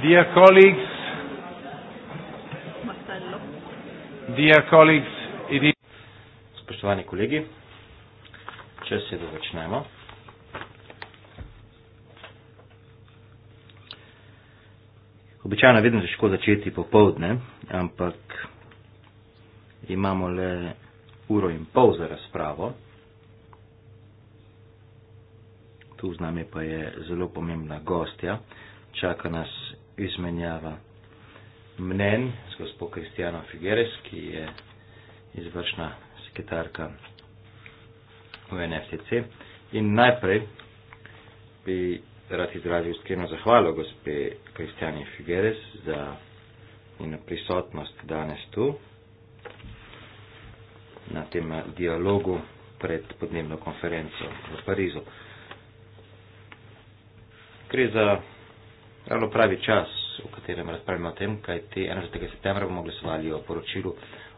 Dear colleagues, dear colleagues, it is... Spoštovani kolegi, čas je, da začnemo. Običajno je vedno težko začeti popovdne, ampak imamo le uro in pol za razpravo. Tu z nami pa je zelo pomembna gostja. Čaka nas izmenjava mnen z gospo Kristijano Figueres, ki je izvršna sekretarka v NFTC. In najprej bi rad izrazil iskreno zahvalo gospe Kristijani Figueres za njeno prisotnost danes tu na tem dialogu pred podnebno konferenco v Parizu. Gre za Ravno pravi čas, v katerem razpravljamo o tem, kaj te 11. septembra bomo glasovali o poročilu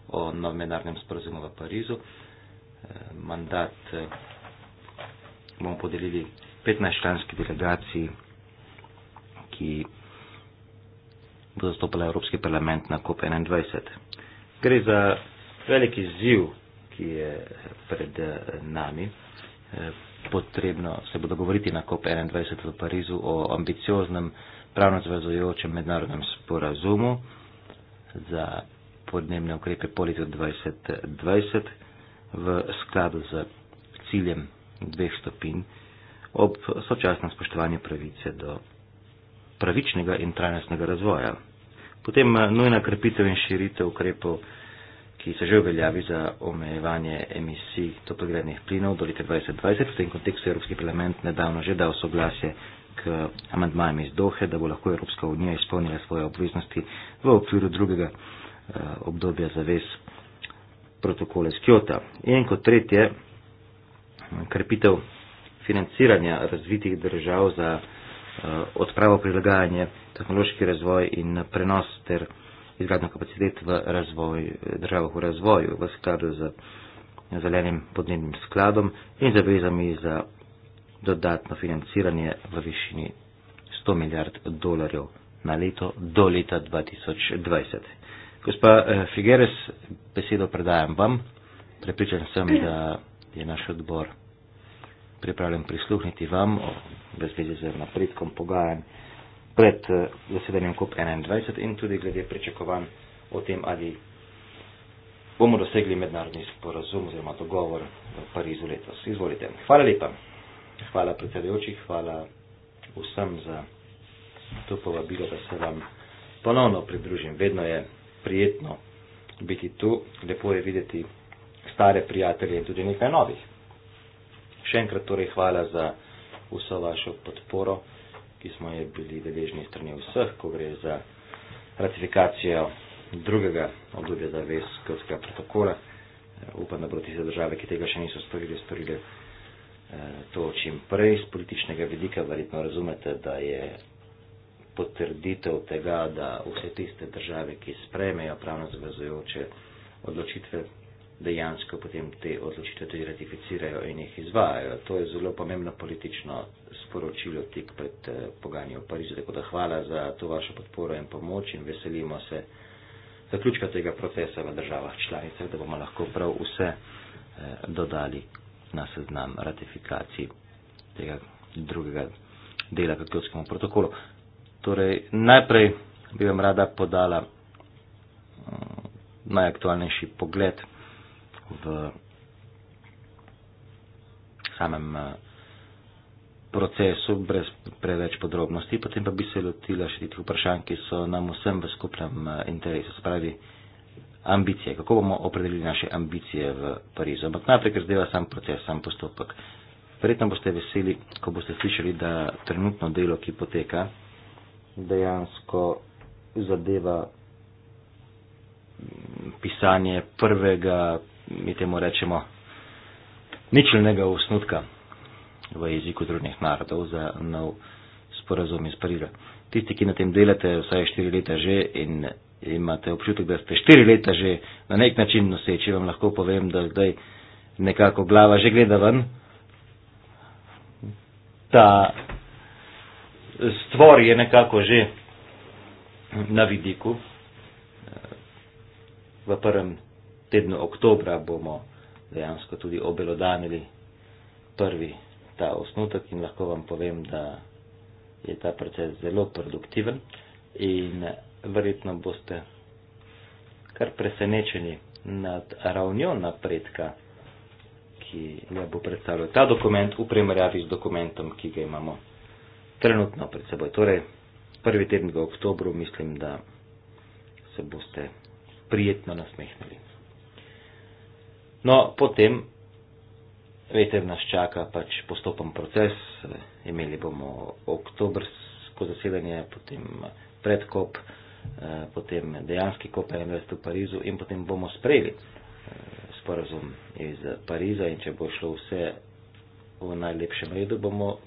o novem mednarodnem sporozumu v Parizu. Eh, mandat eh, bomo podelili 15-članski delegaciji, ki bo zastopala Evropski parlament na COP21. Gre za velik izziv, ki je eh, pred nami. Potrebno se bo dogovoriti na COP21 v Parizu o ambicioznem pravno zvezojočem mednarodnem sporazumu za podnebne ukrepe po letu 2020 v skladu z ciljem dveh stopinj ob sočasnem spoštovanju pravice do pravičnega in trajnostnega razvoja. Potem eh, nujna krepitev in širitev ukrepov, ki se že uveljavi za omejevanje emisij toplogrednih plinov do leta 2020. V tem kontekstu je Evropski parlament nedavno že dal soglasje k amandmajem iz Dohe, da bo lahko Evropska unija izpolnila svoje obveznosti v okviru drugega eh, obdobja zavez protokole z Kjota. In kot tretje, krepitev financiranja razvitih držav za eh, odpravo prilagajanje, tehnološki razvoj in prenos ter izgradno kapacitet v razvoj, državah v razvoju v skladu z zelenim podnebnim skladom in zavezami za dodatno financiranje v višini 100 milijard dolarjev na leto do leta 2020. Gospa eh, Figueres, besedo predajam vam. Prepričan sem, da je naš odbor pripravljen prisluhniti vam o razvezi z napredkom pogajanj pred eh, zasedanjem COP21 in tudi glede pričakovanj o tem, ali bomo dosegli mednarodni sporazum oziroma dogovor v Parizu letos. Izvolite. Hvala lepa. Hvala predsedujoči, hvala vsem za to povabilo, da se vam ponovno pridružim. Vedno je prijetno biti tu, lepo je videti stare prijatelje in tudi nekaj novih. Še enkrat torej hvala za vso vašo podporo, ki smo je bili deležni strani vseh, ko gre za ratifikacijo drugega obdobja zavez protokola. Upam, da bodo tiste države, ki tega še niso storili, storili Eh, to čim prej z političnega vidika, verjetno razumete, da je potrditev tega, da vse tiste države, ki sprejmejo pravno zavezujoče odločitve, dejansko potem te odločitve tudi ratificirajo in jih izvajajo. To je zelo pomembno politično sporočilo tik pred eh, pogajanjem v Parizu, tako da hvala za to vašo podporo in pomoč in veselimo se zaključka tega procesa v državah članicah, da bomo lahko prav vse eh, dodali na seznam ratifikacij tega drugega dela kakljotskemu protokolu. Torej, najprej bi vam rada podala mm, najaktualnejši pogled v samem eh, procesu, brez preveč podrobnosti, potem pa bi se lotila še tih vprašanj, ki so nam vsem v skupnem eh, interesu. Spravi, ambicije, kako bomo opredelili naše ambicije v Parizu. Ampak najprej, ker zdaj sam proces, sam postopek. Verjetno boste veseli, ko boste slišali, da trenutno delo, ki poteka, dejansko zadeva mm, pisanje prvega, mi temu rečemo, ničelnega osnutka v jeziku drugih narodov za nov sporazum iz Pariza. Tisti, ki na tem delate vsaj štiri leta že in imate občutek, da ste štiri leta že na nek način noseči, vam lahko povem, da zdaj nekako glava že gleda ven. Ta stvar je nekako že na vidiku. V prvem tednu oktobra bomo dejansko tudi obelodanili prvi ta osnutek in lahko vam povem, da je ta proces zelo produktiven in verjetno boste kar presenečeni nad ravnjo napredka, ki jo bo predstavljal ta dokument v primerjavi z dokumentom, ki ga imamo trenutno pred seboj. Torej, prvi teden v oktobru mislim, da se boste prijetno nasmehnili. No, potem, veste, nas čaka pač postopen proces, imeli bomo oktobrsko zasedanje, potem predkop. Eh, potem dejanski COP21 v Parizu in potem bomo sprejeli eh, sporazum iz Pariza in če bo šlo vse v najlepšem redu, bomo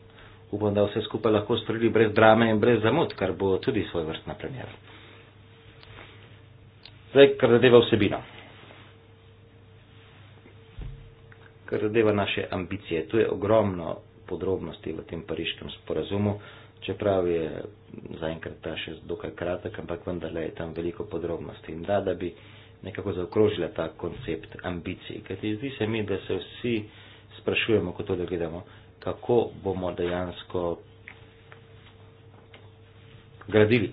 upam, da vse skupaj lahko sprejeli brez drame in brez zamud, kar bo tudi svoj vrstna premjera. Zdaj, kar zadeva vsebino. Kar zadeva naše ambicije. Tu je ogromno podrobnosti v tem pariškem sporazumu čeprav je zaenkrat ta še dokaj kratek, ampak vendarle je tam veliko podrobnosti in da, da bi nekako zaokrožila ta koncept ambicij. Kajti zdi se mi, da se vsi sprašujemo, ko to gledamo, kako bomo dejansko gradili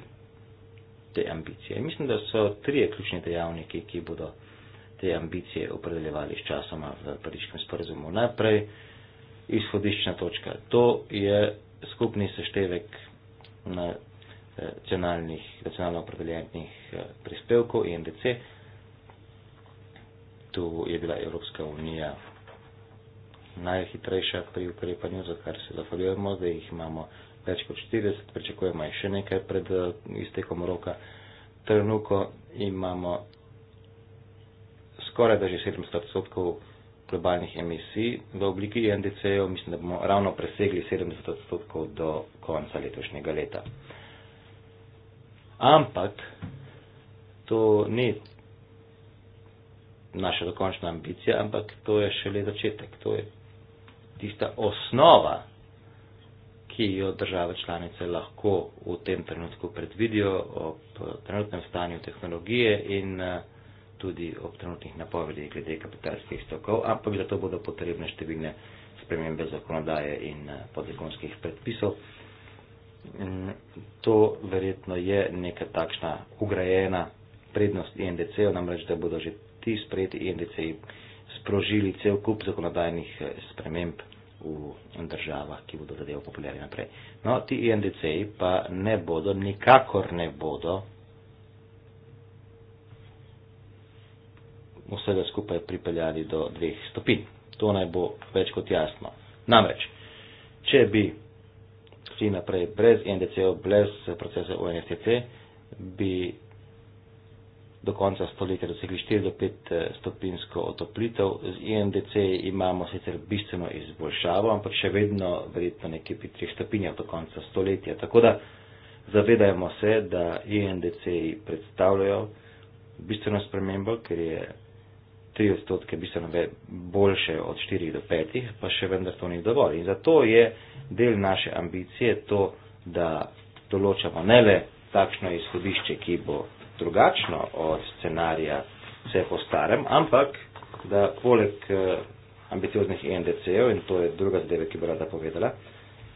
te ambicije. Mislim, da so trije ključni dejavniki, ki bodo te ambicije opredeljevali s časoma v pariškem sporazumu. Najprej izhodiščna točka. To je skupni seštevek na eh, nacionalnih, nacionalno opredeljenih eh, prispevkov INDC. E tu je bila Evropska unija najhitrejša pri ukrepanju, za kar se zahvaljujemo, da jih imamo več kot 40, pričakujemo je še nekaj pred eh, iztekom roka. Trenuko imamo skoraj da že 700 odstotkov globalnih emisij v obliki NDC-jev, mislim, da bomo ravno presegli 70 odstotkov do konca letošnjega leta. Ampak to ni naša dokončna ambicija, ampak to je šele začetek. To je tista osnova, ki jo države članice lahko v tem trenutku predvidijo ob trenutnem stanju tehnologije in eh, tudi ob trenutnih napovedih glede kapitalskih stokov, ampak za to bodo potrebne številne spremembe zakonodaje in eh, podzakonskih predpisov. To verjetno je neka takšna ugrajena prednost INDC-ov, namreč da bodo že ti sprejeti INDC-ji sprožili cel kup zakonodajnih eh, sprememb v državah, ki bodo zadevo popularni naprej. No, ti INDC-ji pa ne bodo, nikakor ne bodo vsega skupaj pripeljali do dveh stopinj. To naj bo več kot jasno. Namreč, če bi vsi naprej brez NDC-ov, brez procesa UNFTC, bi do konca stoletja dosegli 4 do 5 eh, stopinsko otoplitev. Z INDC imamo sicer bistveno izboljšavo, ampak še vedno verjetno nekje pri 3 stopinjah do konca stoletja. Tako da zavedajmo se, da INDC predstavljajo bistveno spremembo, ker je tri odstotke bistveno boljše od štirih do petih, pa še vendar to ni dovolj. In zato je del naše ambicije to, da določamo ne le takšno izhodišče, ki bo drugačno od scenarija vse po starem, ampak da poleg eh, ambicioznih e NDC-ev, in to je druga zadeva, ki bo rada povedala,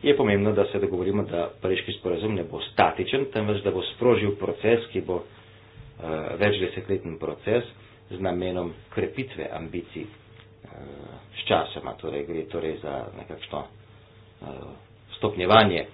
je pomembno, da se dogovorimo, da pariški sporazum ne bo statičen, temveč da bo sprožil proces, ki bo uh, eh, večdesetletni proces, z namenom krepitve ambicij eh, s časoma, torej gre torej za nekakšno eh, stopnjevanje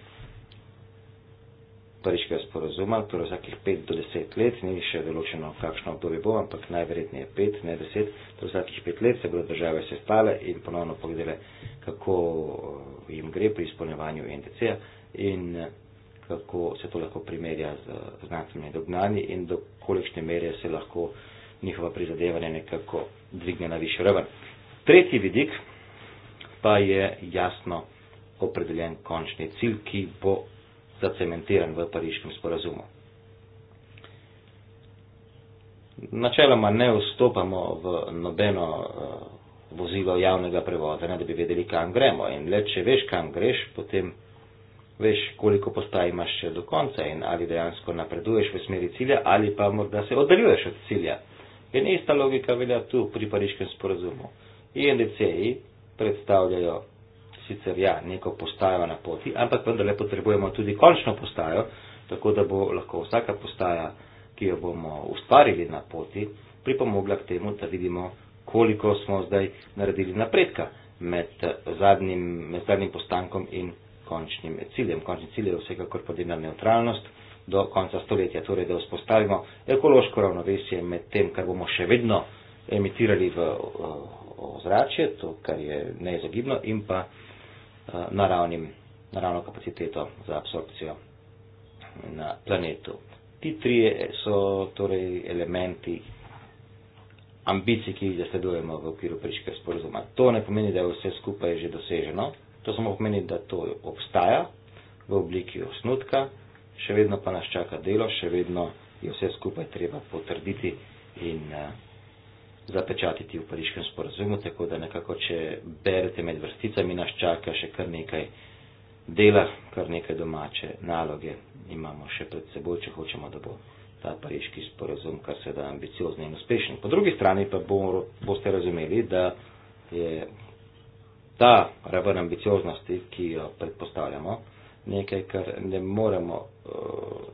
pariškega sporozuma, torej vsakih 5 do 10 let, ni še določeno, kakšno obdobje bo, ampak najverjetneje 5, ne 10, torej vsakih 5 let se bodo države sestale in ponovno pogledale, kako eh, jim gre pri izpolnjevanju NDC-ja in kako se to lahko primerja z znanstvenimi dognani in do kolikšne mere se lahko uh, njihova prizadevanja nekako dvigne na višjo raven. Tretji vidik pa je jasno opredeljen končni cilj, ki bo zacementiran v pariškem sporazumu. Načeloma ne vstopamo v nobeno uh, vozilo javnega prevoza, ne da bi vedeli, kam gremo. In le, če veš, kam greš, potem veš, koliko postaj imaš še do konca in ali dejansko napreduješ v smeri cilja ali pa morda se oddaljuješ od cilja. In ista logika velja tu pri pariškem sporazumu. INDC-ji predstavljajo sicer ja, neko postajo na poti, ampak vendarle potrebujemo tudi končno postajo, tako da bo lahko vsaka postaja, ki jo bomo ustvarili na poti, pripomogla k temu, da vidimo, koliko smo zdaj naredili napredka med zadnjim, med zadnjim postankom in končnim ciljem. Končni cilj je vsekakor podjena neutralnost do konca stoletja, torej da vzpostavimo ekološko ravnovesje med tem, kar bomo še vedno emitirali v eh, ozračje, to, kar je neizogibno, in pa eh, naravnim, naravno kapaciteto za absorpcijo na planetu. Ti trije so torej elementi ambicij, ki jih zasledujemo v okviru priške sporozuma. To ne pomeni, da je vse skupaj že doseženo, to samo pomeni, da to obstaja v obliki osnutka še vedno pa nas čaka delo, še vedno je vse skupaj treba potrditi in uh, zapečatiti v pariškem sporazumu, tako da nekako, če berete med vrsticami, nas čaka še kar nekaj dela, kar nekaj domače naloge imamo še pred seboj, če hočemo, da bo ta pariški sporazum kar se da ambiciozni in uspešen. Po drugi strani pa bo, boste razumeli, da je ta raven ambicioznosti, ki jo predpostavljamo, nekaj, kar ne moremo uh,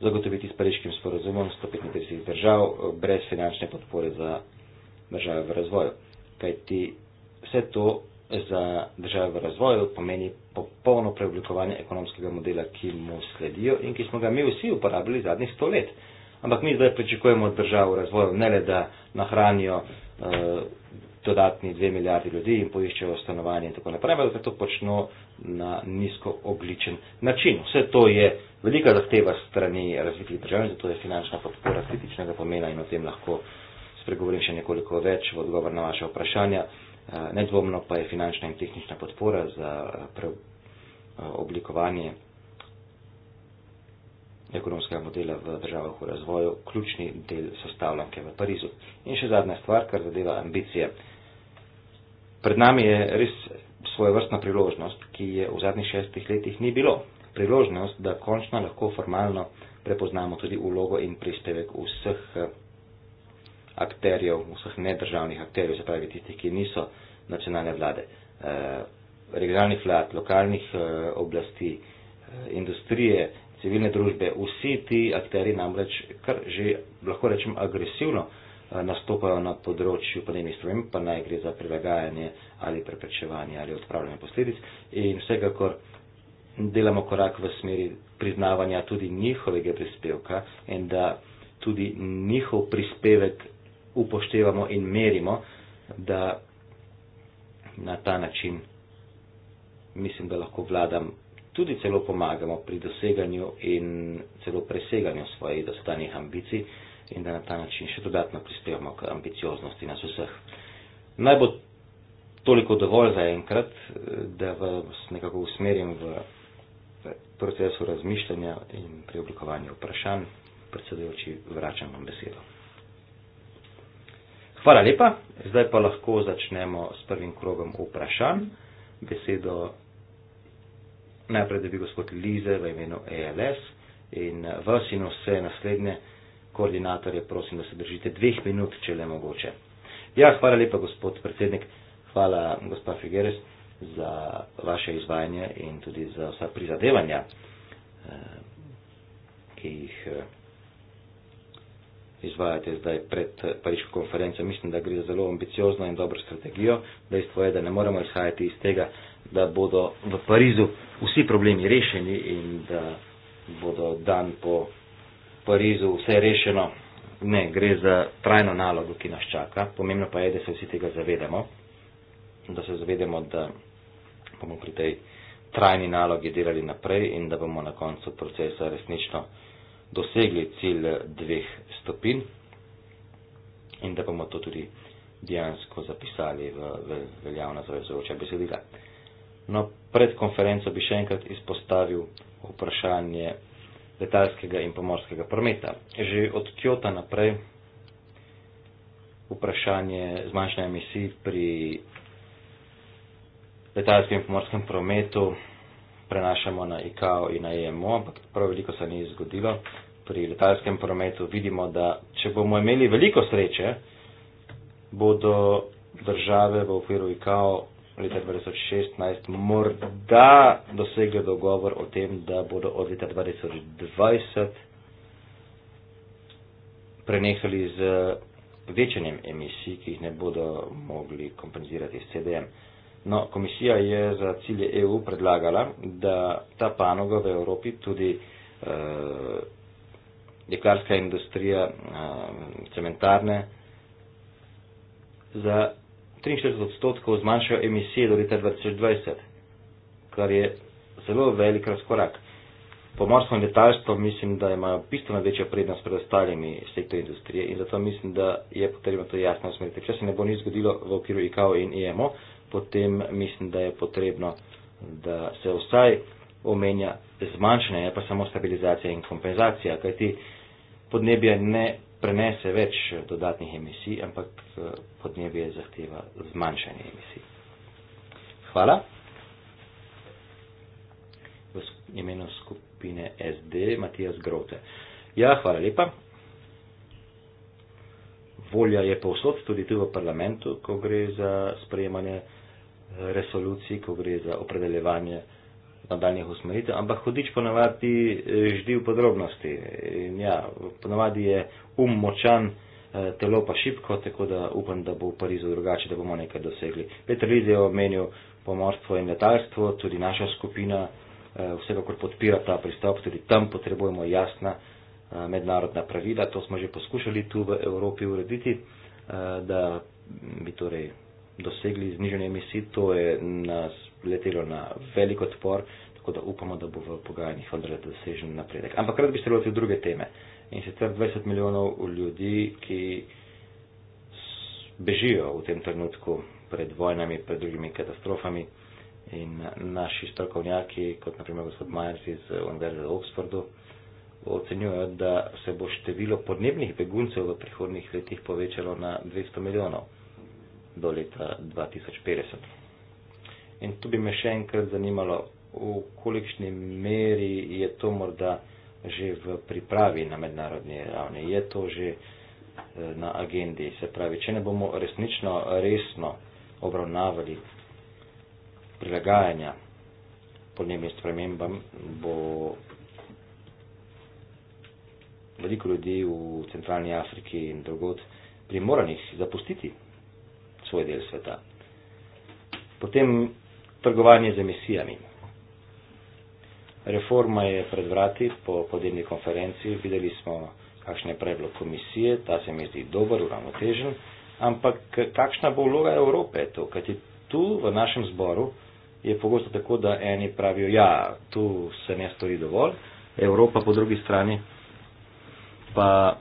zagotoviti s pariškim sporozumom 155 držav uh, brez finančne podpore za države v razvoju. Kajti vse to za države v razvoju pomeni popolno preoblikovanje ekonomskega modela, ki mu sledijo in ki smo ga mi vsi uporabili zadnjih sto let. Ampak mi zdaj pričakujemo od držav v razvoju ne le, da nahranijo uh, dodatni dve milijardi ljudi in poiščejo stanovanje in tako naprej, ampak da to počno na nizko ogličen način. Vse to je velika zahteva strani razvitih držav in zato je finančna podpora kritičnega pomena in o tem lahko spregovorim še nekoliko več v odgovor na vaše vprašanja. Eh, nedvomno pa je finančna in tehnična podpora za eh, preoblikovanje eh, ekonomskega modela v državah v razvoju ključni del sestavljanke v Parizu. In še zadnja stvar, kar zadeva ambicije. Pred nami je res svoje vrstna priložnost, ki je v zadnjih šestih letih ni bilo. Priložnost, da končno lahko formalno prepoznamo tudi ulogo in prispevek vseh eh, akterjev, vseh nedržavnih akterjev, se pravi tistih, ki niso nacionalne vlade, eh, regionalnih vlad, lokalnih eh, oblasti, industrije, civilne družbe, vsi ti akteri namreč kar že lahko rečem agresivno Eh, nastopajo na področju podnebnih sprememb, pa naj gre za prilagajanje ali preprečevanje ali odpravljanje posledic. In vsekakor delamo korak v smeri priznavanja tudi njihovega prispevka in da tudi njihov prispevek upoštevamo in merimo, da na ta način mislim, da lahko vladam tudi celo pomagamo pri doseganju in celo preseganju svojih dostanih ambicij in da na ta način še dodatno prispevamo k ambicioznosti nas vseh. Naj bo toliko dovolj za enkrat, da vas nekako usmerim v procesu razmišljanja in preoblikovanja vprašanj. Predsedujoči, vračam vam besedo. Hvala lepa, zdaj pa lahko začnemo s prvim krogom vprašanj. Besedo najprej, da bi gospod Lize v imenu ELS in vas in vse naslednje koordinatorje prosim, da se držite dveh minut, če le mogoče. Ja, hvala lepa, gospod predsednik. Hvala, gospa Figueres, za vaše izvajanje in tudi za vsa prizadevanja, eh, ki jih eh, izvajate zdaj pred eh, Pariško konferenco. Mislim, da gre za zelo ambiciozno in dobro strategijo. Dejstvo je, da ne moremo izhajati iz tega, da bodo v Parizu vsi problemi rešeni in da bodo dan po Parizu vse rešeno. Ne, gre za trajno nalogo, ki nas čaka. Pomembno pa je, da se vsi tega zavedamo, da se zavedamo, da bomo pri tej trajni nalogi delali naprej in da bomo na koncu procesa resnično dosegli cilj dveh stopin in da bomo to tudi dejansko zapisali v, v veljavna zavezujoča besedila. No, pred konferenco bi še enkrat izpostavil vprašanje letalskega in pomorskega prometa. Že od Kjota naprej vprašanje zmanjšanja emisij pri letalskem in pomorskem prometu prenašamo na IKO in na EMO, ampak prav veliko se ni zgodilo. Pri letalskem prometu vidimo, da če bomo imeli veliko sreče, bodo države v okviru IKO leta 2016 morda dosegli dogovor o tem, da bodo od leta 2020 prenehali z eh, večanjem emisij, ki jih ne bodo mogli kompenzirati s CDM. No, komisija je za cilje EU predlagala, da ta panoga v Evropi, tudi eh, jekarska industrija, eh, cementarne, za 43 odstotkov zmanjšajo emisije do leta 2020, kar je zelo velik razkorak. Pomorstvo in letalstvo mislim, da imajo bistveno večjo prednost pred ostalimi sektorji industrije in zato mislim, da je potrebno to jasno usmeriti. Če se ne bo nič zgodilo v okviru IKO in IMO, potem mislim, da je potrebno, da se vsaj omenja zmanjšanje, pa samo stabilizacija in kompenzacija, kajti podnebje ne prenese več dodatnih emisij, ampak eh, podnebje zahteva zmanjšanje emisij. Hvala. V imenu skupine SD Matijas Grote. Ja, hvala lepa. Volja je povsod, tudi tu v parlamentu, ko gre za sprejemanje eh, resolucij, ko gre za opredeljevanje nadaljnih usmeritev, ampak hodič ponavadi eh, ždi v podrobnosti. In ja, ponavadi je um močan, eh, telo pa šipko, tako da upam, da bo v Parizu drugače, da bomo nekaj dosegli. Petr Lid je omenil pomorstvo in letalstvo, tudi naša skupina eh, vsekakor podpira ta pristop, tudi tam potrebujemo jasna eh, mednarodna pravila, to smo že poskušali tu v Evropi urediti, da bi torej dosegli znižanje emisij, to je nas letelo na velik odpor, tako da upamo, da bo v pogajanjih vendarle dosežen napredek. Ampak rad bi se lotil druge teme in sicer 20 milijonov ljudi, ki bežijo v tem trenutku pred vojnami, pred drugimi katastrofami. In naši strokovnjaki, kot naprimer gospod Majers iz Univerze v Oxfordu, ocenjujejo, da se bo število podnebnih beguncev v prihodnih letih povečalo na 200 milijonov do leta 2050. In tu bi me še enkrat zanimalo, v kolikšni meri je to morda že v pripravi na mednarodni ravni, je to že eh, na agendi. Se pravi, če ne bomo resnično, resno obravnavali prilagajanja podnebnim spremembam, bo veliko ljudi v centralni Afriki in drugod primoranih zapustiti svoj del sveta. Potem trgovanje z emisijami. Reforma je pred vrati po podnebni konferenci, videli smo, kakšen je predlog komisije, ta se mi zdi dober, uravnotežen, ampak kakšna bo vloga Evrope to, kajti tu v našem zboru je pogosto tako, da eni pravijo, ja, tu se ne stori dovolj, Evropa po drugi strani pa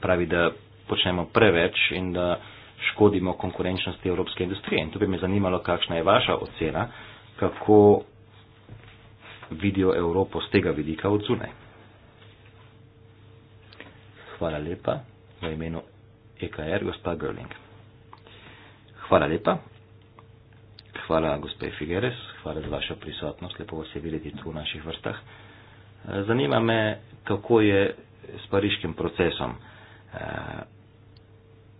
pravi, da počnemo preveč in da škodimo konkurenčnosti evropske industrije. In tu bi me zanimalo, kakšna je vaša ocena, kako vidijo Evropo z tega vidika od zunaj. Hvala lepa v imenu EKR, gospa Görling. Hvala lepa. Hvala, gospe Figueres. Hvala za vašo prisotnost. Lepo vas je videti tu v naših vrstah. Zanima me, kako je s pariškim procesom.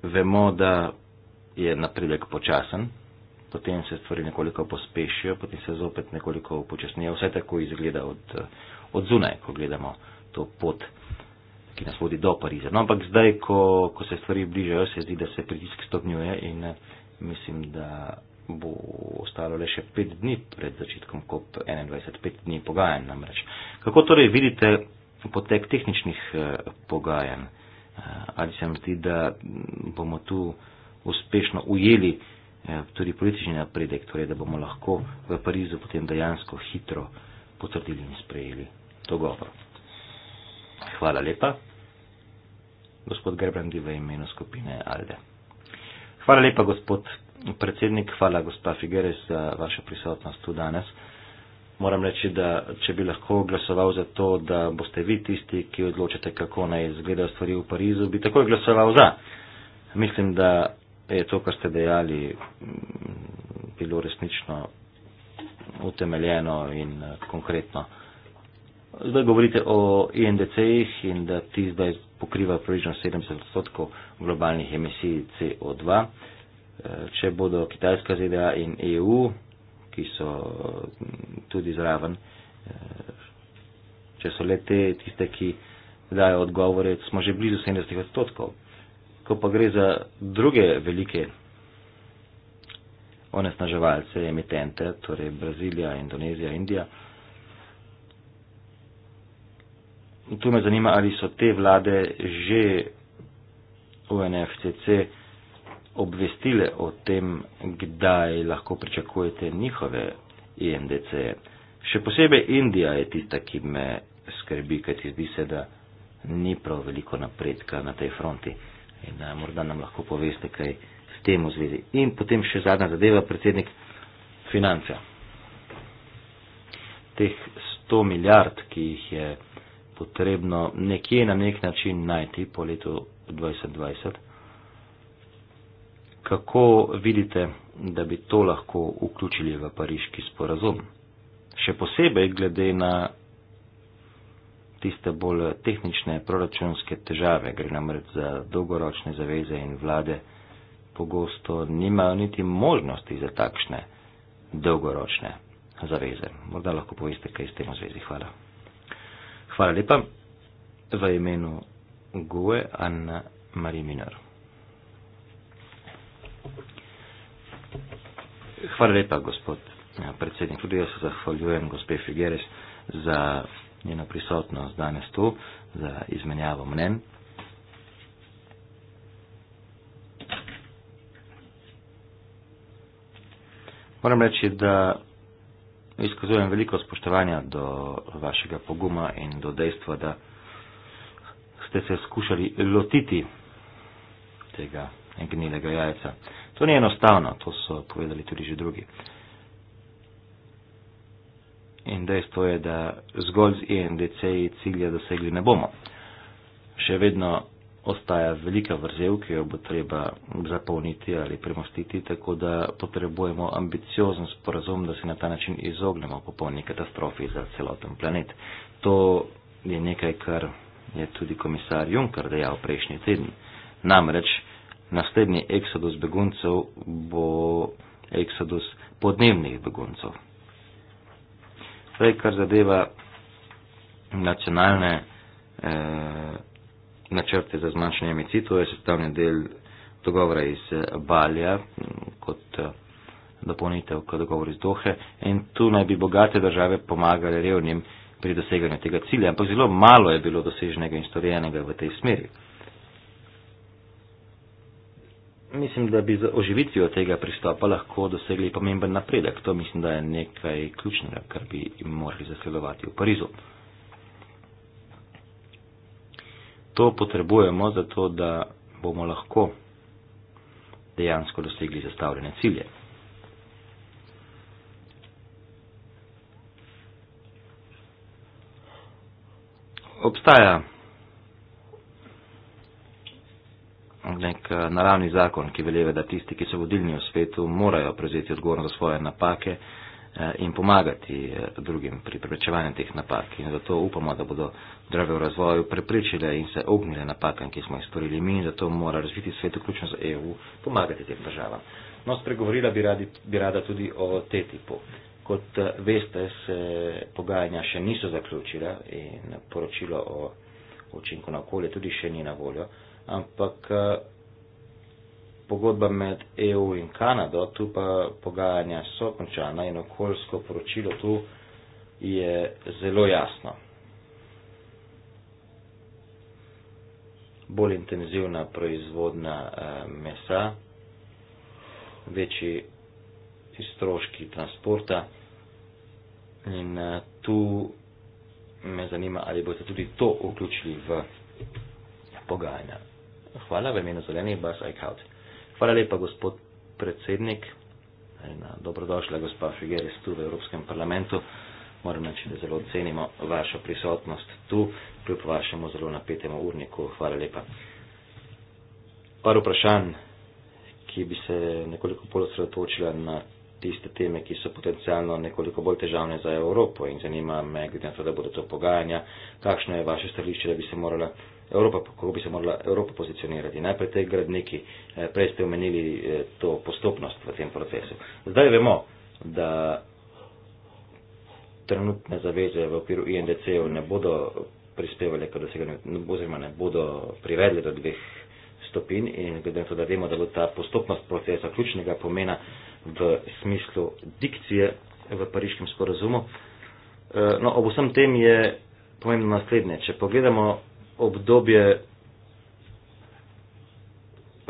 Vemo, da je napredek počasen, potem se stvari nekoliko pospešijo, potem se zopet nekoliko upočasnijo. Vse tako izgleda od, od zunaj, ko gledamo to pot, ki nas vodi do Pariza. No, ampak zdaj, ko, ko se stvari bližajo, se zdi, da se pritisk stopnjuje in mislim, da bo ostalo le še pet dni pred začetkom COP21, pet dni pogajanj namreč. Kako torej vidite potek tehničnih eh, pogajanj? Eh, ali se vam zdi, da bomo tu uspešno ujeli Eh, tudi politični napredek, torej da bomo lahko v Parizu potem dejansko hitro potrdili in sprejeli dogovor. Hvala lepa, gospod Grebrandi v imenu skupine Alde. Hvala lepa, gospod predsednik, hvala gospa Figueres za vašo prisotnost tu danes. Moram reči, da če bi lahko glasoval za to, da boste vi tisti, ki odločate, kako naj izgledajo stvari v Parizu, bi takoj glasoval za. Mislim, da je to, kar ste dejali, mm, bilo resnično utemeljeno in eh, konkretno. Zdaj govorite o INDC-jih in da ti zdaj pokriva približno 70 odstotkov globalnih emisij CO2. Eh, če bodo Kitajska ZDA in EU, ki so mm, tudi zraven, eh, če so le te tiste, ki dajo odgovore, smo že blizu 70 odstotkov ko pa gre za druge velike onesnaževalce, emitente, torej Brazilija, Indonezija, Indija. Tu me zanima, ali so te vlade že UNFCC obvestile o tem, kdaj lahko pričakujete njihove IMDC. Še posebej Indija je tista, ki me skrbi, kajti zdi se, da ni prav veliko napredka na tej fronti in uh, morda nam lahko poveste kaj s tem v zvezi. In potem še zadnja zadeva, predsednik financa. Teh 100 milijard, ki jih je potrebno nekje na nek način najti po letu 2020, kako vidite, da bi to lahko vključili v pariški sporazum? Še posebej glede na tiste bolj tehnične proračunske težave, gre namreč za dolgoročne zaveze in vlade, pogosto nimajo niti možnosti za takšne dolgoročne zaveze. Morda lahko poveste kaj s tem v zvezi. Hvala. Hvala lepa. V imenu Gue Anna Marie Minor. Hvala lepa, gospod eh, predsednik. Tudi jaz se zahvaljujem, gospe Figueres, za njeno prisotnost danes tu za izmenjavo mnen. Moram reči, da izkazujem veliko spoštovanja do vašega poguma in do dejstva, da ste se skušali lotiti tega gnilega jajca. To ni enostavno, to so povedali tudi že drugi. Uh, in dejstvo je, da zgolj z INDC-ji e cilja dosegli ne bomo. Še vedno ostaja velika vrzel, ki jo bo treba zapolniti ali premostiti, tako da potrebujemo ambiciozen sporazum, da se na ta način izognemo popolni katastrofi za celoten planet. To je nekaj, kar je tudi komisar Juncker dejal prejšnji teden. Namreč naslednji eksodus beguncev bo eksodus podnebnih beguncev. Zdaj, kar zadeva nacionalne eh, načrte za zmanjšanje emisij, to je sestavni del dogovora iz eh, Balja kot eh, dopolnitev k dogovoru iz Dohe in tu naj bi bogate države pomagale revnim pri doseganju tega cilja, ampak zelo malo je bilo doseženega in storjenega v tej smeri. Mislim, da bi z oživitvijo tega pristopa lahko dosegli pomemben napredek. To mislim, da je nekaj ključnega, kar bi morali zasledovati v Parizu. To potrebujemo zato, da bomo lahko dejansko dosegli zastavljene cilje. Obstaja nek eh, naravni zakon, ki veleva, da tisti, ki so vodilni v svetu, morajo prevzeti odgovornost za svoje napake eh, in pomagati eh, drugim pri preprečevanju teh napak. In zato upamo, da bodo države v razvoju preprečile in se ognile napakam, ki smo jih storili mi in zato mora razviti svet, vključno z EU, pomagati tem državam. No, spregovorila bi, radi, bi rada tudi o TTIP-u. Kot veste, se pogajanja še niso zaključila in poročilo o učinku na okolje tudi še ni na voljo ampak eh, pogodba med EU in Kanado, tu pa pogajanja so končana in okoljsko poročilo tu je zelo jasno. Bolj intenzivna proizvodna eh, mesa, večji stroški transporta in eh, tu me zanima, ali boste tudi to vključili v pogajanja. Hvala v imenu zelenih bars I count. Hvala lepa, gospod predsednik. Dobrodošla, gospa Figueres, tu v Evropskem parlamentu. Moram reči, da zelo cenimo vašo prisotnost tu, kljub vašemu zelo napetemu urniku. Hvala lepa. Par vprašanj, ki bi se nekoliko bolj osredotočila na tiste teme, ki so potencialno nekoliko bolj težavne za Evropo in zanima me, glede na to, da bodo to pogajanja, kakšno je vaše stališče, da bi se morala Evropa, kako bi se morala Evropa pozicionirati. Najprej te gradniki, eh, prej ste omenili eh, to postopnost v tem procesu. Zdaj vemo, da trenutne zaveze v okviru INDC-ev ne bodo prispevali, oziroma ne bodo privedli do dveh stopinj in glede na to, da vemo, da bo ta postopnost procesa ključnega pomena v smislu dikcije v pariškem sporazumu. Eh, no, ob vsem tem je pomembno naslednje. Če pogledamo obdobje,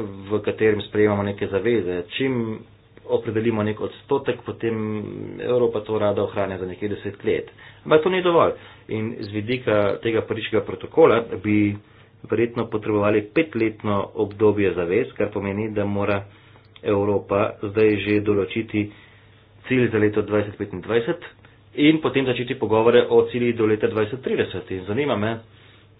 v katerem sprejemamo neke zaveze. Čim opredelimo nek odstotek, potem Evropa to rada ohranja za nekaj deset let. Ampak to ni dovolj. In z vidika tega pariškega protokola bi verjetno potrebovali petletno obdobje zavez, kar pomeni, da mora Evropa zdaj že določiti cilj za leto 2025 in potem začeti pogovore o cilji do leta 2030. In zanima me,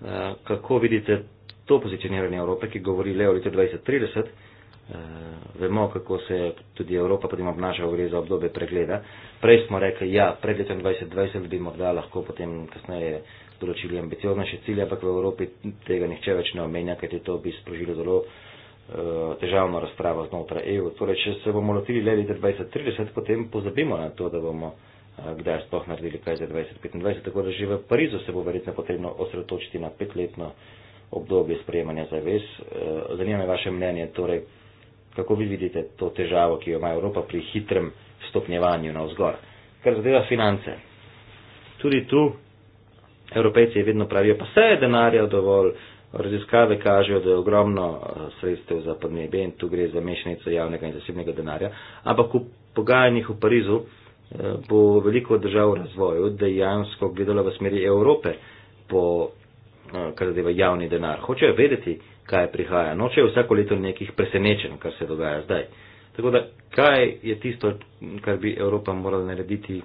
Eh, kako vidite to pozicioniranje Evrope, ki govori le o letu 2030, eh, vemo, kako se tudi Evropa potem obnaša, gre za obdobje pregleda. Prej smo rekli, ja, pred letom 2020 bi morda lahko potem kasneje določili ambicioznejše cilje, ampak v Evropi tega nihče več ne omenja, kajti to bi sprožilo zelo eh, težavno razpravo znotraj EU. Torej, če se bomo lotili le leta 2030, potem pozabimo na to, da bomo kdaj so sploh naredili kaj za 2025. Tako da že v Parizu se bo verjetno potrebno osredotočiti na petletno obdobje sprejemanja zavez. Eh, zanima me vaše mnenje, torej, kako vi vidite to težavo, ki jo ima Evropa pri hitrem stopnjevanju na vzgor. Kar zadeva finance. Tudi tu evropejci vedno pravijo, pa vse je denarja dovolj, raziskave kažejo, da je ogromno eh, sredstev za podnebje in tu gre za mešanico javnega in zasebnega denarja, ampak v pogajanjih v Parizu bo veliko držav v razvoju dejansko gledalo v smeri Evrope, eh, kar zadeva javni denar. Hočejo vedeti, kaj prihaja. Nočejo vsako leto nekih presenečenj, kar se dogaja zdaj. Tako da, kaj je tisto, kar bi Evropa morala narediti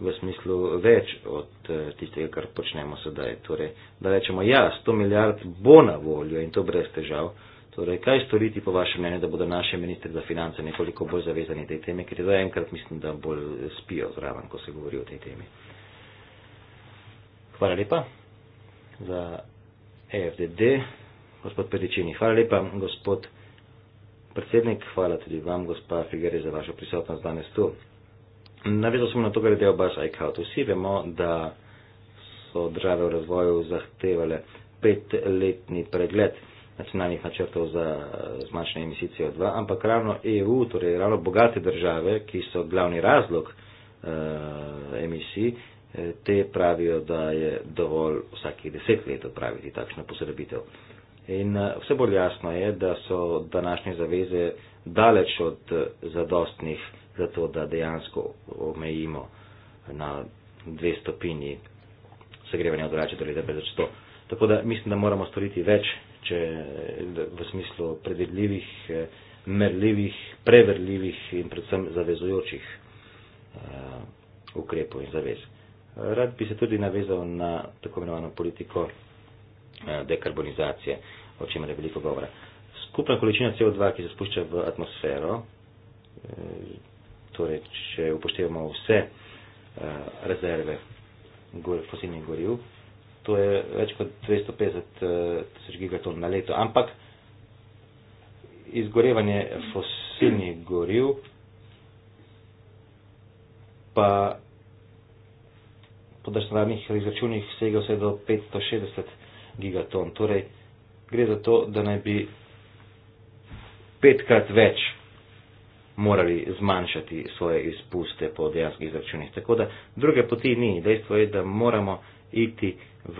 v smislu več od eh, tistega, kar počnemo sedaj. Torej, da rečemo, ja, 100 milijard bo na voljo in to brez težav. Torej, kaj storiti po vašem mnenju, da bodo naše ministre za finance nekoliko bolj zavezani tej teme, ker do enkrat mislim, da bolj spijo zraven, ko se govori o tej temi. Hvala lepa za EFDD, gospod Petičini. Hvala lepa, gospod predsednik. Hvala tudi vam, gospa Figeri, za vašo prisotnost danes tu. Navezal sem na to, kar je del baš iCloud. Vsi vemo, da so države v razvoju zahtevale petletni pregled nacionalnih načrtov za eh, zmanjšanje emisij CO2, ampak ravno EU, torej ravno bogate države, ki so glavni razlog eh, emisij, eh, te pravijo, da je dovolj vsakih deset let odpraviti takšno posrebitev. In eh, vse bolj jasno je, da so današnje zaveze daleč od zadostnih za to, da dejansko omejimo na dve stopinji segrevanja odvrača do leta 2100. Tako da mislim, da moramo storiti več če v smislu predvidljivih, eh, merljivih, preverljivih in predvsem zavezujočih eh, ukrepov in zavez. Rad bi se tudi navezal na tako imenovano politiko eh, dekarbonizacije, o čemer je veliko govora. Skupna količina CO2, ki se spušča v atmosfero, torej če upoštevamo vse rezerve fosilnih goriv, to je več kot 250 eh, tisoč gigaton na leto. Ampak izgorevanje fosilnih goriv pa po državnih izračunih sega vse do 560 gigaton. Torej, gre za to, da naj bi petkrat več morali zmanjšati svoje izpuste po dejanskih izračunih. Tako da druge poti ni. Dejstvo je, da moramo iti v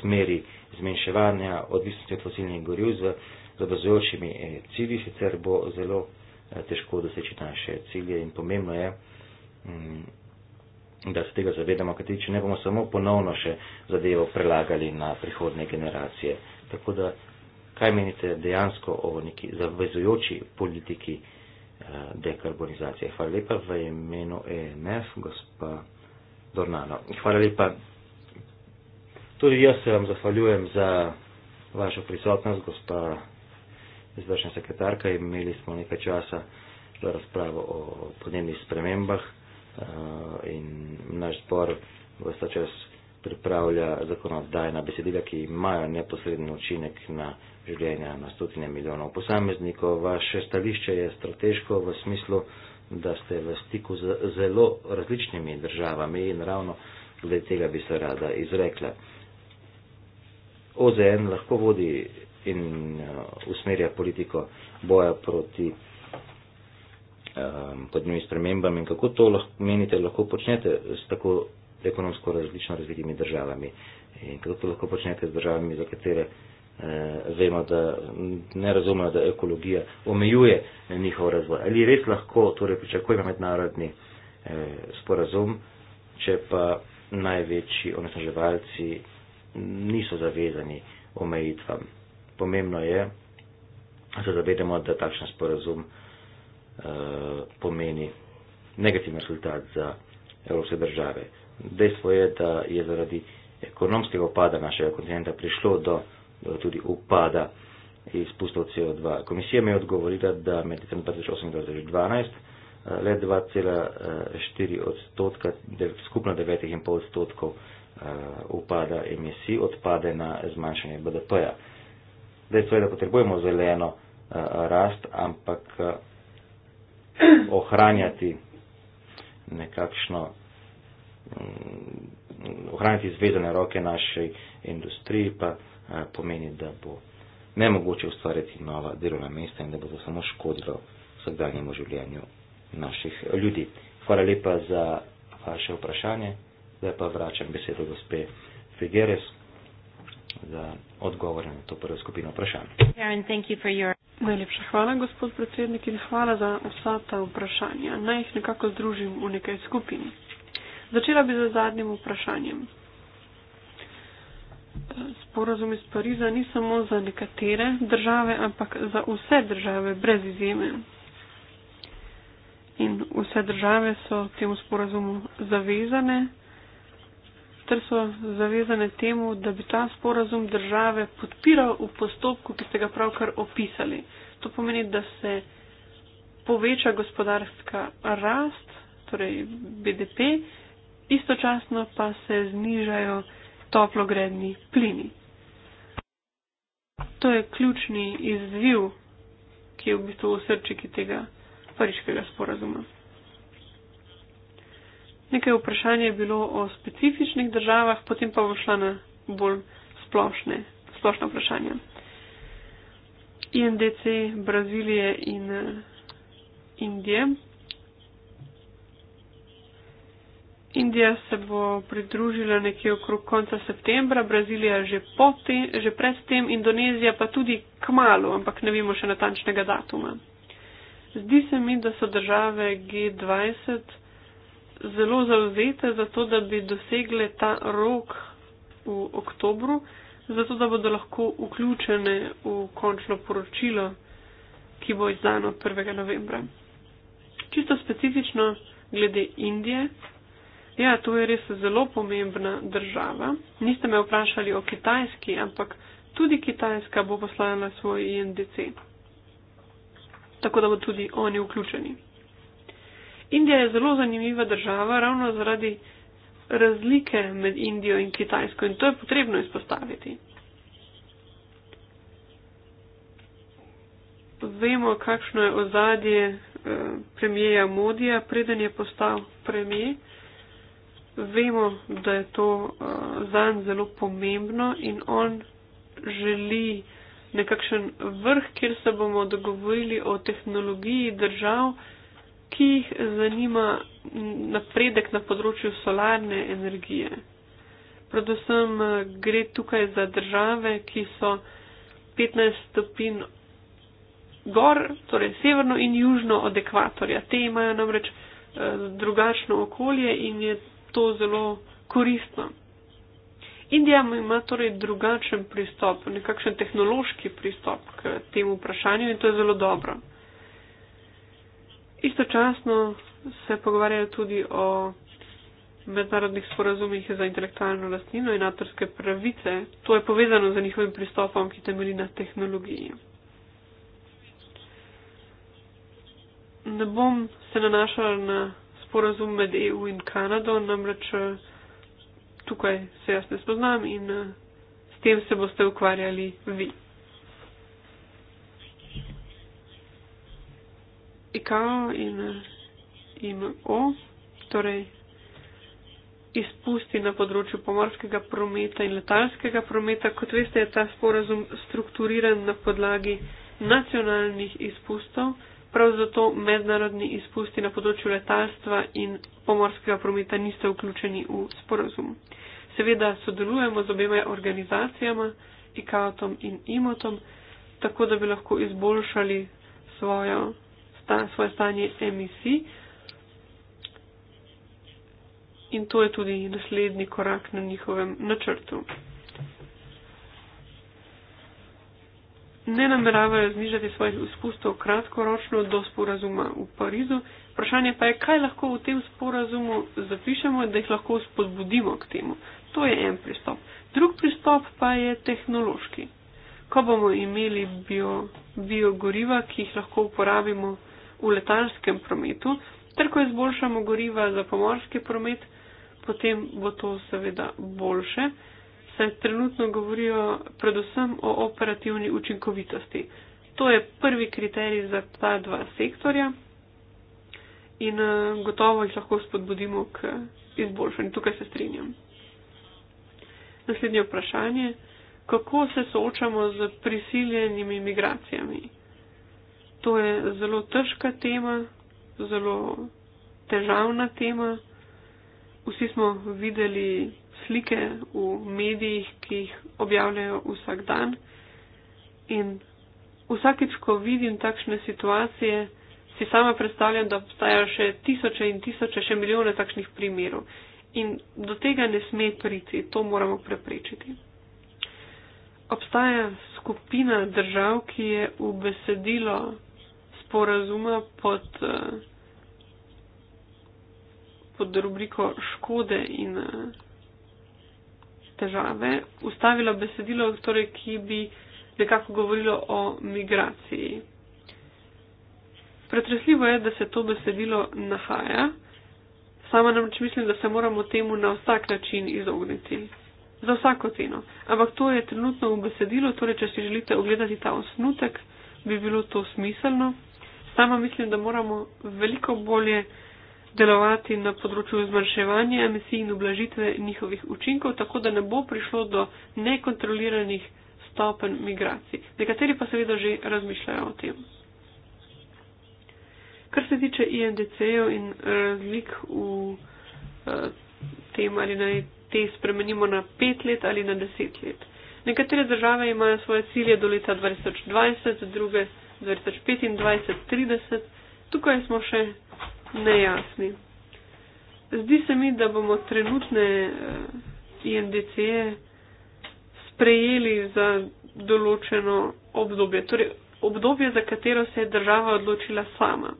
smeri zmanjševanja odvisnosti od fosilnih goriv z zavezujočimi eh, cilji, sicer bo zelo eh, težko doseči naše cilje in pomembno je, mm, da se tega zavedamo, kajti če ne bomo samo ponovno še zadevo prelagali na prihodne generacije. Tako da, kaj menite dejansko o neki zavezujoči politiki eh, dekarbonizacije? Hvala lepa v imenu ENF, gospa Dornano. Hvala lepa. Tudi jaz se vam zahvaljujem za vašo prisotnost, gospa izvršna sekretarka. Imeli smo nekaj časa za razpravo o podnebnih spremembah eh, in naš zbor v vse čas pripravlja zakonodajna besedila, ki imajo neposreden učinek na življenja na stotine milijonov posameznikov. Vaše stališče je strateško v smislu, da ste v stiku z zelo različnimi državami in ravno glede tega bi se rada izrekla. OZN lahko vodi in uh, usmerja politiko boja proti um, podnebnim spremembam in kako to lahko, menite, lahko počnete s tako ekonomsko različno razvitimi državami in kako to lahko počnete z državami, za katere eh, vemo, da ne razumejo, da ekologija omejuje njihov razvoj. Ali res lahko torej pričakujemo mednarodni eh, sporazum, če pa največji onesnaževalci niso zavezani omejitvam. Pomembno je, da se zavedamo, da takšen sporazum eh, pomeni negativen rezultat za evropske države. Dejstvo je, da je zaradi ekonomskega upada našega kontinenta prišlo do tudi upada izpustov CO2. Komisija mi je odgovorila, da med 2008 in 2012 eh, le 2,4 eh, odstotka, skupno 9,5 odstotkov Eh, upada emisij odpade na zmanjšanje BDP-ja. Dejstvo je, da potrebujemo zeleno eh, rast, ampak eh, ohranjati nekakšno mm, ohraniti zvezane roke naše industriji pa pomeni, da bo nemogoče ustvariti nova delovna mesta in da bo to samo škodilo vsakdanjemu življenju naših ljudi. Hvala lepa za vaše vprašanje. Zdaj pa vračam besedo gospe Figueres za odgovor na to prvo skupino vprašanj. Najlepša hvala, gospod predsednik, in hvala za vsa ta vprašanja. Naj jih nekako združim v nekaj skupin. Začela bi z zadnjim vprašanjem. Sporazum iz Pariza ni samo za nekatere države, ampak za vse države brez izjeme. In vse države so temu sporazumu zavezane ter so zavezane temu, da bi ta sporazum države podpiral v postopku, ki ste ga pravkar opisali. To pomeni, da se poveča gospodarska rast, torej BDP, istočasno pa se znižajo toplogredni plini. To je ključni izziv, ki je v bistvu v srčiki tega pariškega sporazuma. Nekaj vprašanj je bilo o specifičnih državah, potem pa bom šla na bolj splošne, splošne vprašanja. INDC, Brazilije in uh, Indije. Indija se bo pridružila nekje okrog konca septembra, Brazilija že, te, že pred tem, Indonezija pa tudi k malu, ampak ne vemo še natančnega datuma. Zdi se mi, da so države G20 zelo zavzete za to, da bi dosegle ta rok v oktobru, zato da bodo lahko vključene v končno poročilo, ki bo izdano 1. novembra. Čisto specifično glede Indije. Ja, to je res zelo pomembna država. Niste me vprašali o Kitajski, ampak tudi Kitajska bo poslala svoj INDC, tako da bodo tudi oni vključeni. Indija je zelo zanimiva država ravno zaradi razlike med Indijo in Kitajsko in to je potrebno izpostaviti. Vemo, kakšno je ozadje eh, premijeja Modija, preden je postal premijer. Vemo, da je to eh, zanj zelo pomembno in on želi nekakšen vrh, kjer se bomo dogovorili o tehnologiji držav, ki jih zanima napredek na področju solarne energije. Predvsem eh, gre tukaj za države, ki so 15 stopin gor, torej severno in južno od ekvatorja. Te imajo namreč eh, drugačno okolje in je to zelo koristno. Indija ima torej drugačen pristop, nekakšen tehnološki pristop k temu vprašanju in to je zelo dobro. Istočasno se pogovarjajo tudi o mednarodnih sporazumih za intelektualno lastnino in avtorske pravice. To je povezano z njihovim pristopom, ki temelji na tehnologiji. Ne bom se nanašala na sporazum med EU in Kanado, namreč tukaj se jaz ne spoznam in eh, s tem se boste ukvarjali vi. IKO in IMO, torej izpusti na področju pomorskega prometa in letalskega prometa. Kot veste, je ta sporazum strukturiran na podlagi nacionalnih izpustov, prav zato mednarodni izpusti na področju letalstva in pomorskega prometa niste vključeni v sporazum. Seveda sodelujemo z obema organizacijama, IKO in IMO, tako da bi lahko izboljšali svojo svoje stanje emisij. In to je tudi naslednji korak na njihovem načrtu. Ne nameravajo znižati svojih izpustov kratkoročno do sporazuma v Parizu. Vprašanje pa je, kaj lahko v tem sporazumu zapišemo, da jih lahko spodbudimo k temu. To je en pristop. Drug pristop pa je tehnološki. Ko bomo imeli biogoriva, bio ki jih lahko uporabimo, v letalskem prometu, ter ko izboljšamo goriva za pomorski promet, potem bo to seveda boljše, saj trenutno govorijo predvsem o operativni učinkovitosti. To je prvi kriterij za ta dva sektorja in eh, gotovo jih lahko spodbudimo k izboljšanju. Tukaj se strinjam. Naslednje vprašanje. Kako se soočamo z prisiljenimi migracijami? to je zelo težka tema, zelo težavna tema. Vsi smo videli slike v medijih, ki jih objavljajo vsak dan. In vsakeč, ko vidim takšne situacije, si sama predstavljam, da obstajajo še tisoče in tisoče, še milijone takšnih primerov. In do tega ne sme priti, to moramo preprečiti. Obstaja skupina držav, ki je v besedilo sporazuma pod, eh, pod rubriko škode in eh, težave ustavila besedilo, torej, ki bi nekako govorilo o migraciji. Pretresljivo je, da se to besedilo nahaja, sama namreč mislim, da se moramo temu na vsak način izogniti. Za vsako ceno. Ampak to je trenutno v besedilu, torej če si želite ogledati ta osnutek, bi bilo to smiselno. Sama mislim, da moramo veliko bolje delovati na področju zmanjševanja emisij in oblažitve njihovih učinkov, tako da ne bo prišlo do nekontroliranih stopen migracij. Nekateri pa seveda že razmišljajo o tem. Kar se tiče INDC-jev in razlik v eh, tem, ali naj te spremenimo na pet let ali na deset let. Nekatere države imajo svoje cilje do leta 2020, druge 2025-30, tukaj smo še nejasni. Zdi se mi, da bomo trenutne eh, INDC-je sprejeli za določeno obdobje, torej obdobje, za katero se je država odločila sama.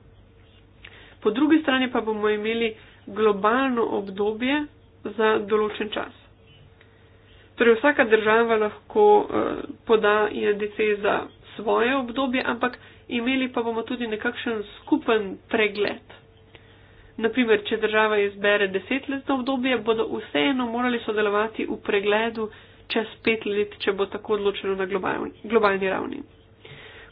Po drugi strani pa bomo imeli globalno obdobje za določen čas. Torej vsaka država lahko uh, poda INDC e za svoje obdobje, ampak imeli pa bomo tudi nekakšen skupen pregled. Naprimer, če država izbere desetletno obdobje, bodo vseeno morali sodelovati v pregledu čez pet let, če bo tako odločeno na globalni, globalni ravni.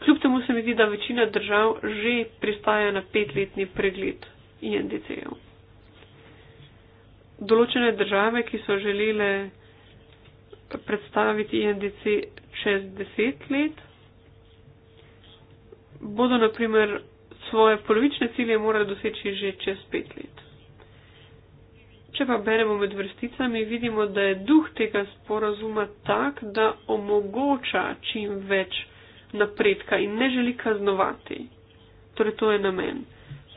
Kljub temu se mi zdi, da večina držav že pristaja na petletni pregled INDC-jev. Določene države, ki so želele predstaviti INDC čez deset let, bodo naprimer svoje polovične cilje morali doseči že čez pet let. Če pa beremo med vrsticami, vidimo, da je duh tega sporazuma tak, da omogoča čim več napredka in ne želi kaznovati. Torej, to je namen.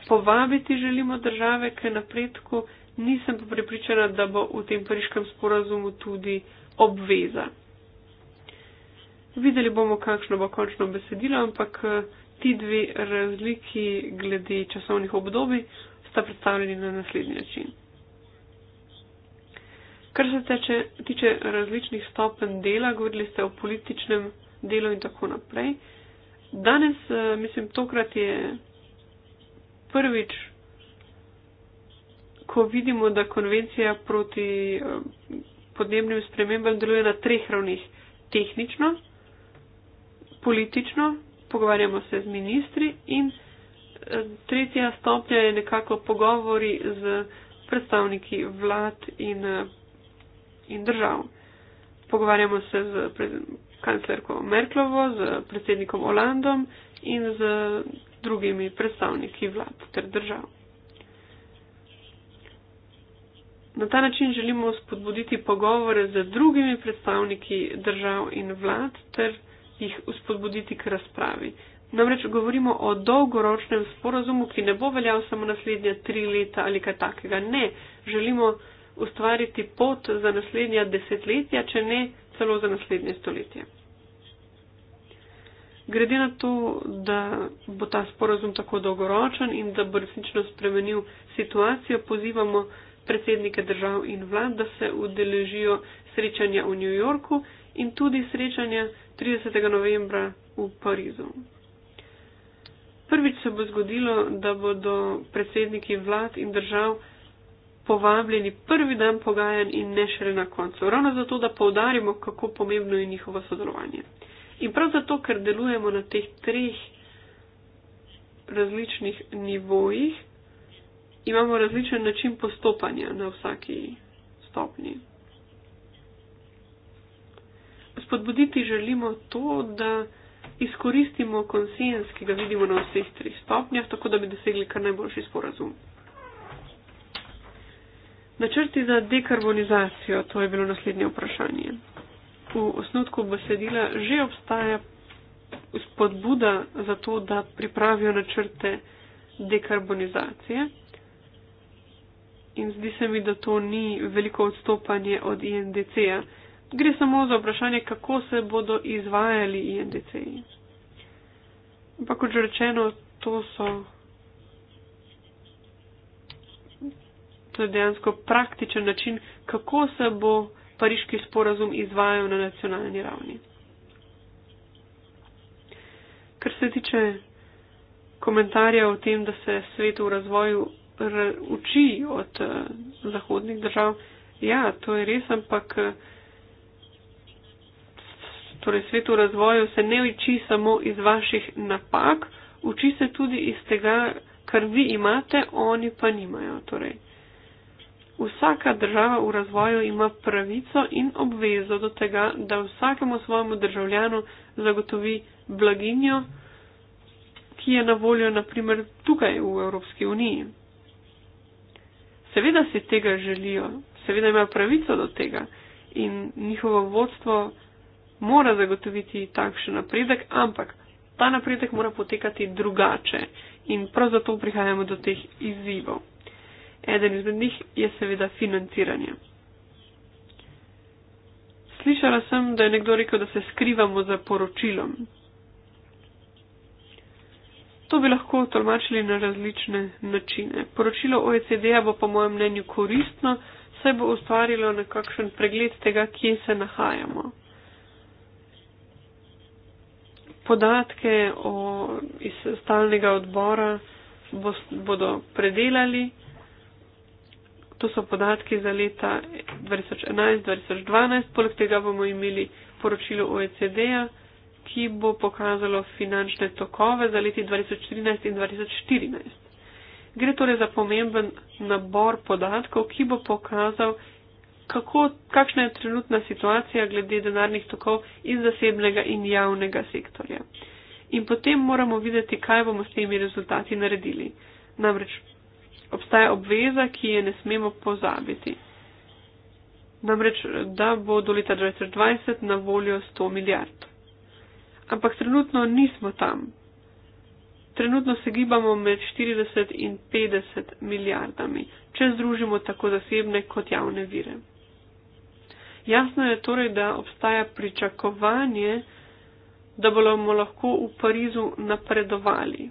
Povabiti želimo države k napredku, nisem pa prepričana, da bo v tem pariškem sporazumu tudi obveza. Videli bomo, kakšno bo končno besedilo, ampak ti dve razliki glede časovnih obdobij sta predstavljeni na naslednji način. Kar se teče, tiče različnih stopenj dela, govorili ste o političnem delu in tako naprej. Danes, eh, mislim, tokrat je prvič, ko vidimo, da konvencija proti eh, podnebnim spremembam deluje na treh ravnih. Tehnično, politično pogovarjamo se z ministri in eh, tretja stopnja je nekako pogovori z predstavniki vlad in, eh, in držav. Pogovarjamo se z kanclerko Merklovo, z predsednikom Olandom in z drugimi predstavniki vlad ter držav. Na ta način želimo spodbuditi pogovore z drugimi predstavniki držav in vlad ter jih uspodbuditi k razpravi. Namreč govorimo o dolgoročnem sporazumu, ki ne bo veljal samo naslednja tri leta ali kaj takega. Ne, želimo ustvariti pot za naslednja desetletja, če ne celo za naslednje stoletje. Glede na to, da bo ta sporazum tako dolgoročen in da bo resnično spremenil situacijo, pozivamo predsednike držav in vlad, da se udeležijo srečanja v New Yorku in tudi srečanja 30. novembra v Parizu. Prvič se bo zgodilo, da bodo predsedniki vlad in držav povabljeni prvi dan pogajanj in ne šele na koncu. Ravno zato, da povdarimo, kako pomembno je njihovo sodelovanje. In prav zato, ker delujemo na teh treh različnih nivojih, imamo različen način postopanja na vsaki stopni spodbuditi želimo to, da izkoristimo konsens, ki ga vidimo na vseh treh stopnjah, tako da bi dosegli kar najboljši sporazum. Načrti za dekarbonizacijo, to je bilo naslednje vprašanje. V osnutku besedila že obstaja spodbuda za to, da pripravijo načrte dekarbonizacije. In zdi se mi, da to ni veliko odstopanje od INDC-ja. Gre samo za vprašanje, kako se bodo izvajali INDC-ji. Ampak, kot že rečeno, to so. To je dejansko praktičen način, kako se bo pariški sporazum izvajal na nacionalni ravni. Kar se tiče komentarja o tem, da se svet v razvoju uči od uh, zahodnih držav, ja, to je res, ampak. Uh, torej svetu razvoju, se ne uči samo iz vaših napak, uči se tudi iz tega, kar vi imate, oni pa nimajo. Torej, vsaka država v razvoju ima pravico in obvezo do tega, da vsakemu svojemu državljanu zagotovi blaginjo, ki je na voljo, naprimer, tukaj v Evropski uniji. Seveda si tega želijo, seveda imajo pravico do tega in njihovo vodstvo mora zagotoviti takšen napredek, ampak ta napredek mora potekati drugače in prav zato prihajamo do teh izzivov. Eden izmed njih je seveda financiranje. Slišala sem, da je nekdo rekel, da se skrivamo za poročilom. To bi lahko tolmačili na različne načine. Poročilo OECD-a bo po mojem mnenju koristno, saj bo ustvarilo nekakšen pregled tega, kje se nahajamo podatke o, iz stalnega odbora bo, bodo predelali. To so podatki za leta 2011-2012. Poleg tega bomo imeli poročilo OECD-a, ki bo pokazalo finančne tokove za leti 2013 in 2014. Gre torej za pomemben nabor podatkov, ki bo pokazal, kako, kakšna je trenutna situacija glede denarnih tokov iz zasebnega in javnega sektorja. In potem moramo videti, kaj bomo s temi rezultati naredili. Namreč obstaja obveza, ki je ne smemo pozabiti. Namreč, da bo do leta 2020 na voljo 100 milijard. Ampak trenutno nismo tam. Trenutno se gibamo med 40 in 50 milijardami, če združimo tako zasebne kot javne vire. Jasno je torej, da obstaja pričakovanje, da bomo lahko v Parizu napredovali.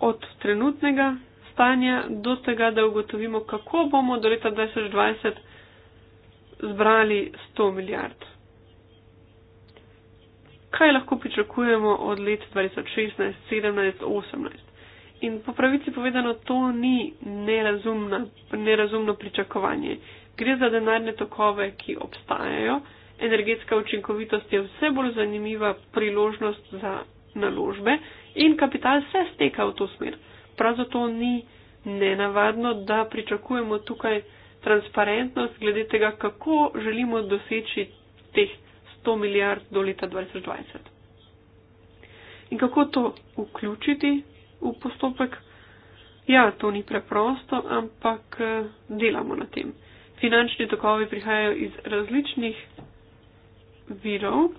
Od trenutnega stanja do tega, da ugotovimo, kako bomo do leta 2020 zbrali 100 milijard. Kaj lahko pričakujemo od let 2016, 2017, 2018? In po pravici povedano, to ni nerazumno, nerazumno pričakovanje. Gre za denarne tokove, ki obstajajo. Energetska učinkovitost je vse bolj zanimiva priložnost za naložbe in kapital se steka v to smer. Prav zato ni nenavadno, da pričakujemo tukaj transparentnost glede tega, kako želimo doseči teh 100 milijard do leta 2020. In kako to vključiti v postopek? Ja, to ni preprosto, ampak eh, delamo na tem finančni tokovi prihajajo iz različnih virov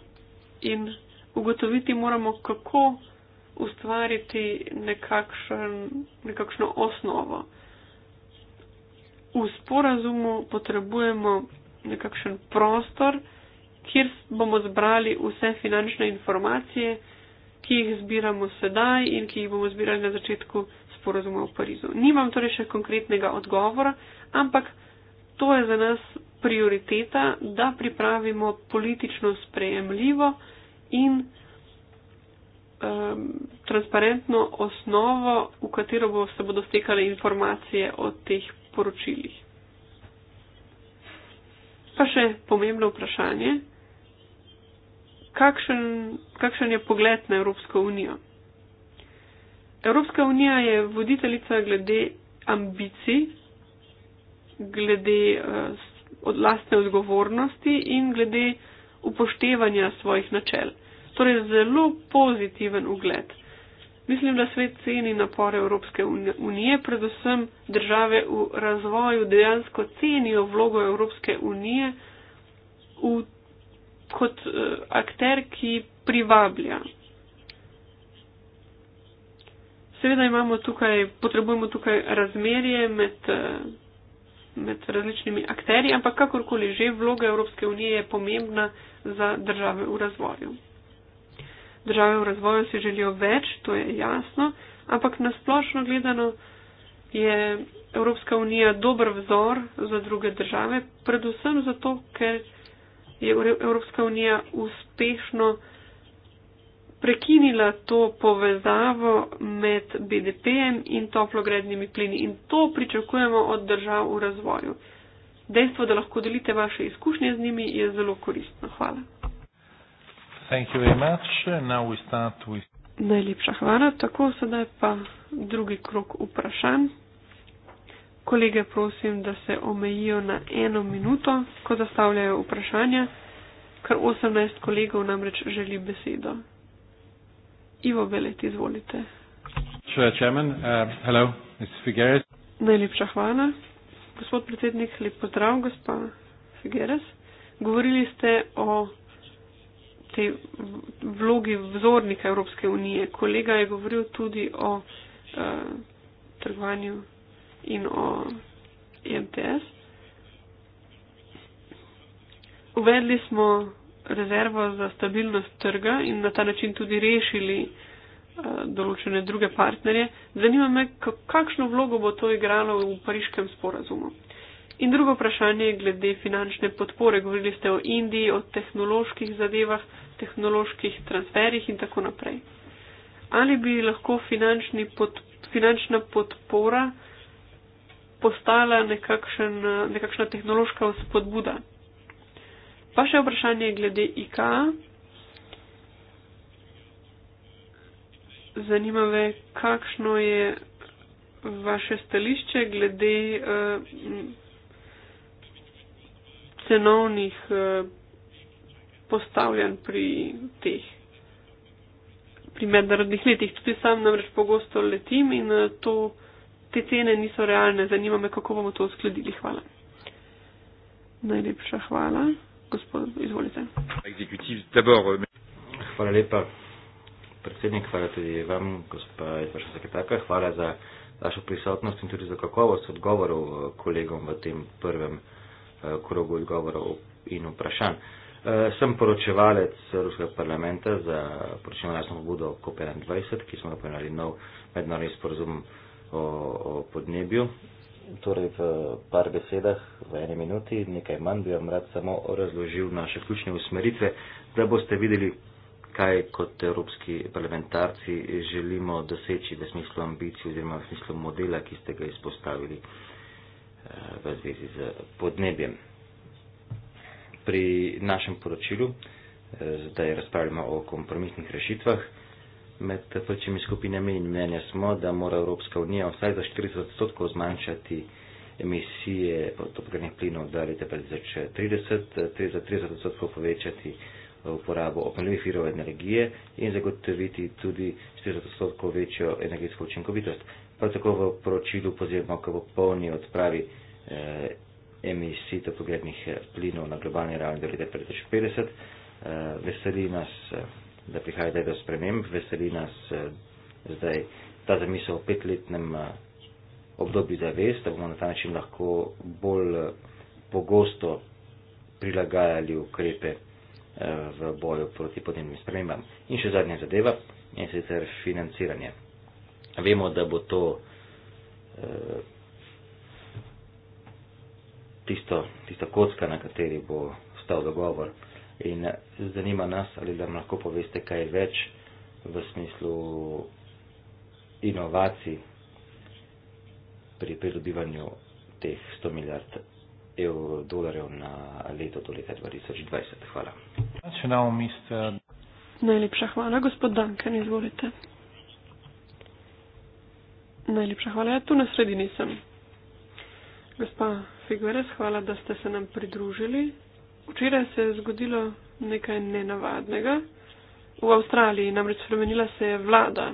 in ugotoviti moramo, kako ustvariti nekakšen, nekakšno osnovo. V sporazumu potrebujemo nekakšen prostor, kjer bomo zbrali vse finančne informacije, ki jih zbiramo sedaj in ki jih bomo zbirali na začetku sporazuma v Parizu. Nimam torej še konkretnega odgovora, ampak to je za nas prioriteta, da pripravimo politično sprejemljivo in um, transparentno osnovo, v katero bo se bodo stekale informacije o teh poročilih. Pa še pomembno vprašanje, kakšen, kakšen je pogled na Evropsko unijo? Evropska unija je voditeljica glede ambicij glede uh, od lastne odgovornosti in glede upoštevanja svojih načel. Torej zelo pozitiven ugled. Mislim, da svet ceni napore Evropske unije, predvsem države v razvoju dejansko cenijo vlogo Evropske unije v, kot uh, akter, ki privablja. Seveda imamo tukaj, potrebujemo tukaj razmerje med. Uh, med različnimi akteri, ampak kakorkoli že vloga Evropske unije je pomembna za države v razvoju. Države v razvoju si želijo več, to je jasno, ampak nasplošno gledano je Evropska unija dober vzor za druge države, predvsem zato, ker je Evropska unija uspešno prekinila to povezavo med BDP-jem in toplogrednimi plini in to pričakujemo od držav v razvoju. Dejstvo, da lahko delite vaše izkušnje z njimi, je zelo koristno. Hvala. With... Najlepša hvala. Tako sedaj pa drugi krok vprašanj. Kolege prosim, da se omejijo na eno minuto, ko zastavljajo vprašanja, ker 18 kolegov namreč želi besedo. Ivo Belet, izvolite. Chairman, uh, hello, Najlepša hvala. Gospod predsednik, lep pozdrav, gospa Figueres. Govorili ste o tej vlogi vzornika Evropske unije. Kolega je govoril tudi o uh, trgovanju in o IMTS. Uvedli smo rezervo za stabilnost trga in na ta način tudi rešili eh, določene druge partnerje. Zanima me, kakšno vlogo bo to igralo v pariškem sporazumu. In drugo vprašanje je glede finančne podpore. Govorili ste o Indiji, o tehnoloških zadevah, tehnoloških transferjih in tako naprej. Ali bi lahko pod, finančna podpora postala nekakšen, nekakšna tehnološka spodbuda Pa še vprašanje glede IKA. Zanima me, kakšno je vaše stališče glede uh, cenovnih uh, postavljanj pri teh, pri mednarodnih letih. Tudi sam namreč pogosto letim in eh, to, te cene niso realne. Zanima me, kako bomo to uskladili. Hvala. Najlepša hvala gospod, izvolite. Ekzekutiv, dabor. Euh, hvala lepa, predsednik, hvala tudi vam, gospa izvršna sekretarka. Hvala za vašo prisotnost in tudi za kakovost odgovorov eh, kolegom v tem prvem eh, krogu odgovorov in vprašanj. Eh, sem poročevalec Ruskega parlamenta za poročilno jasno pobudo COP21, ki smo napojnali nov mednarodni sporozum o, o podnebju torej v par besedah, v eni minuti, nekaj manj bi vam rad samo razložil naše ključne usmeritve, da boste videli, kaj kot evropski parlamentarci želimo doseči v smislu ambicij oziroma v smislu modela, ki ste ga izpostavili eh, v zvezi z podnebjem. Pri našem poročilu eh, zdaj razpravljamo o kompromisnih rešitvah med tečočimi skupinami in mnenja smo, da mora Evropska unija vsaj za 40 odstotkov zmanjšati emisije toplogrednih plinov do leta 2030, torej za 30 odstotkov povečati uporabo obnovljivih virov energije in zagotoviti tudi 40 odstotkov večjo energetsko učinkovitost. Prav tako v poročilu pozivamo k popolni odpravi eh, emisij toplogrednih plinov na globalni ravni do leta 2050. Eh, veseli nas. Eh, da prihaja do sprememb, veseli nas eh, zdaj ta zamisel v petletnem eh, obdobju zavest, da bomo na ta način lahko bolj eh, pogosto prilagajali ukrepe v boju proti podnebnim spremembam. In še zadnja zadeva, in sicer financiranje. Vemo, da bo to tisto, tista kocka, na kateri bo stal dogovor. In zanima nas, ali nam lahko poveste kaj več v smislu inovacij pri pridobivanju teh 100 milijard evrov dolarjev na leto do leta 2020. Hvala. Najlepša hvala, gospod Duncan, izvolite. Najlepša hvala, ja tu na sredini sem. Gospa Figueres, hvala, da ste se nam pridružili. Včeraj se je zgodilo nekaj nenavadnega. V Avstraliji namreč spremenila se je vlada.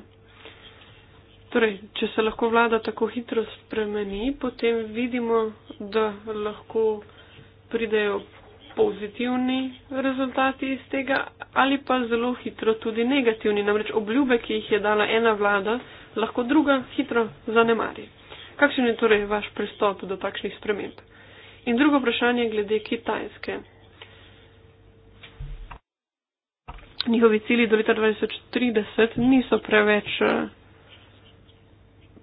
Torej, če se lahko vlada tako hitro spremeni, potem vidimo, da lahko pridejo pozitivni rezultati iz tega ali pa zelo hitro tudi negativni. Namreč obljube, ki jih je dala ena vlada, lahko druga hitro zanemari. Kakšen je torej vaš pristop do takšnih sprememb? In drugo vprašanje glede Kitajske. njihovi cilji do leta 2030 niso preveč, eh,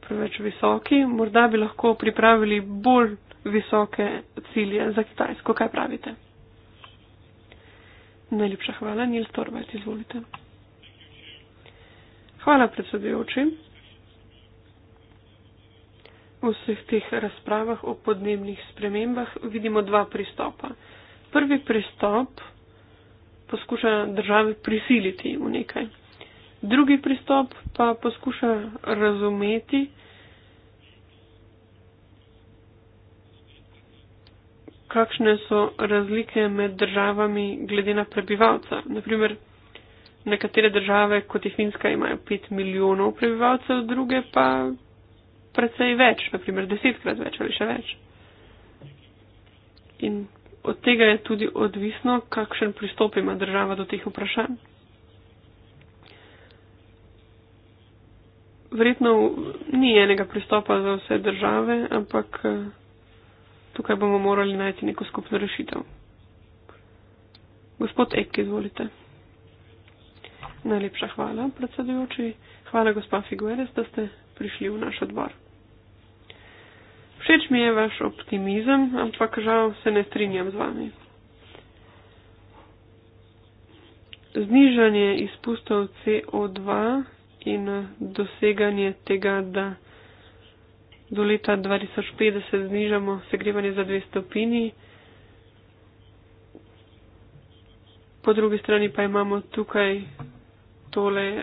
preveč visoki. Morda bi lahko pripravili bolj visoke cilje za Kitajsko. Kaj pravite? Najlepša hvala, Nils Torvald, izvolite. Hvala predsedujoči. V vseh teh razpravah o podnebnih spremembah vidimo dva pristopa. Prvi pristop poskuša države prisiliti v nekaj. Drugi pristop pa poskuša razumeti, kakšne so razlike med državami glede na prebivalca. Naprimer, nekatere države, kot je Finska, imajo 5 milijonov prebivalcev, druge pa precej več, naprimer desetkrat več ali še več. In od tega je tudi odvisno, kakšen pristop ima država do teh vprašanj. Verjetno ni enega pristopa za vse države, ampak eh, tukaj bomo morali najti neko skupno rešitev. Gospod Ek, izvolite. Najlepša hvala, predsedujoči. Hvala, gospa Figueres, da ste prišli v naš odbor. Všeč mi je vaš optimizem, ampak žal se ne strinjam z vami. Znižanje izpustov CO2 in doseganje tega, da do leta 2050 znižamo segrevanje za dve stopini. Po drugi strani pa imamo tukaj tole uh,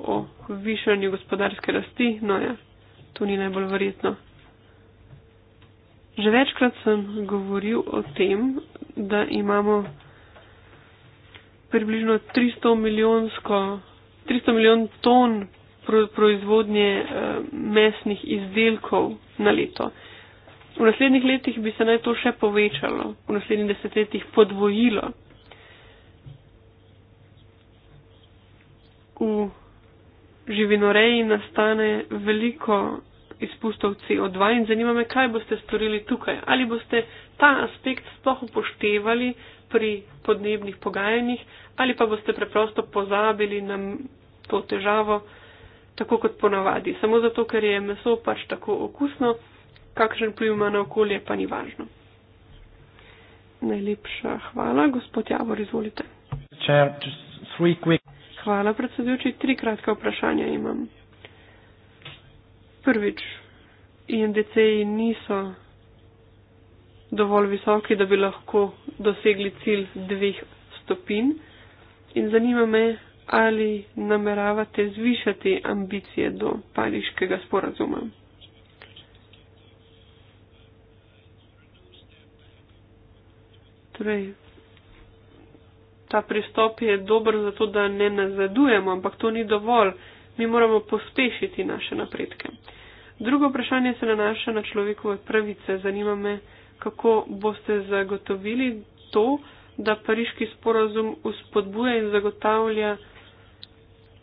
o višanju gospodarske rasti. No ja, to ni najbolj verjetno. Že večkrat sem govoril o tem, da imamo približno 300, milijonsko, 300 milijon ton proizvodnje eh, mesnih izdelkov na leto. V naslednjih letih bi se naj to še povečalo, v naslednjih desetletjih podvojilo. V živinoreji nastane veliko izpustov CO2 in zanima me, kaj boste storili tukaj. Ali boste ta aspekt sploh upoštevali pri podnebnih pogajanjih ali pa boste preprosto pozabili na to težavo, tako kot ponavadi. Samo zato, ker je meso pač tako okusno, kakšen pliv ima na okolje, pa ni važno. Najlepša hvala, gospod Javor, izvolite. Hvala, predsedujoči. Tri kratka vprašanja imam prvič, indeciji niso dovolj visoki, da bi lahko dosegli cilj dveh stopin. In zanima me, ali nameravate zvišati ambicije do pariškega sporazuma. Torej, ta pristop je dober zato, da ne nazadujemo, ampak to ni dovolj mi moramo pospešiti naše napredke. Drugo vprašanje se nanaša na človekove pravice. Zanima me, kako boste zagotovili to, da pariški sporazum uspodbuja in zagotavlja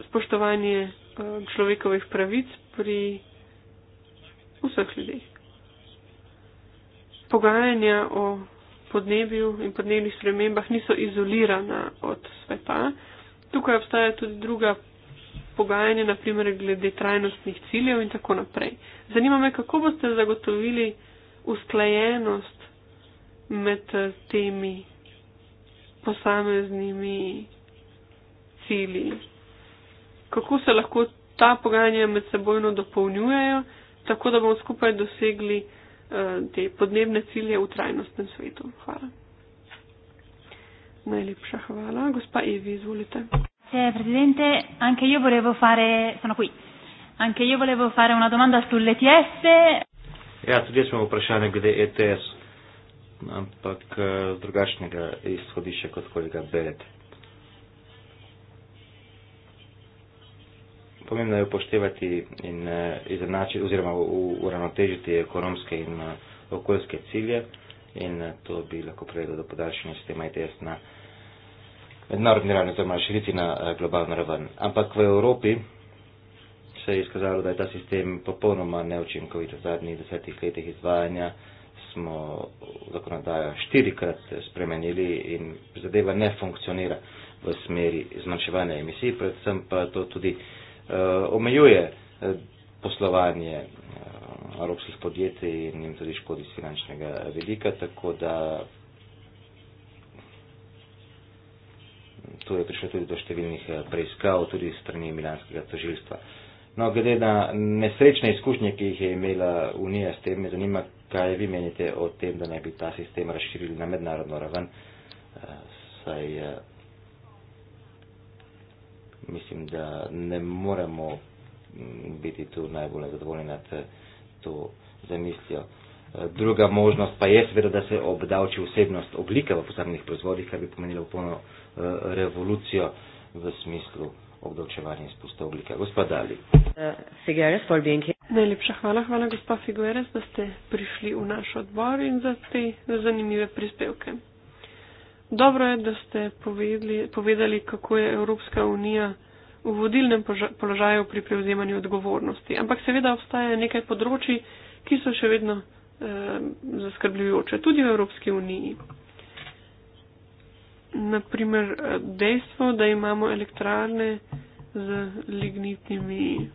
spoštovanje eh, človekovih pravic pri vseh ljudeh. Pogajanja o podnebju in podnebnih spremembah niso izolirana od sveta. Tukaj obstaja tudi druga pogajanje, naprimer glede trajnostnih ciljev in tako naprej. Zanima me, kako boste zagotovili usklajenost med eh, temi posameznimi cilji. Kako se lahko ta pogajanja med sebojno dopolnjujejo, tako da bomo skupaj dosegli eh, te podnebne cilje v trajnostnem svetu. Hvala. Najlepša hvala. Gospa Evi, izvolite. Sì, Presidente, anche io volevo fare. Sono qui. Anche io volevo fare una domanda sull'ETS. Ja, tudi jaz imam vprašanje glede ETS, ampak eh, drugačnega izhodišča kot kolega Beret. Pomembno je upoštevati in eh, izenačiti oziroma uravnotežiti ekonomske in eh, okoljske cilje in to bi lahko prevedlo do podaljšanja sistema ETS na mednarodni ravni oziroma širiti na eh, globalno raven. Ampak v Evropi se je izkazalo, da je ta sistem popolnoma neučinkovit. V zadnjih desetih letih izvajanja smo zakonodajo štirikrat spremenili in zadeva ne funkcionira v smeri zmanjševanja emisij, predvsem pa to tudi uh, omejuje eh, poslovanje uh, evropskih podjetij in jim tudi škodi z finančnega velika, tako da tu je prišlo tudi do številnih eh, preiskav, tudi strani milanskega tožilstva. No, glede na nesrečne izkušnje, ki jih je imela Unija s tem, me zanima, kaj vi menite o tem, da naj bi ta sistem razširili na mednarodno raven. Eh, saj eh, mislim, da ne moremo mm, biti tu najbolj zadovoljni nad to zamislijo. Eh, druga možnost pa je seveda, da se obdavči vsebnost oblike v posameznih proizvodih, kar bi pomenilo polno eh, revolucijo v smislu obdavčevanja izpusta oglika. Gospod Ali. Eh, Najlepša hvala, hvala gospa Figueres, da ste prišli v naš odbor in za te zanimive prispevke. Dobro je, da ste povedli, povedali, kako je Evropska unija v vodilnem položaju pri prevzemanju odgovornosti. Ampak seveda obstaja nekaj področji, ki so še vedno. Eh, zaskrbljujoče tudi v Evropski uniji. Naprimer, eh, dejstvo, da imamo elektrarne z lignitnimi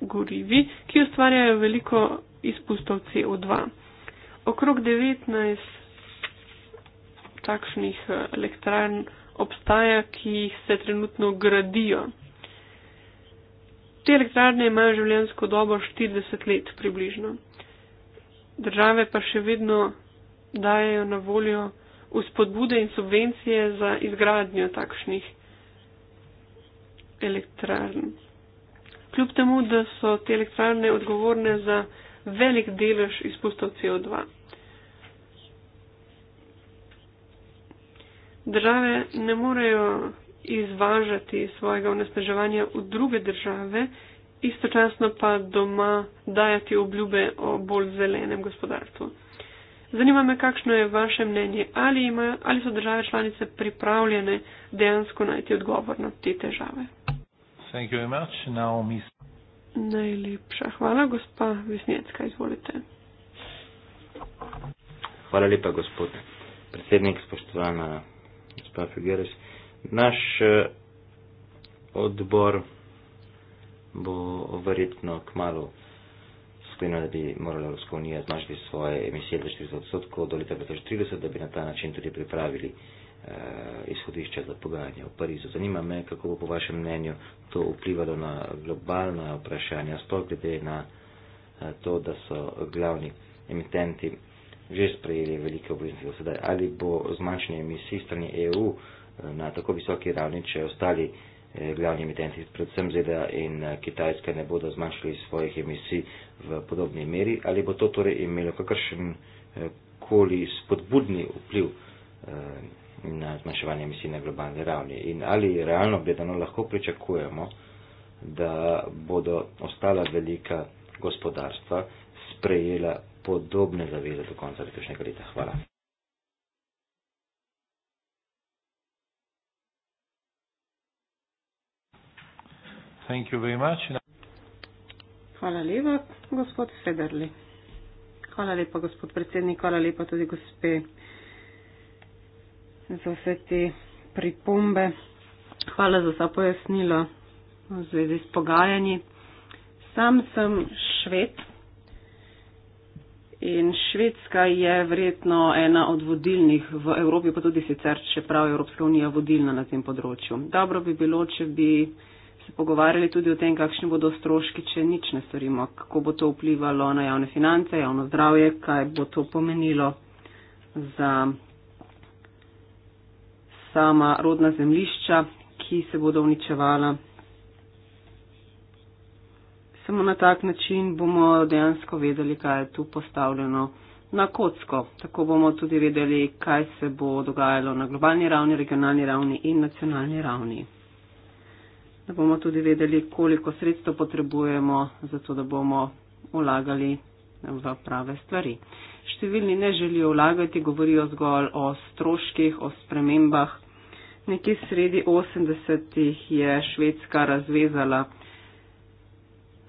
gorivi, ki ustvarjajo veliko izpustov CO2. Okrog 19 takšnih eh, elektrarn obstaja, ki jih se trenutno gradijo. Te elektrarne imajo življenjsko dobo 40 let približno države pa še vedno dajo na voljo vzpodbude in subvencije za izgradnjo takšnih elektrarn. Kljub temu, da so te elektrarne odgovorne za velik delež izpustov CO2. Države ne morejo izvažati svojega onesnaževanja v druge države, istočasno pa doma dajati obljube o bolj zelenem gospodarstvu. Zanima me, kakšno je vaše mnenje, ali, imajo, ali so države članice pripravljene dejansko najti odgovor na te težave. Najlepša hvala, gospa Visnjecka, izvolite. Hvala lepa, gospod predsednik, spoštovana gospa Figueres. Naš eh, odbor bo verjetno k malu sklenila, da bi morala Evropska unija zmanjšati svoje emisije za 40 odstotkov do leta 2030, da bi na ta način tudi pripravili eh, izhodišče za pogajanje v Parizu. Zanima me, kako bo po vašem mnenju to vplivalo na globalna vprašanja, sploh glede na eh, to, da so glavni emitenti že sprejeli velike obveznice do sedaj. Ali bo zmanjšanje emisij strani EU eh, na tako visoki ravni, če ostali eh, Eh, glavni emitenti, predvsem ZDA in eh, Kitajska, ne bodo zmanjšali svojih emisij v podobni meri, ali bo to torej imelo kakršen eh, koli spodbudni vpliv na zmanjševanje emisij na globalni ravni in ali realno gledano lahko pričakujemo, da bodo ostala velika gospodarstva sprejela podobne zaveze do konca letošnjega leta. Hvala. Thank you very much. Hvala lepa, gospod Federli. Hvala lepa, gospod predsednik. Hvala lepa tudi gospe za vse te pripombe. Hvala za vsa pojasnila v zvezi s pogajanji. Sam sem šved in Švedska je verjetno ena od vodilnih v Evropi, pa tudi sicer, čeprav je Evropska unija vodilna na tem področju. Dobro bi bilo, če bi se pogovarjali tudi o tem, kakšni bodo stroški, če nič ne storimo, kako bo to vplivalo na javne finance, javno zdravje, kaj bo to pomenilo za sama rodna zemlišča, ki se bodo uničevala. Samo na tak način bomo dejansko vedeli, kaj je tu postavljeno na kocko. Tako bomo tudi vedeli, kaj se bo dogajalo na globalni ravni, regionalni ravni in nacionalni ravni da bomo tudi vedeli, koliko sredstev potrebujemo, zato da bomo vlagali v prave stvari. Številni ne želijo vlagati, govorijo zgolj o stroških, o spremembah. Nekje sredi 80-ih je Švedska razvezala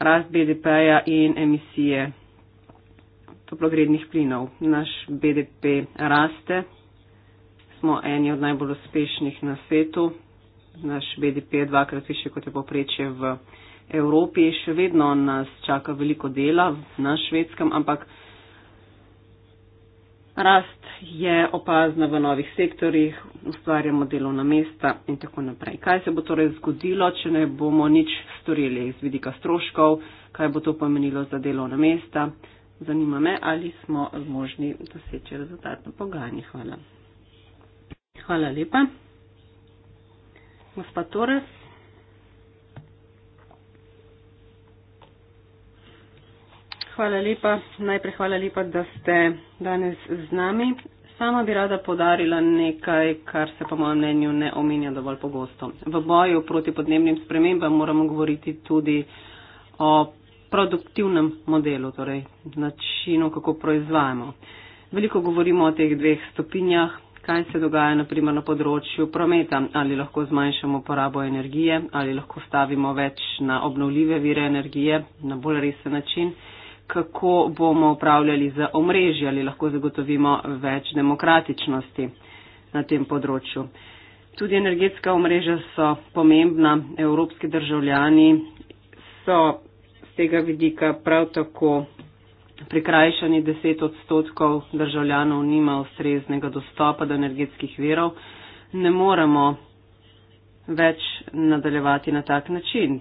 rast BDP-ja in emisije toplogrednih plinov. Naš BDP raste, smo eni od najbolj uspešnih na svetu, naš BDP je dvakrat više, kot je poprečje v Evropi. Še vedno nas čaka veliko dela na švedskem, ampak rast je opazna v novih sektorjih, ustvarjamo delovna mesta in tako naprej. Kaj se bo torej zgodilo, če ne bomo nič storili iz vidika stroškov, kaj bo to pomenilo za delovna mesta? Zanima me, ali smo zmožni doseči rezultat na pogajanjih. Hvala. Hvala lepa gospa Tore. Hvala lepa, najprej hvala lepa, da ste danes z nami. Sama bi rada podarila nekaj, kar se po mojem mnenju ne omenja dovolj pogosto. V boju proti podnebnim spremembam moramo govoriti tudi o produktivnem modelu, torej načinu, kako proizvajamo. Veliko govorimo o teh dveh stopinjah, kaj se dogaja naprimer na področju prometa, ali lahko zmanjšamo porabo energije, ali lahko stavimo več na obnovljive vire energije na bolj resen način, kako bomo upravljali za omrežje, ali lahko zagotovimo več demokratičnosti na tem področju. Tudi energetska omrežja so pomembna, evropski državljani so z tega vidika prav tako prikrajšani 10 odstotkov državljanov nima ustreznega dostopa do energetskih verov, ne moremo več nadaljevati na tak način.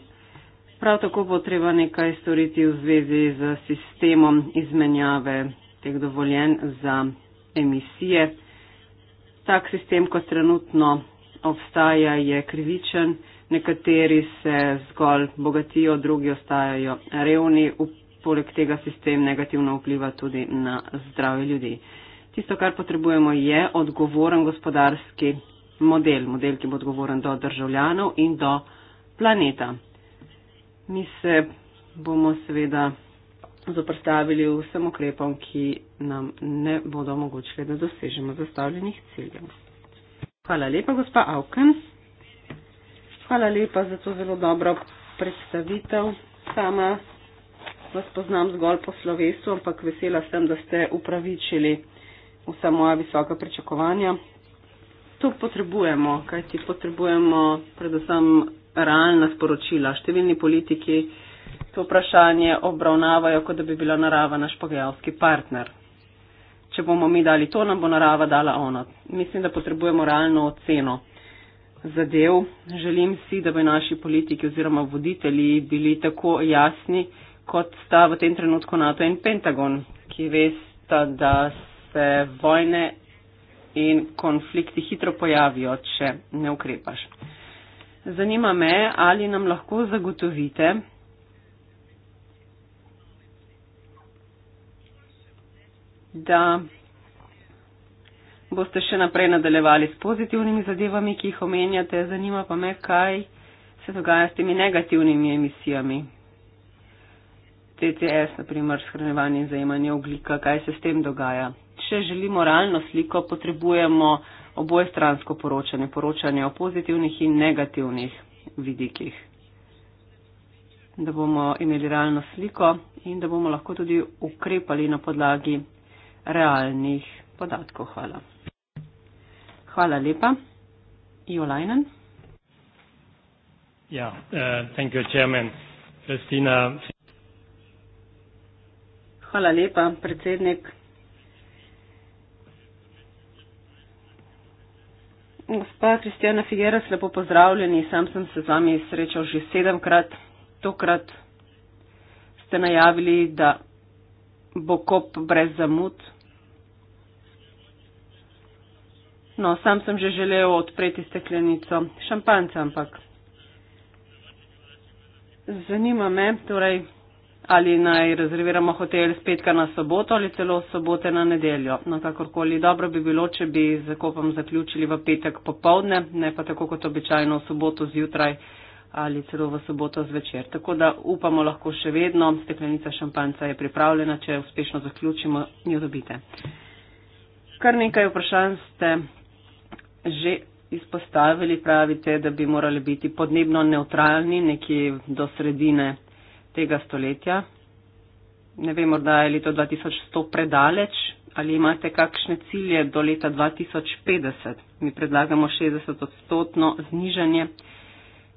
Prav tako bo treba nekaj storiti v zvezi z sistemom izmenjave teh dovoljen za emisije. Tak sistem, kot trenutno obstaja, je krivičen. Nekateri se zgolj bogatijo, drugi ostajajo revni poleg tega sistem negativno vpliva tudi na zdrave ljudi. Tisto, kar potrebujemo, je odgovoren gospodarski model, model, ki bo odgovoren do državljanov in do planeta. Mi se bomo seveda zoprstavili vsem okrepom, ki nam ne bodo omogočili, da dosežemo zastavljenih ciljev. Hvala lepa, gospa Auken. Hvala lepa za to zelo dobro predstavitev. Sama vas poznam zgolj po slovesu, ampak vesela sem, da ste upravičili vsa moja visoka pričakovanja. To potrebujemo, kajti potrebujemo predvsem realna sporočila. Številni politiki to vprašanje obravnavajo, kot da bi bila narava naš pogajalski partner. Če bomo mi dali to, nam bo narava dala ono. Mislim, da potrebujemo realno oceno zadev. Želim si, da bi naši politiki oziroma voditelji bili tako jasni, kot sta v tem trenutku NATO in Pentagon, ki veste, da se vojne in konflikti hitro pojavijo, če ne ukrepaš. Zanima me, ali nam lahko zagotovite, da boste še naprej nadaljevali s pozitivnimi zadevami, ki jih omenjate. Zanima pa me, kaj se dogaja s temi negativnimi emisijami, TCS, naprimer shranjevanje in zajemanje oglika, kaj se s tem dogaja. Če želimo realno sliko, potrebujemo obojestransko poročanje, poročanje o pozitivnih in negativnih vidikih, da bomo imeli realno sliko in da bomo lahko tudi ukrepali na podlagi realnih podatkov. Hvala. Hvala lepa. Jolajnen. Ja, yeah, uh, thank you, chairman. Kristina. Hvala lepa, predsednik. Gospa Kristjana Figera, lepo pozdravljeni. Sam sem se z vami srečal že sedemkrat. Tokrat ste najavili, da bo kop brez zamud. No, sam sem že želel odpreti steklenico šampanca, ampak zanima me, torej ali naj rezerviramo hotel z petka na soboto ali celo sobote na nedeljo. No, kakorkoli dobro bi bilo, če bi z zakopom zaključili v petek popovdne, ne pa tako kot običajno v soboto zjutraj ali celo v soboto zvečer. Tako da upamo lahko še vedno, steklenica šampanca je pripravljena, če uspešno zaključimo, jo dobite. Kar nekaj vprašanj ste že izpostavili, pravite, da bi morali biti podnebno neutralni nekje do sredine tega stoletja. Ne vem, morda je leto 2100 predaleč, ali imate kakšne cilje do leta 2050. Mi predlagamo 60 odstotno znižanje.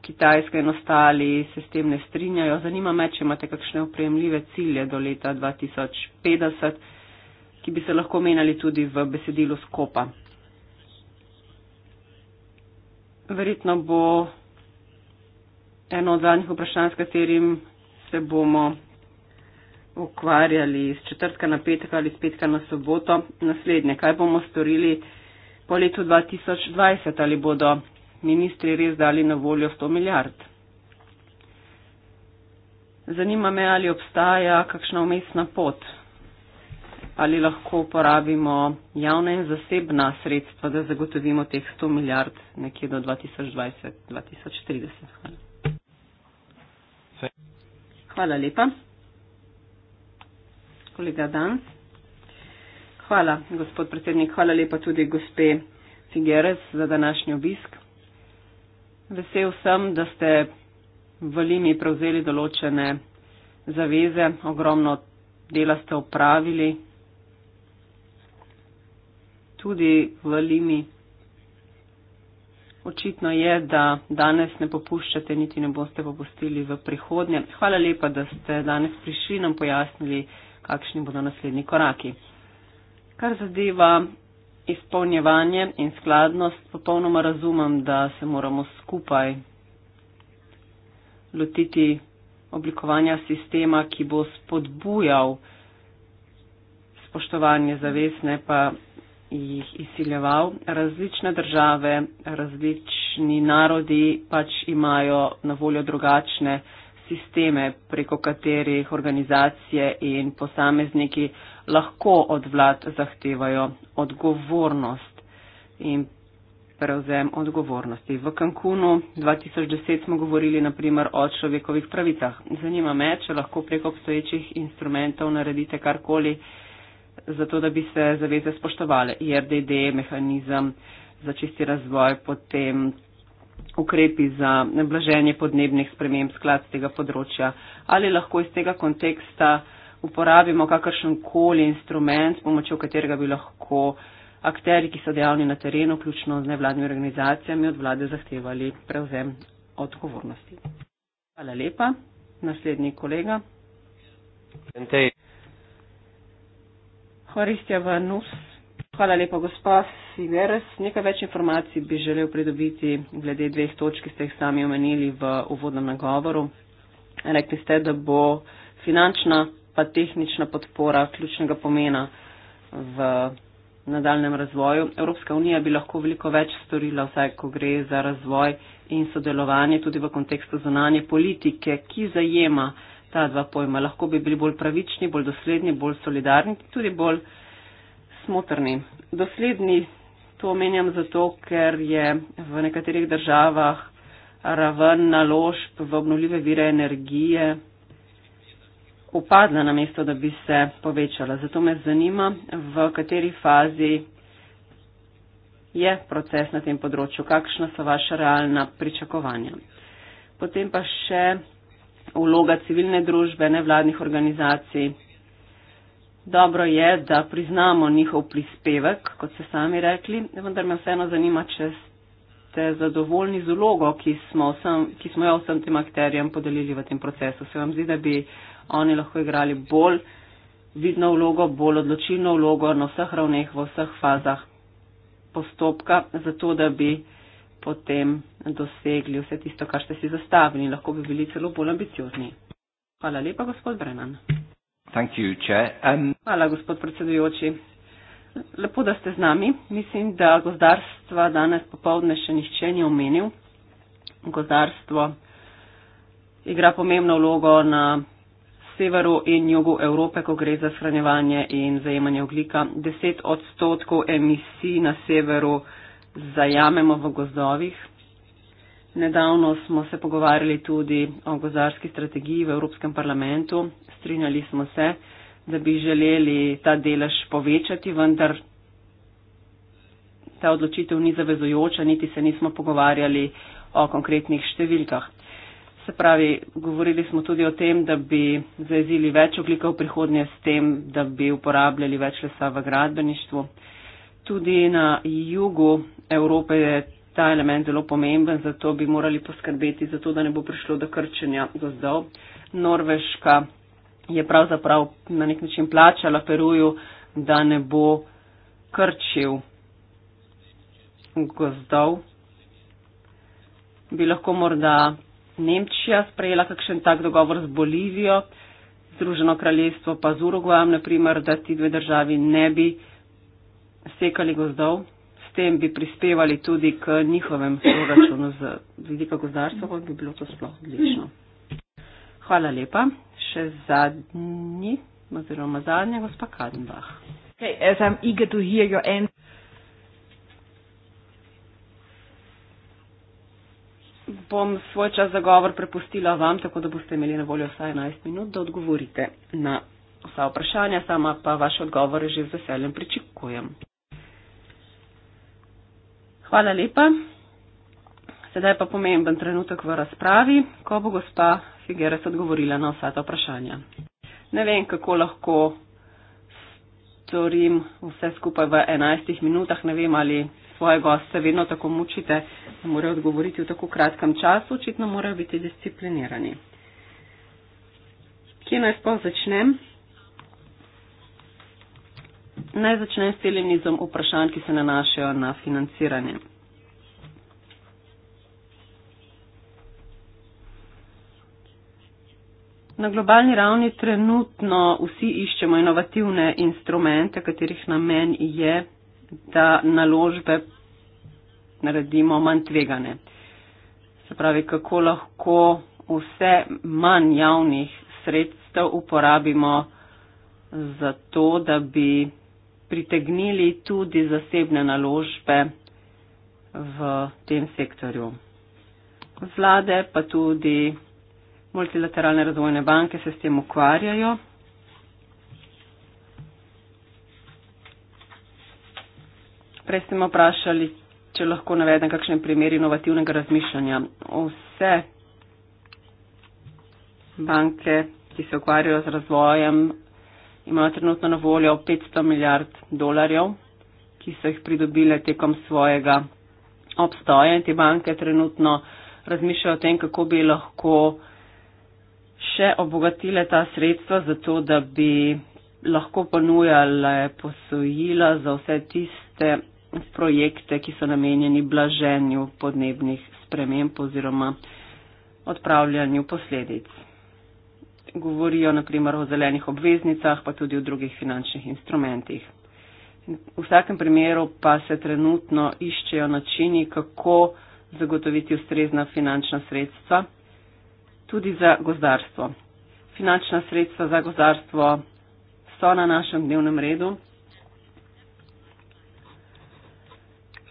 Kitajske in ostali se s tem ne strinjajo. Zanima me, če imate kakšne upremljive cilje do leta 2050, ki bi se lahko menjali tudi v besedilu skopa. Verjetno bo eno od zadnjih vprašanj, s katerim se bomo ukvarjali iz četrtka na petek ali iz petka na soboto. Naslednje, kaj bomo storili po letu 2020, ali bodo ministri res dali na voljo 100 milijard? Zanima me, ali obstaja kakšna umestna pot, ali lahko porabimo javna in zasebna sredstva, da zagotovimo teh 100 milijard nekje do 2020-2030. Hvala lepa. Kolega Dan. Hvala, gospod predsednik. Hvala lepa tudi gospe Figueres za današnji obisk. Vesel sem, da ste v Limi prevzeli določene zaveze. Ogromno dela ste opravili tudi v Limi očitno je, da danes ne popuščate, niti ne boste popustili v prihodnje. Hvala lepa, da ste danes prišli nam pojasnili, kakšni bodo naslednji koraki. Kar zadeva izpolnjevanje in skladnost, popolnoma razumem, da se moramo skupaj lotiti oblikovanja sistema, ki bo spodbujal spoštovanje zavesne pa jih izsiljeval. Različne države, različni narodi pač imajo na voljo drugačne sisteme, preko katerih organizacije in posamezniki lahko od vlad zahtevajo odgovornost in prevzem odgovornosti. V Cancunu 2010 smo govorili naprimer o človekovih pravicah. Zanima me, če lahko preko obstoječih instrumentov naredite karkoli, zato, da bi se zaveze spoštovali. IRDD, mehanizem za čisti razvoj, potem ukrepi za blaženje podnebnih sprememb sklad z tega področja. Ali lahko iz tega konteksta uporabimo kakršen koli instrument, s pomočjo katerega bi lahko akteri, ki so dejavni na terenu, vključno z nevladnimi organizacijami, od vlade zahtevali prevzem odgovornosti. Hvala lepa. Naslednji kolega. Entej. Horistja v nos. Hvala lepa, gospa Sigeres. Nekaj več informacij bi želel pridobiti glede dveh točk, ki ste jih sami omenili v uvodnem nagovoru. Rekli ste, da bo finančna pa tehnična podpora ključnega pomena v nadaljem razvoju. Evropska unija bi lahko veliko več storila, vsaj ko gre za razvoj in sodelovanje tudi v kontekstu zonanje politike, ki zajema ta dva pojma. Lahko bi bili bolj pravični, bolj dosledni, bolj solidarni, tudi bolj smotrni. Dosledni to omenjam zato, ker je v nekaterih državah raven naložb v obnovljive vire energije upadla na mesto, da bi se povečala. Zato me zanima, v kateri fazi je proces na tem področju, kakšna so vaša realna pričakovanja. Potem pa še vloga civilne družbe, nevladnih organizacij. Dobro je, da priznamo njihov prispevek, kot ste sami rekli, vendar me vseeno zanima, če ste zadovoljni z vlogo, ki smo, vsem, ki smo jo vsem tem akterjem podelili v tem procesu. Se vam zdi, da bi oni lahko igrali bolj vidno vlogo, bolj odločilno vlogo na vseh ravneh, v vseh fazah postopka, zato da bi potem dosegli vse tisto, kar ste si zastavili. Lahko bi bili celo bolj ambiciozni. Hvala lepa, gospod Brennan. You, um... Hvala, gospod predsedujoči. Lepo, da ste z nami. Mislim, da gozdarstva danes popovdne še nihče ni omenil. Gozdarstvo igra pomembno vlogo na severu in jugu Evrope, ko gre za shranjevanje in zajemanje oglika. 10 odstotkov emisij na severu zajamemo v gozdovih. Nedavno smo se pogovarjali tudi o gozdarski strategiji v Evropskem parlamentu. Strinjali smo se, da bi želeli ta delež povečati, vendar ta odločitev ni zavezujoča, niti se nismo pogovarjali o konkretnih številkah. Se pravi, govorili smo tudi o tem, da bi zajezili več oglika v prihodnje s tem, da bi uporabljali več lesa v gradbeništvu tudi na jugu Evrope je ta element zelo pomemben, zato bi morali poskrbeti za to, da ne bo prišlo do krčenja gozdov. Norveška je pravzaprav na nek način plačala Peruju, da ne bo krčil gozdov. Bi lahko morda Nemčija sprejela kakšen tak dogovor z Bolivijo, Združeno kraljestvo pa z Urugvajem, naprimer, da ti dve državi ne bi sekali gozdov, s tem bi prispevali tudi k njihovem proračunu z vidika gozdarstva, kot bi bilo to sploh odlično. Hvala lepa. Še zadnji, oziroma zadnji, gospa Kadenbach. Okay, as I'm eager to hear your answer. Bom svoj čas za govor prepustila vam, tako da boste imeli na voljo vsaj 11 minut, da odgovorite na vsa vprašanja, sama pa vaš odgovor že z veseljem pričakujem. Hvala lepa. Sedaj pa pomemben trenutek v razpravi, ko bo gospa Figueres odgovorila na vsa ta vprašanja. Ne vem, kako lahko storim vse skupaj v 11 minutah, ne vem, ali svoje goste vedno tako mučite, da morajo odgovoriti v tako kratkem času, očitno morajo biti disciplinirani. Kje naj sploh začnem? Naj začnem s celim nizom vprašanj, ki se nanašajo na financiranje. Na globalni ravni trenutno vsi iščemo inovativne instrumente, katerih namen je, da naložbe naredimo manj tvegane. Se pravi, kako lahko vse manj javnih sredstev uporabimo za to, da bi pritegnili tudi zasebne naložbe v tem sektorju. Vlade pa tudi multilateralne razvojne banke se s tem ukvarjajo. Prej smo vprašali, če lahko navedem kakšne primere inovativnega razmišljanja. Vse banke, ki se ukvarjajo z razvojem imajo trenutno na voljo 500 milijard dolarjev, ki so jih pridobile tekom svojega obstoja in te banke trenutno razmišljajo o tem, kako bi lahko še obogatile ta sredstva, zato da bi lahko ponujale posojila za vse tiste projekte, ki so namenjeni blaženju podnebnih sprememb oziroma odpravljanju posledic govorijo naprimer o zelenih obveznicah, pa tudi o drugih finančnih instrumentih. V vsakem primeru pa se trenutno iščejo načini, kako zagotoviti ustrezna finančna sredstva tudi za gozdarstvo. Finančna sredstva za gozdarstvo so na našem dnevnem redu.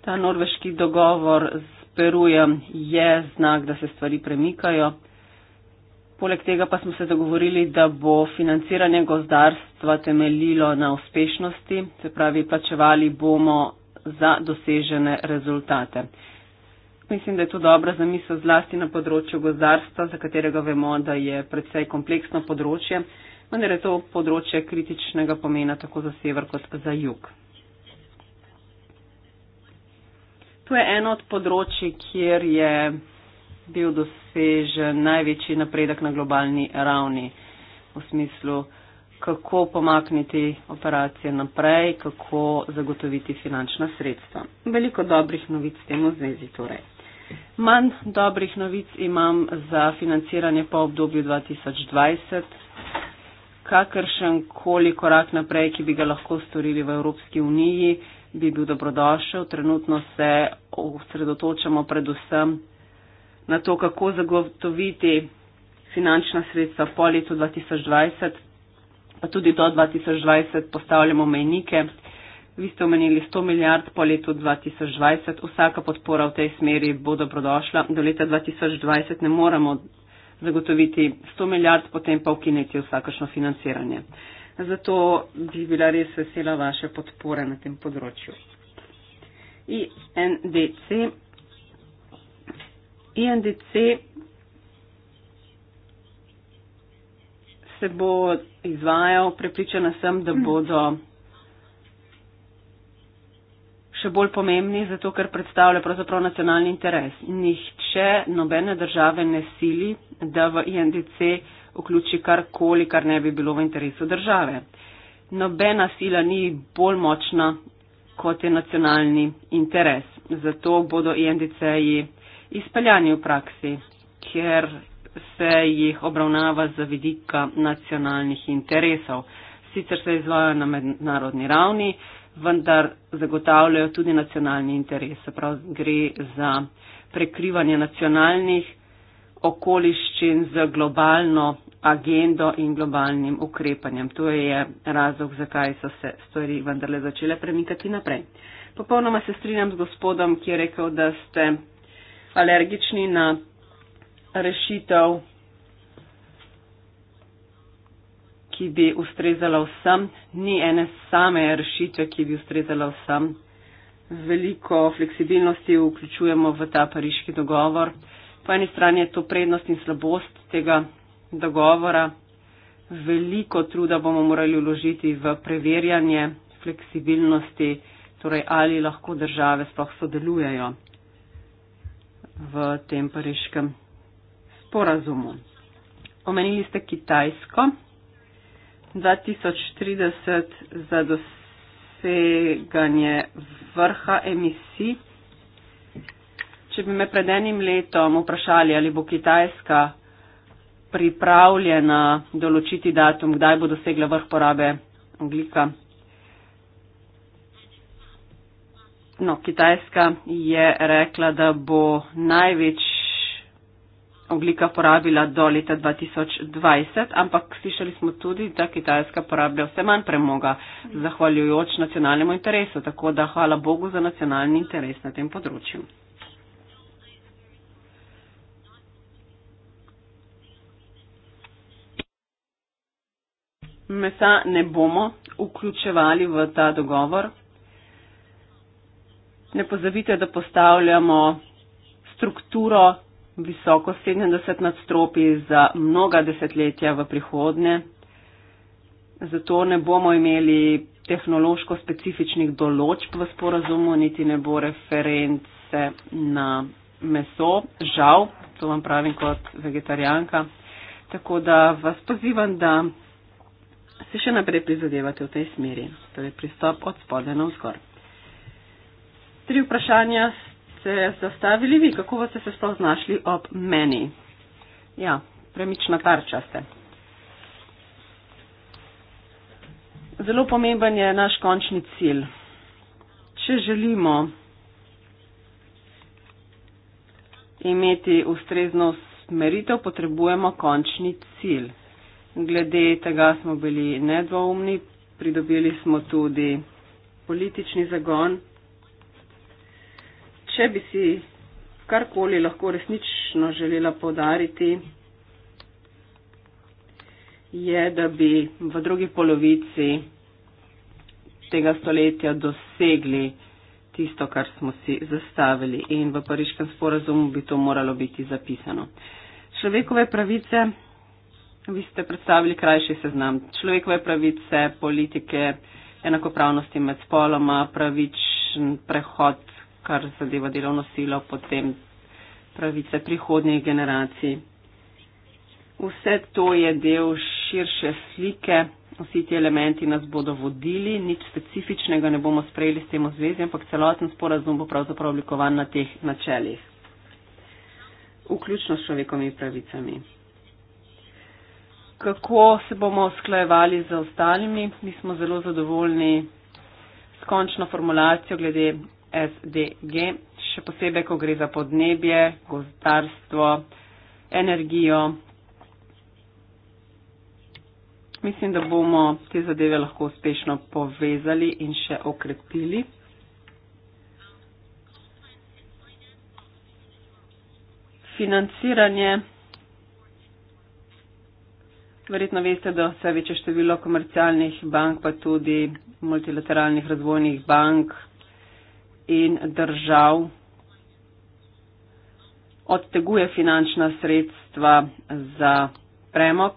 Ta norveški dogovor s Perujem je znak, da se stvari premikajo. Poleg tega pa smo se dogovorili, da bo financiranje gozdarstva temeljilo na uspešnosti, se pravi, plačevali bomo za dosežene rezultate. Mislim, da je to dobra zamisel zlasti na področju gozdarstva, za katerega vemo, da je predvsej kompleksno področje, vendar je to področje kritičnega pomena tako za sever kot za jug. To je eno od področji, kjer je bil dosežen največji napredek na globalni ravni v smislu, kako pomakniti operacije naprej, kako zagotoviti finančna sredstva. Veliko dobrih novic s tem v zvezi torej. Manj dobrih novic imam za financiranje po obdobju 2020. Kakršen koli korak naprej, ki bi ga lahko storili v Evropski uniji, bi bil dobrodošel. Trenutno se osredotočamo predvsem na to, kako zagotoviti finančna sredstva po letu 2020, pa tudi do 2020 postavljamo mejnike. Vi ste omenili 100 milijard po letu 2020, vsaka podpora v tej smeri bo dobrodošla. Do leta 2020 ne moramo zagotoviti 100 milijard, potem pa ukiniti vsakašno financiranje. Zato bi bila res vesela vaše podpore na tem področju. INDC INDC se bo izvajal, prepričana sem, da mhm. bodo še bolj pomembni, zato ker predstavlja pravzaprav nacionalni interes. Nihče nobene države ne sili, da v INDC vključi karkoli, kar ne bi bilo v interesu države. Nobena sila ni bolj močna, kot je nacionalni interes. Zato bodo INDC-ji izpeljani v praksi, ker se jih obravnava z vidika nacionalnih interesov. Sicer se izvajo na mednarodni ravni, vendar zagotavljajo tudi nacionalni interes. Prav gre za prekrivanje nacionalnih okoliščin z globalno agendo in globalnim ukrepanjem. To je razlog, zakaj so se stvari vendarle začele premikati naprej. Popolnoma se strinjam z gospodom, ki je rekel, da ste alergični na rešitev, ki bi ustrezala vsem. Ni ene same rešitve, ki bi ustrezala vsem. Veliko fleksibilnosti vključujemo v ta pariški dogovor. Po eni strani je to prednost in slabost tega dogovora. Veliko truda bomo morali vložiti v preverjanje fleksibilnosti, torej ali lahko države sploh sodelujejo v tem pariškem sporazumu. Omenili ste Kitajsko, 2030 za doseganje vrha emisij. Če bi me pred enim letom vprašali, ali bo Kitajska pripravljena določiti datum, kdaj bo dosegla vrh porabe oglika no, Kitajska je rekla, da bo največ oglika porabila do leta 2020, ampak slišali smo tudi, da Kitajska porablja vse manj premoga, zahvaljujoč nacionalnemu interesu. Tako da hvala Bogu za nacionalni interes na tem področju. Mesa ne bomo vključevali v ta dogovor. Ne pozabite, da postavljamo strukturo visoko 70 nadstropi za mnoga desetletja v prihodnje. Zato ne bomo imeli tehnološko specifičnih določb v sporazumu, niti ne bo reference na meso. Žal, to vam pravim kot vegetarijanka. Tako da vas pozivam, da se še naprej prizadevate v tej smeri. Torej pristop od spodaj na vzgor tri vprašanja ste zastavili vi. Kako ste se sploh znašli ob meni? Ja, premična tarča ste. Zelo pomemben je naš končni cilj. Če želimo imeti ustrezno smeritev, potrebujemo končni cilj. Glede tega smo bili nedvoumni, pridobili smo tudi politični zagon če bi si karkoli lahko resnično želela podariti, je, da bi v drugi polovici tega stoletja dosegli tisto, kar smo si zastavili in v pariškem sporazumu bi to moralo biti zapisano. Človekove pravice, vi ste predstavili krajši seznam, človekove pravice, politike, enakopravnosti med spoloma, pravičen prehod kar zadeva delovno silo, potem pravice prihodnjih generacij. Vse to je del širše slike, vsi ti elementi nas bodo vodili, nič specifičnega ne bomo sprejeli s tem v zvezi, ampak celoten sporazum bo pravzaprav oblikovan na teh načelih. Vključno s človekovimi pravicami. Kako se bomo sklajevali z ostalimi? Mi smo zelo zadovoljni s končno formulacijo glede SDG, še posebej, ko gre za podnebje, gozdarstvo, energijo. Mislim, da bomo te zadeve lahko uspešno povezali in še okrepili. Financiranje. Verjetno veste, da vse večje število komercialnih bank, pa tudi multilateralnih razvojnih bank in držav odteguje finančna sredstva za premok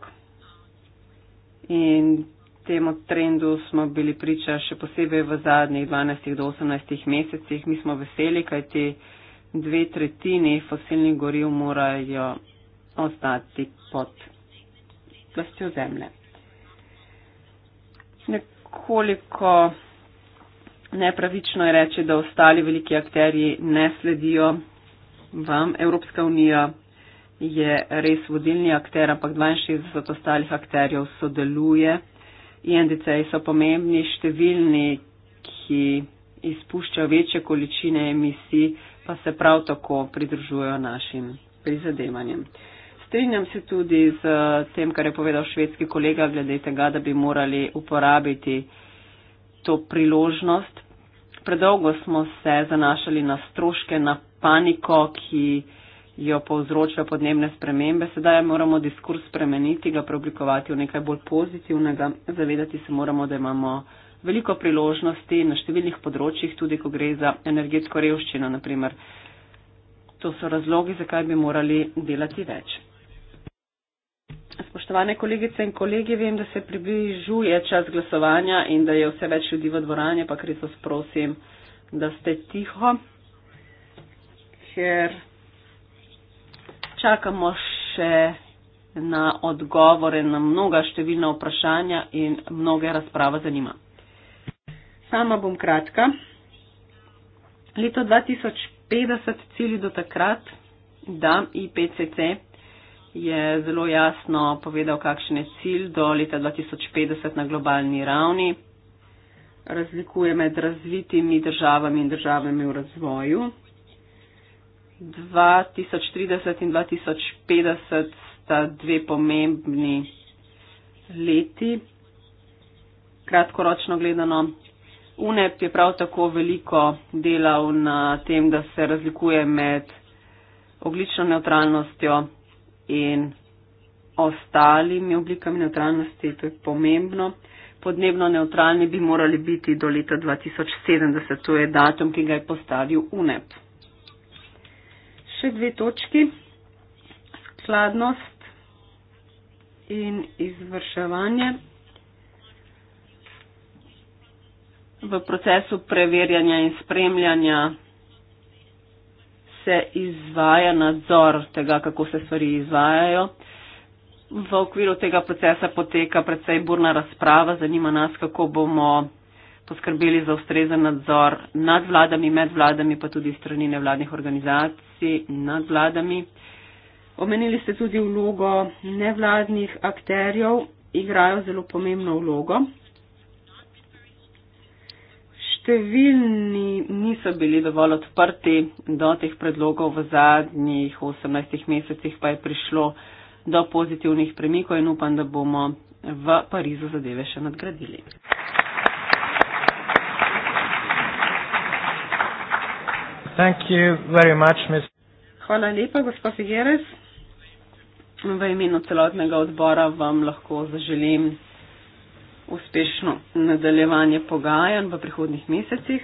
in temu trendu smo bili priča še posebej v zadnjih 12 do 18 mesecih. Mi smo veseli, kaj ti dve tretjini fosilnih goriv morajo ostati pod plastjo zemlje. Nekoliko Nepravično je reči, da ostali veliki akteri ne sledijo vam. Evropska unija je res vodilni akter, ampak 62 ostalih akterjev sodeluje. INDC-ji so pomembni, številni, ki izpuščajo večje količine emisij, pa se prav tako pridružujejo našim prizadevanjem. Strinjam se tudi z tem, kar je povedal švedski kolega glede tega, da bi morali uporabiti to priložnost. Predolgo smo se zanašali na stroške, na paniko, ki jo povzročajo podnebne spremembe. Sedaj moramo diskurs spremeniti, ga preoblikovati v nekaj bolj pozitivnega. Zavedati se moramo, da imamo veliko priložnosti na številnih področjih, tudi ko gre za energetsko revščino, naprimer. To so razlogi, zakaj bi morali delati več spoštovane kolegice in kolegi, vem, da se približuje čas glasovanja in da je vse več ljudi v dvorani, pa res vas prosim, da ste tiho, ker čakamo še na odgovore na mnoga številna vprašanja in mnoge razprava zanima. Sama bom kratka. Leto 2050 cilji do takrat, da IPCC je zelo jasno povedal, kakšen je cilj do leta 2050 na globalni ravni. Razlikuje med razvitimi državami in državami v razvoju. 2030 in 2050 sta dve pomembni leti. Kratkoročno gledano, UNEP je prav tako veliko delal na tem, da se razlikuje med oglično neutralnostjo in ostalimi oblikami neutralnosti, to je pomembno. Podnebno neutralni bi morali biti do leta 2070, to je datum, ki ga je postavil UNEP. Še dve točki. Skladnost in izvrševanje. V procesu preverjanja in spremljanja se izvaja nadzor tega, kako se stvari izvajajo. V okviru tega procesa poteka predvsej burna razprava, zanima nas, kako bomo poskrbeli za ustrezen nadzor nad vladami, med vladami, pa tudi strani nevladnih organizacij nad vladami. Omenili ste tudi vlogo nevladnih akterjev, igrajo zelo pomembno vlogo številni niso bili dovolj odprti do teh predlogov v zadnjih 18 mesecih, pa je prišlo do pozitivnih premikov in upam, da bomo v Parizu zadeve še nadgradili. Much, Hvala lepa, gospod Figueres. V imenu celotnega odbora vam lahko zaželim uspešno nadaljevanje pogajanj v prihodnih mesecih.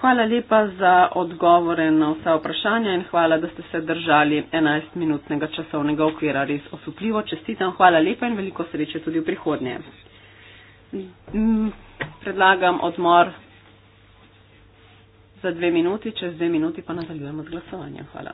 Hvala lepa za odgovore na vsa vprašanja in hvala, da ste se držali 11-minutnega časovnega okvira. Res osupljivo, čestitam, hvala lepa in veliko sreče tudi v prihodnje. Mm, predlagam odmor za dve minuti, čez dve minuti pa nadaljujemo z glasovanjem. Hvala.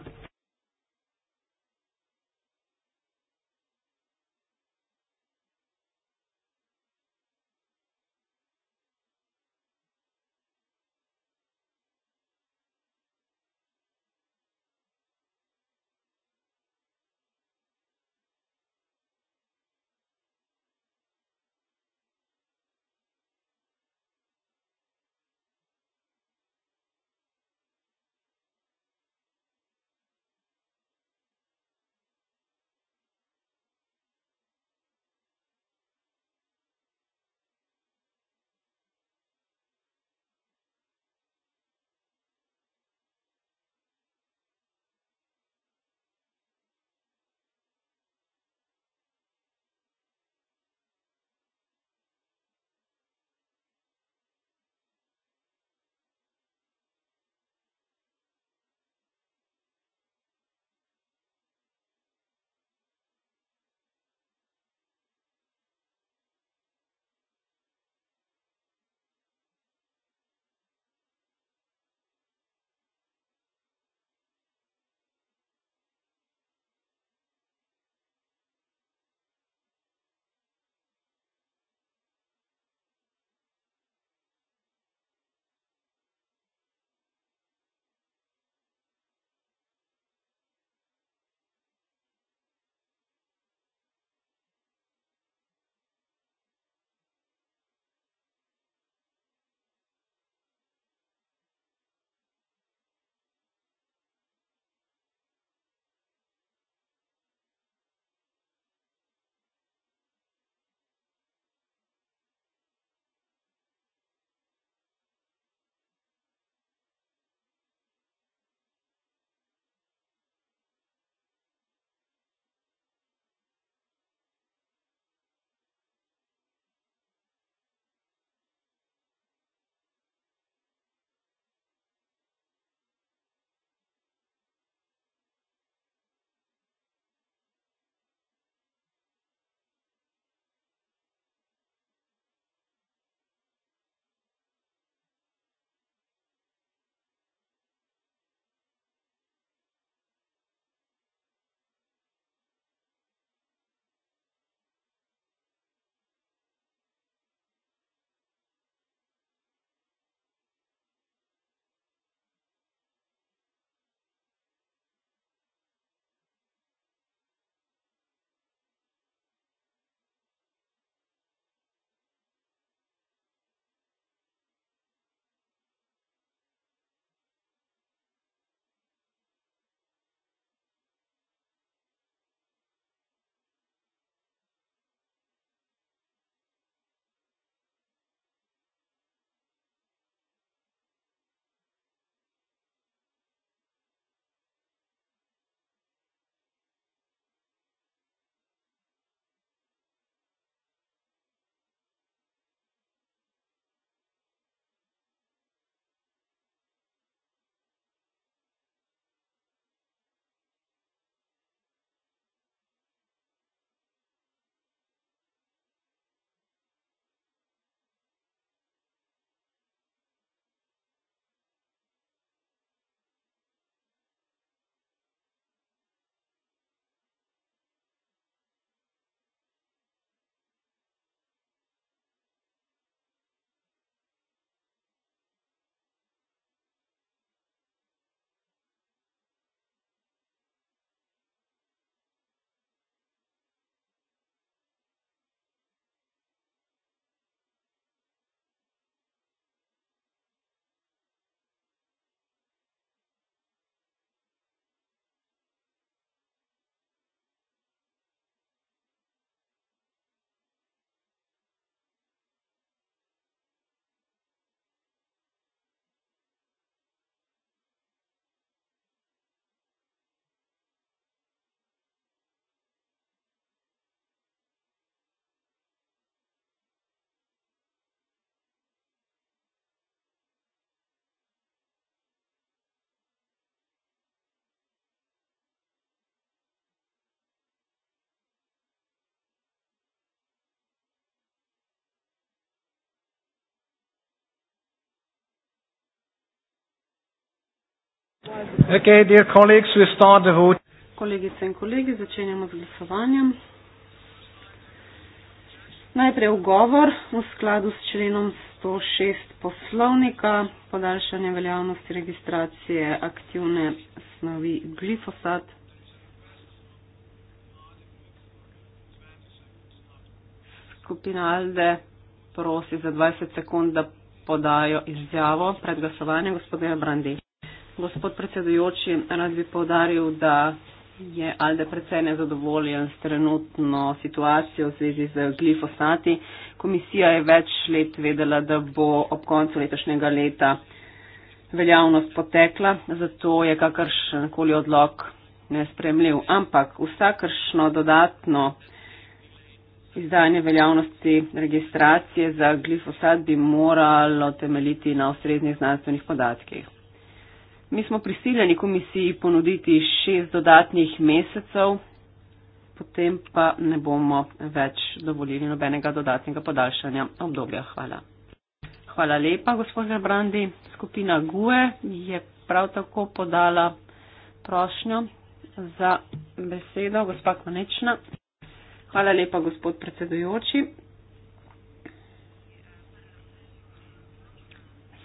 Okay, dear colleagues, we start the vote. Kolegice in kolegi, začenjamo z glasovanjem. Najprej ugovor v skladu s členom 106 poslovnika, podaljšanje veljavnosti registracije aktivne snovi glifosat. Skupina Alde prosi za 20 sekund, da podajo izjavo pred glasovanjem gospodina Brandi. Gospod predsedujoči, rad bi povdaril, da je Alde predvsej nezadovoljen s trenutno situacijo v zvezi z glifosati. Komisija je več let vedela, da bo ob koncu letošnjega leta veljavnost potekla, zato je kakršenkoli odlog nespremljiv. Ampak vsakršno dodatno izdajanje veljavnosti registracije za glifosat bi moralo temeljiti na ustreznih znanstvenih podatkih. Mi smo prisiljeni komisiji ponuditi šest dodatnih mesecev, potem pa ne bomo več dovolili nobenega dodatnega podaljšanja obdobja. Hvala. Hvala lepa, gospod Brandi. Skupina GUE je prav tako podala prošnjo za besedo, gospa Konečna. Hvala lepa, gospod predsedujoči.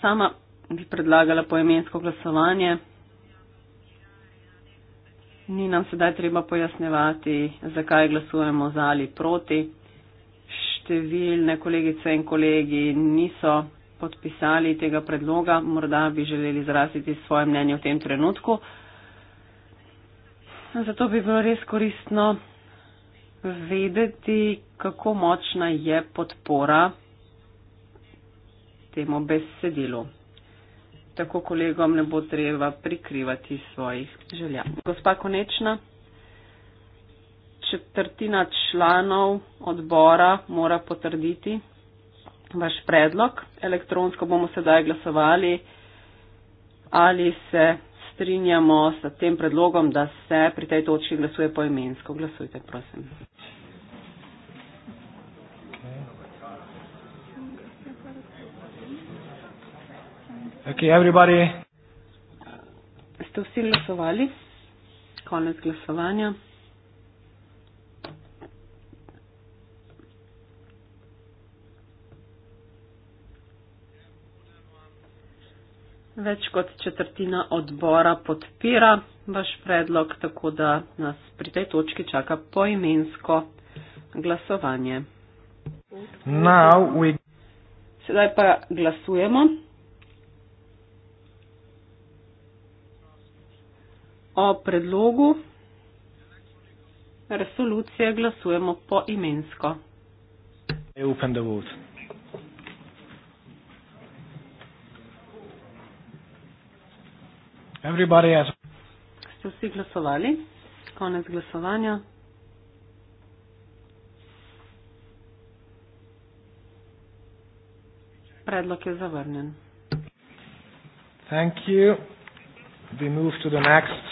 Sama bi predlagala poemensko glasovanje. Ni nam sedaj treba pojasnevati, zakaj glasujemo za ali proti. Številne kolegice in kolegi niso podpisali tega predloga, morda bi želeli izraziti svoje mnenje v tem trenutku. Zato bi bilo res koristno vedeti, kako močna je podpora temu besedilu tako kolegom ne bo treba prikrivati svojih želja. Gospa Konečna, četrtina članov odbora mora potrditi vaš predlog. Elektronsko bomo sedaj glasovali, ali se strinjamo s tem predlogom, da se pri tej točki glasuje poimensko. Glasujte, prosim. Okay, everybody. Ste vsi glasovali? Konec glasovanja. Več kot četrtina odbora podpira vaš predlog, tako da nas pri tej točki čaka poimensko glasovanje. Sedaj pa glasujemo. O predlogu resolucije glasujemo po imensko. Ste vsi glasovali? Konec glasovanja. Predlog je zavrnjen. Thank you. We move to the next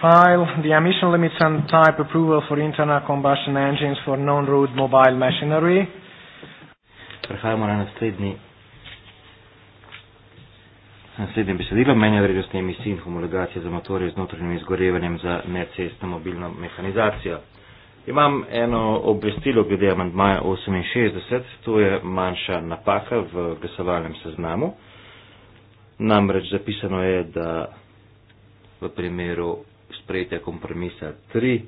file the emission limits and type approval for internal combustion engines for non-road mobile machinery. Prehajamo na naslednji naslednje besedilo, menja vrednosti emisij in homologacije za motorje z notranjim izgorevanjem za necestno mobilno mehanizacijo. Imam eno obvestilo glede amandmaja 68, to je manjša napaka v glasovalnem seznamu. Namreč zapisano je, da v primeru sprejetja kompromisa 3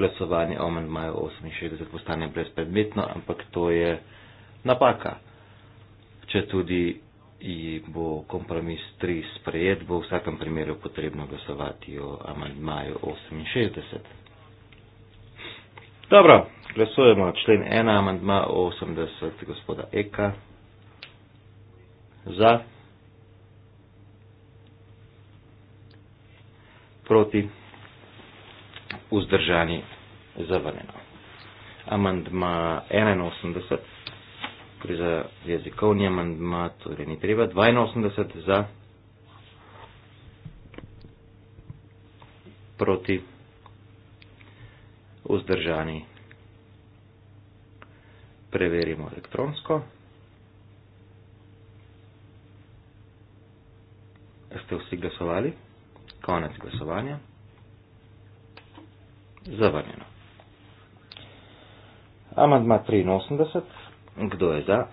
glasovanje o amendmaju 68 postane brezpredmetno, ampak to je napaka. Če tudi bo kompromis 3 sprejet, bo v vsakem primeru potrebno glasovati o amendmaju 68. Dobro, glasujemo člen 1, amendma 80 gospoda Eka za, proti, vzdržani, zavrnjeno. Amandma 81, gre za jezikovni amandma, torej ni treba, 82 za, proti, vzdržani, preverimo elektronsko. da ste vsi glasovali. Konec glasovanja. Zavrnjeno. Amandma 83. Kdo je za?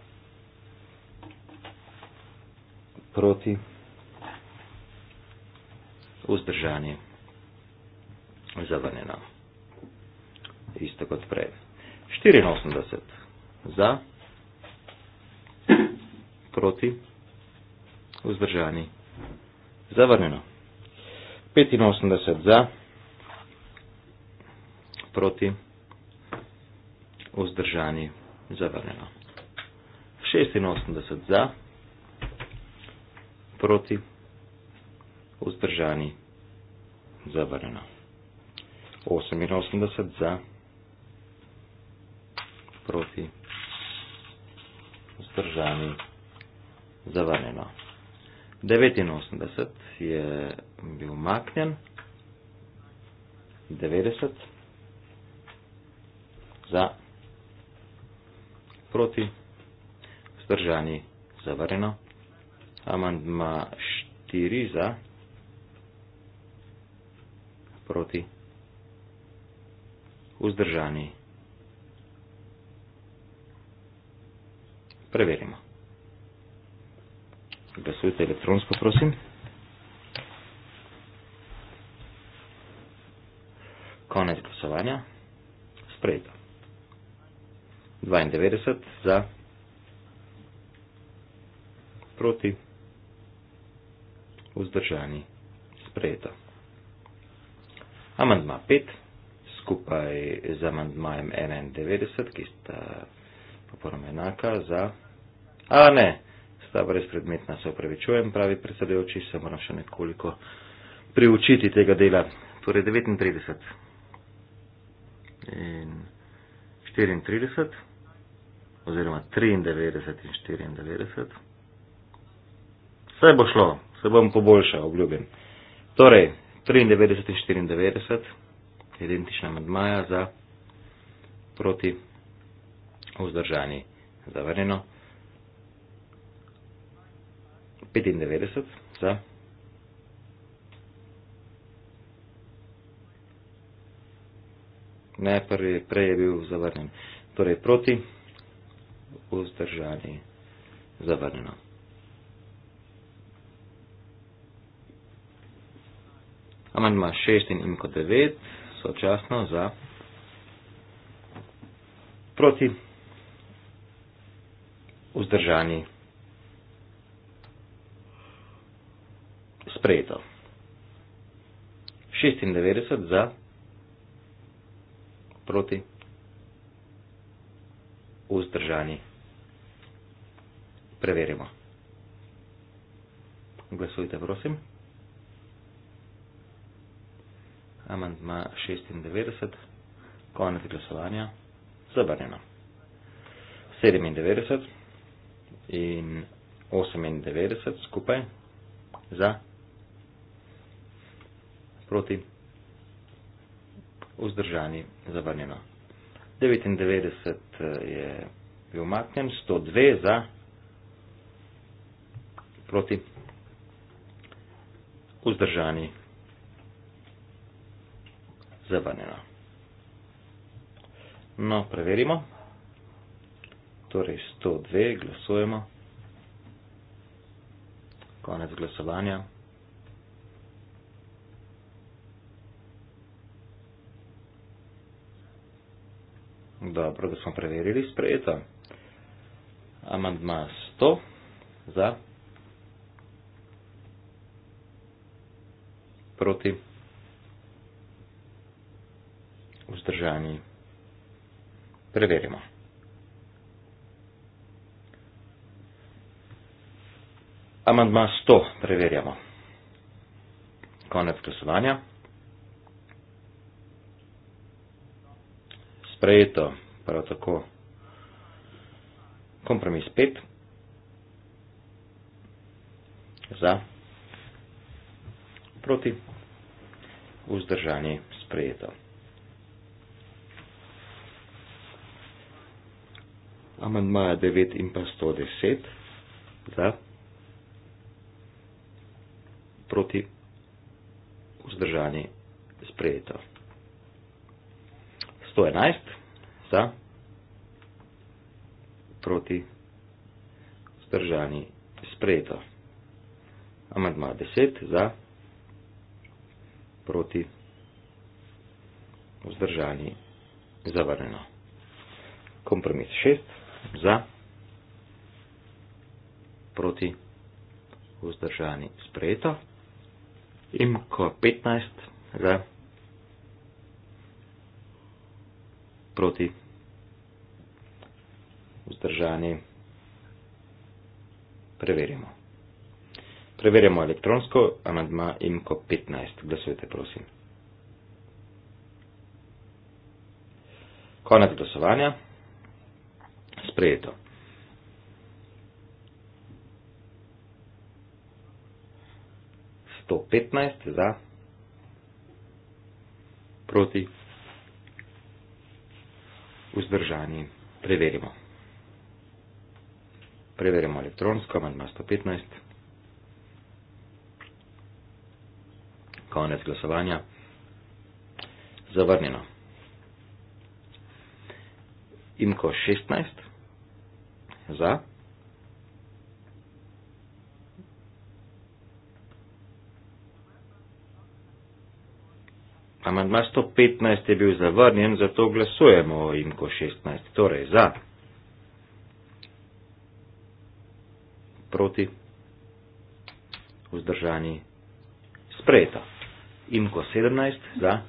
Proti? Vzdržanje. Zavrnjeno. Isto kot prej. 84. Za? Proti? Vzdržanje. Zavrnjeno. 85 za, proti, vzdržani, zavrnjeno. 86 za, proti, vzdržani, zavrnjeno. 88 za, proti, vzdržani, zavrnjeno. 89 je bil maknjen, 90 za, proti, vzdržani, zavareno, amandma 4 za, proti, vzdržani. Preverimo. Glasujte elektronsko, prosim. Konec glasovanja. Sprejeto. 92 za. Proti. Vzdržani. Sprejeto. Amandma 5 skupaj z amandmajem 91, ki sta popolnoma enaka za. A ne! Ta brezpredmetna se upravičujem, pravi predsedujoči, se moram še nekoliko priučiti tega dela. Torej 39 in 34 oziroma 93 in 94. Vse bo šlo, se bom poboljšal, obljubim. Torej, 93 in 94, identična madmaja za proti vzdržani zavrnjeno. 95. Za. Ne, prvi, prej je bil zavrnjen. Torej, proti, vzdržani, zavrnjeno. Amandma 6 in imko 9, sočasno za, proti, vzdržani, zavrnjeno. sprejeto. 96 za, proti, vzdržani. Preverimo. Glasujte, prosim. Amandma 96, konec glasovanja, zabranjeno. 97 in 98 skupaj za proti vzdržani zavrnjeno. 99 eh, je bil umaknjen, 102 za proti vzdržani zavrnjeno. No, preverimo. Torej 102 glasujemo. Konec glasovanja. Dobro, ga smo preverili, sprejeto. Amandma 100 za. Proti. Vzdržani. Preverimo. Amandma 100 preverjamo. Konec glasovanja. sprejeto, prav tako. Kompromis 5. Za. Proti. Vzdržanje sprejeto. Amandmaja 9 in pa 110. Za. Proti. Vzdržanje sprejeto. 111 za proti vzdržani sprejeto. Amandma 10 za proti vzdržani zavrneno. Kompromis 6 za proti vzdržani sprejeto. Imko 15 za proti vzdržani sprejeto. proti vzdržani. Preverimo. Preverimo elektronsko, amadma IMCO 15. Glasujte, prosim. Konec glasovanja. Sprejeto. Sto petnajst za proti vzdržani. Preverimo. Preverimo elektronsko, manjma 115. Konec glasovanja. Zavrnjeno. Imko 16. Za. Za. Amandma 115 je bil zavrnjen, zato glasujemo o imko 16, torej za. Proti. Vzdržani. Sprejeto. Imko 17, za.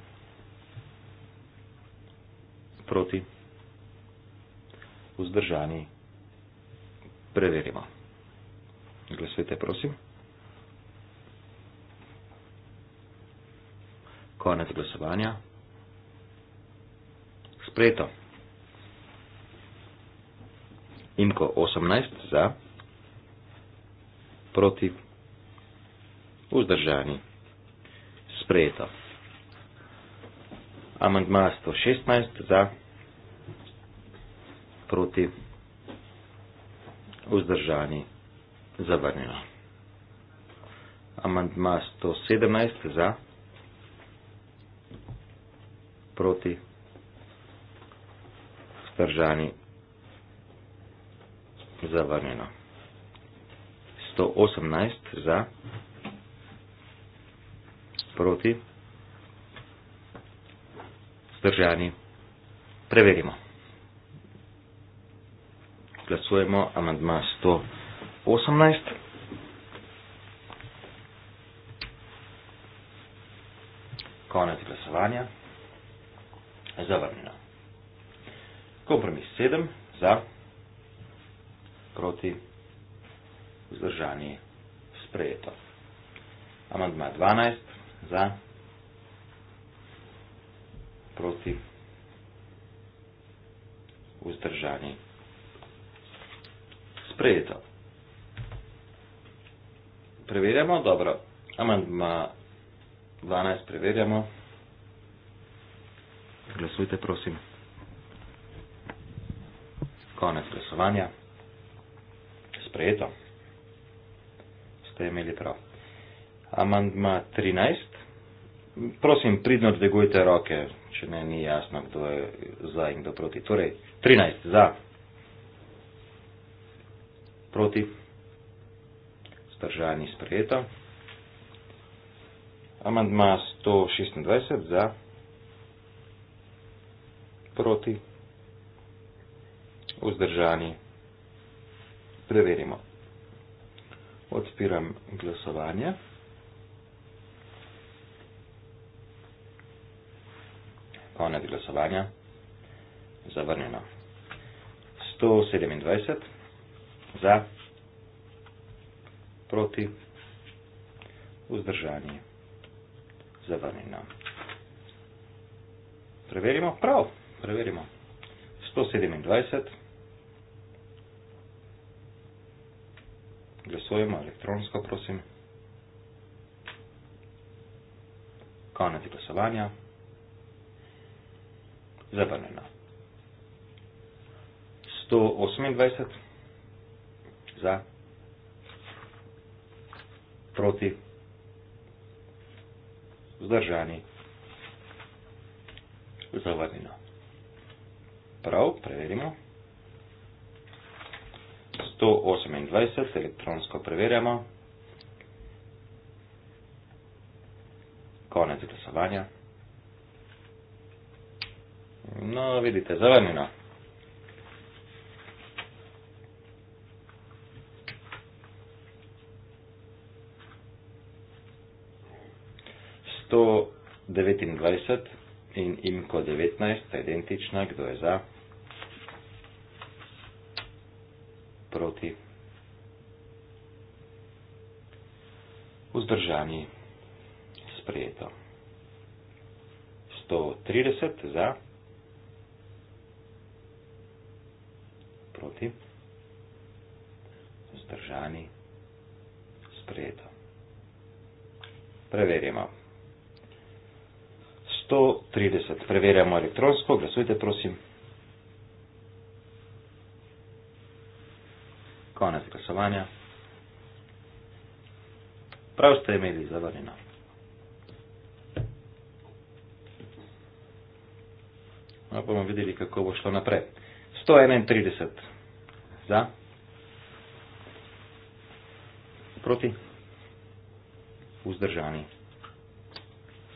Proti. Vzdržani. Preverimo. Glasujte, prosim. Konec glasovanja. Spreto. Imko 18 za, proti, vzdržani. Spreto. Amandma 116 za, proti, vzdržani. Zavrnjeno. Amandma 117 za proti stržani zavrnjeno. 118 za proti stržani. Preverimo. Glasujemo amandma 118. Konec glasovanja zavrnjeno. Kompromis 7 za, proti, vzdržani, sprejeto. Amandma 12 za, proti, vzdržani, sprejeto. Preverjamo, dobro, amandma 12 preverjamo. Glasujte, prosim. Konec glasovanja. Sprejeto. Ste imeli prav. Amandma 13. Prosim, pridno dvigujte roke, če ne ni jasno, kdo je za in kdo proti. Torej, 13 za. Proti. Stržani sprejeto. Amandma 126 za proti vzdržani. Preverimo. Odpiram glasovanje. Konec glasovanja. Zavrnjeno. 127 za, proti, vzdržani, zavrnjeno. Preverimo. Prav preverimo. 127. Glasujemo elektronsko, prosim. Konec glasovanja. Zavrnjeno. 128. Za. Proti. Zdržani. Zavrnjeno. Prav, preverimo. 128 elektronsko preverjamo. Konec glasovanja. No, vidite, zavrnjeno. Sto devetindvajset in imko 19 sta identična, kdo je za, proti, vzdržani, sprejeto. 130 za, proti, vzdržani, sprejeto. Preverimo. 130. Preverjamo elektronsko. Glasujte, prosim. Konec glasovanja. Prav ste imeli zavrnjeno. No, bomo videli, kako bo šlo naprej. 131 za, proti, vzdržani,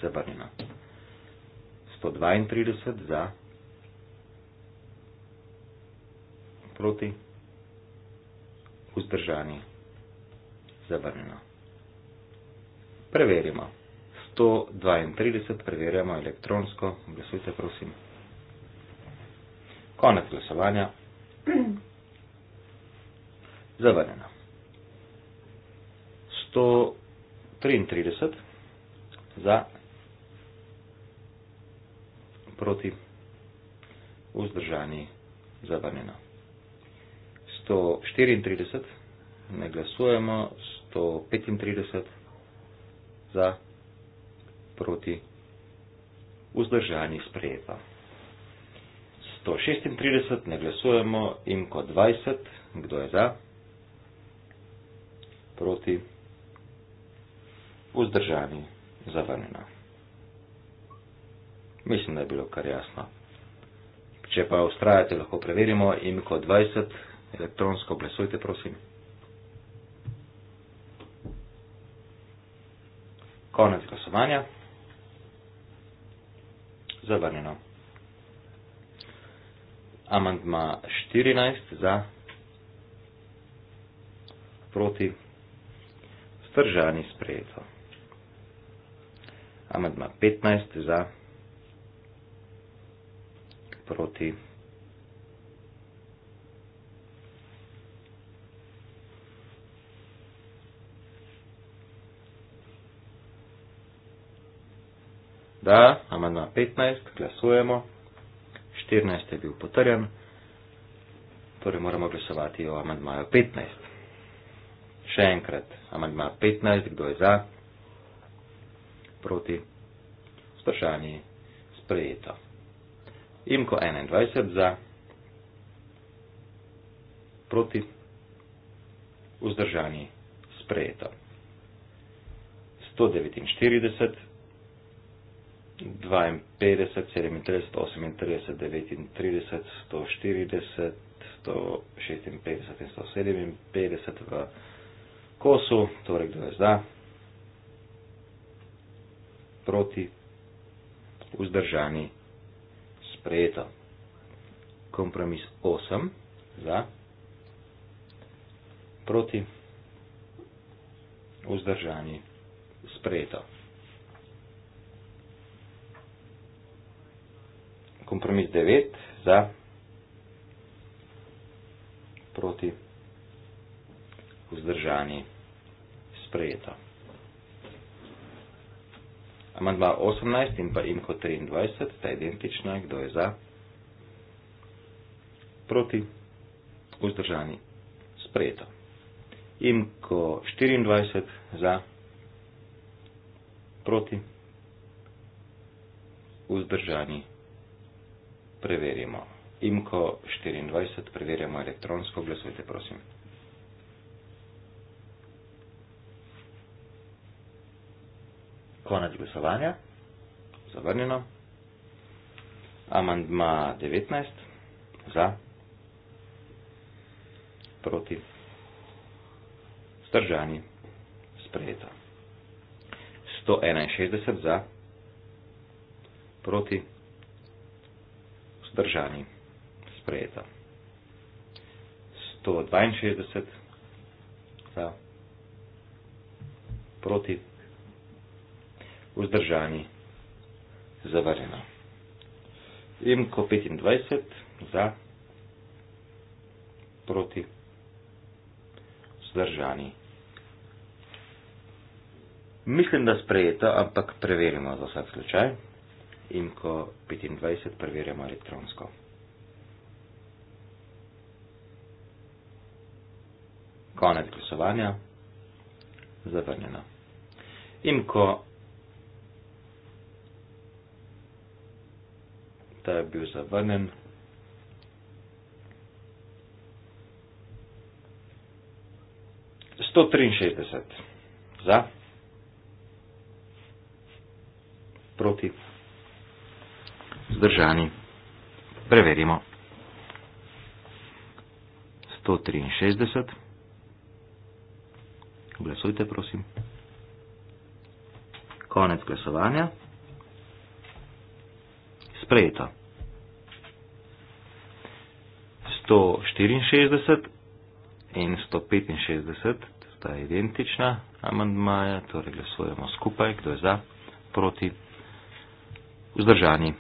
zabrnjeno. 132 za, proti, vzdržani, zavrnjeno. Preverimo. 132 preverjamo elektronsko. Glasujte, prosim. Konec glasovanja. Zavrnjeno. 133 za, proti, vzdržani, zavrnjeno. 134, ne glasujemo, 135 za, proti, vzdržani, sprejeta. 136, ne glasujemo, in kot 20, kdo je za, proti, vzdržani, zavrnjeno. Mislim, da je bilo kar jasno. Če pa ustrajate, lahko preverimo in kot 20 elektronsko glasujte, prosim. Konec glasovanja. Zavrnjeno. Amandma 14 za. Proti. Stržani sprejeto. Amandma 15 za proti. Da, amandma 15, glasujemo. 14 je bil potrjen, torej moramo glasovati o amandmaju 15. Še enkrat, amandma 15, kdo je za? Proti. Vzdržanje sprejeto. Imko 21 za, proti, vzdržani, sprejeto. 149, 52, 37, 38, 39, 140, 156 in 157 v kosu, torej kdo je za, proti, vzdržani, sprejeto sprejeto. Kompromis 8 za, proti, vzdržani, sprejeto. Kompromis 9 za, proti, vzdržani, sprejeto. Amandma 18 in pa imko 23 sta identična, kdo je za, proti, vzdržani, sprejeto. Imko 24 za, proti, vzdržani, preverimo. Imko 24 preverjamo elektronsko, glasujte prosim. Konec glasovanja. Zavrnjeno. Amandma 19. Za. Proti. Zdržani. Sprejeto. 161 za. Proti. Zdržani. Sprejeto. 162 za. Proti vzdržani, zavarjeno. Imko 25 za, proti, vzdržani. Mislim, da sprejeta, ampak preverimo za vsak slučaj. Imko 25 preverjamo elektronsko. Konec glasovanja. Zavrnjeno. Imko ta je bil zavrnen. Sto triinšestdeset za, proti, zdržani, preverimo. Sto triinšestdeset, glasujte prosim. Konec glasovanja sprejeta. 164 in 165 sta identična amandmaja, torej glasujemo skupaj, kdo je za, proti, vzdržani,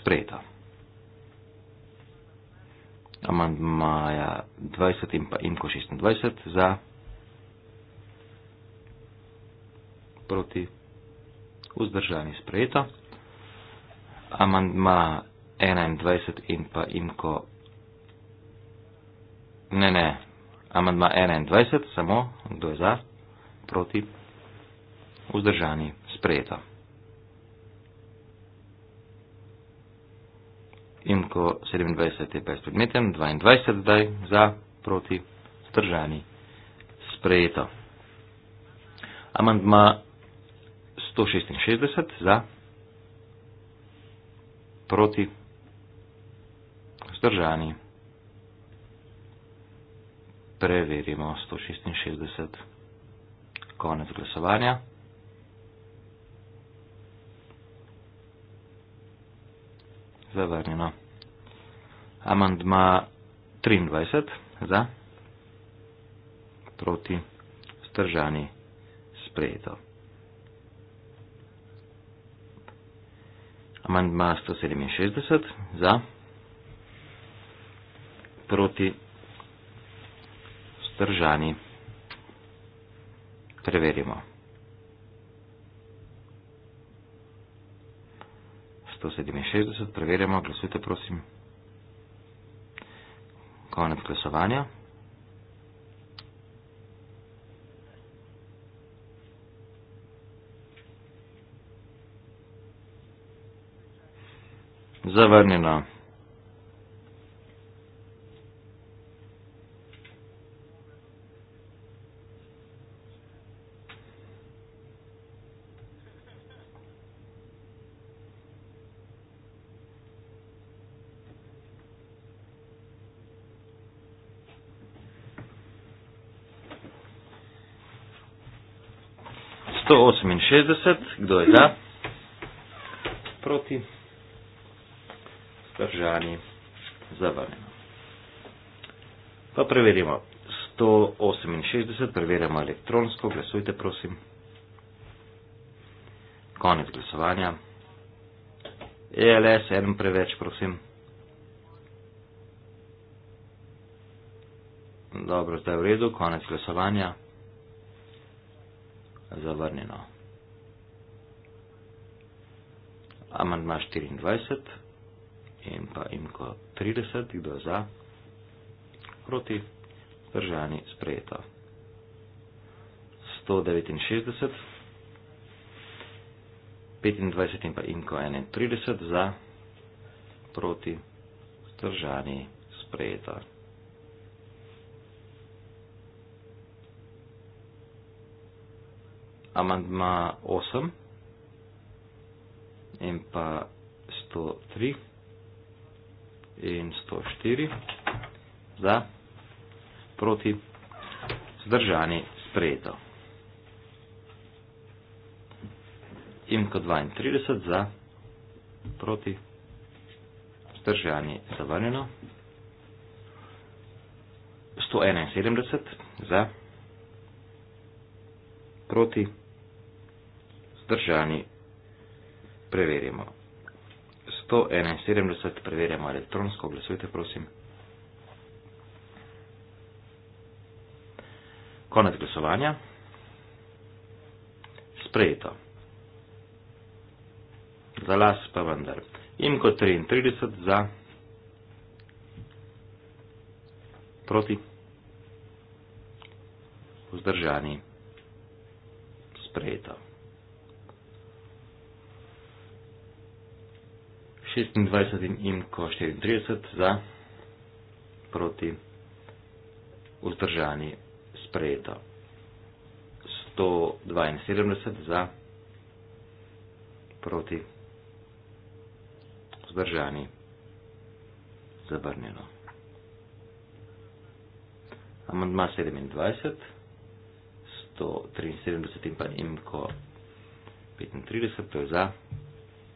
sprejeta. Amandmaja 20 in pa inko 26 za, proti, vzdržani, sprejeta amandma 21 in pa imko. Ne, ne, amandma 21, samo kdo je za, proti, vzdržani, sprejeto. Imko 27 je pes predmeten, 22 zdaj za, proti, vzdržani, sprejeto. Amandma 166 za proti zdržani. Preverimo 166. Konec glasovanja. Zavrnjeno. Amandma 23 za. Proti. Zdržani. Sprejeto. Amandma 167 za, proti, vzdržani. Preverimo. 167, preverjamo, glasujte prosim. Konec glasovanja. zavrnjeno. Sto osem in šestdeset, kdo je da? Proti držani, zavrnjeno. Pa preverimo 168, preverjamo elektronsko, glasujte prosim. Konec glasovanja. ELS, en preveč, prosim. Dobro, zdaj v redu, konec glasovanja. Zavrnjeno. Amandma 24 in pa imko 30, kdo za, proti, držani, sprejeto. 169, 25 in pa imko 31, za, proti, držani, sprejeto. Amandma 8 in pa 103 in 104 za, proti, zdržani, sprejeto. In kot 32 za, proti, zdržani, zavrnjeno. 171 za, proti, zdržani, preverimo. 171, preverjamo elektronsko, glasujte prosim. Konec glasovanja. Sprejeto. Za las pa vendar. Imko 33 za. Proti. Vzdržani. Sprejeto. 26 in IMCO 34 za, proti, vzdržani, sprejeto. 172 za, proti, vzdržani, zabrnjeno. Amandma 27, 173 in pa IMCO 35, to je za,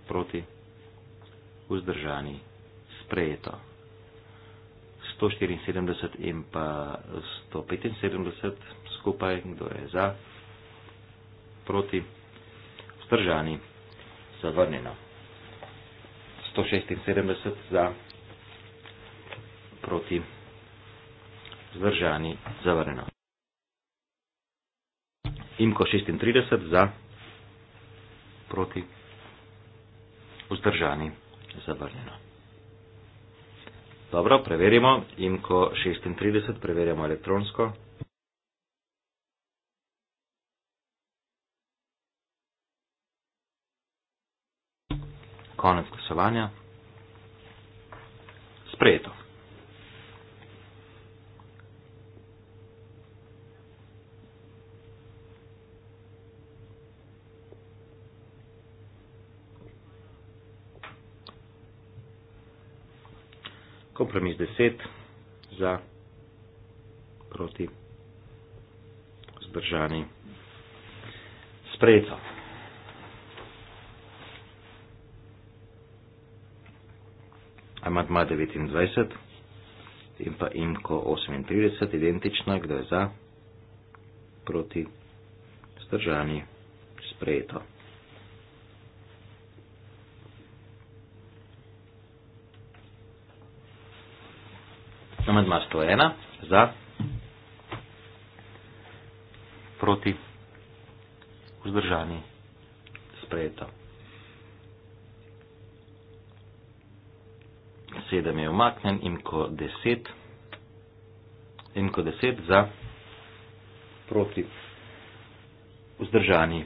proti, vzdržani vzdržani, sprejeto. 174 in pa 175 skupaj, kdo je za, proti, vzdržani, zavrnjeno. 176 za, proti, vzdržani, zavrnjeno. Imko 36 za, proti, vzdržani, zavrnjeno zavrnjeno. Dobro, preverimo. IMKO 36 preverjamo elektronsko. Konec glasovanja. Sprejeto. kompromis 10 za proti zdržani sprejeto. Amatma 29 in pa inko 38 identična, kdo je za proti zdržani sprejeto. amandma 101 za proti vzdržani sprejeto. Sedem je umaknen in ko deset in ko deset za proti vzdržani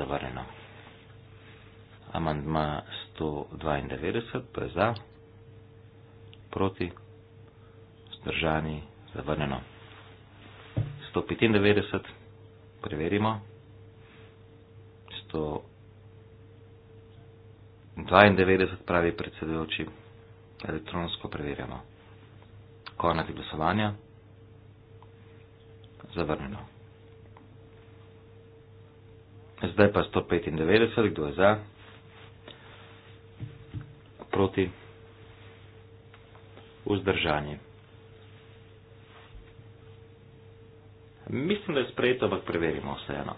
zavareno. Amandma 192 pa je za proti vzdržani zdržani, zavrnjeno. 195, preverimo. 192 pravi predsedujoči, elektronsko preverjamo. Konec glasovanja, zavrnjeno. Zdaj pa 195, kdo je za, proti, vzdržanje. Mislim, da je sprejeto, ampak preverimo vseeno.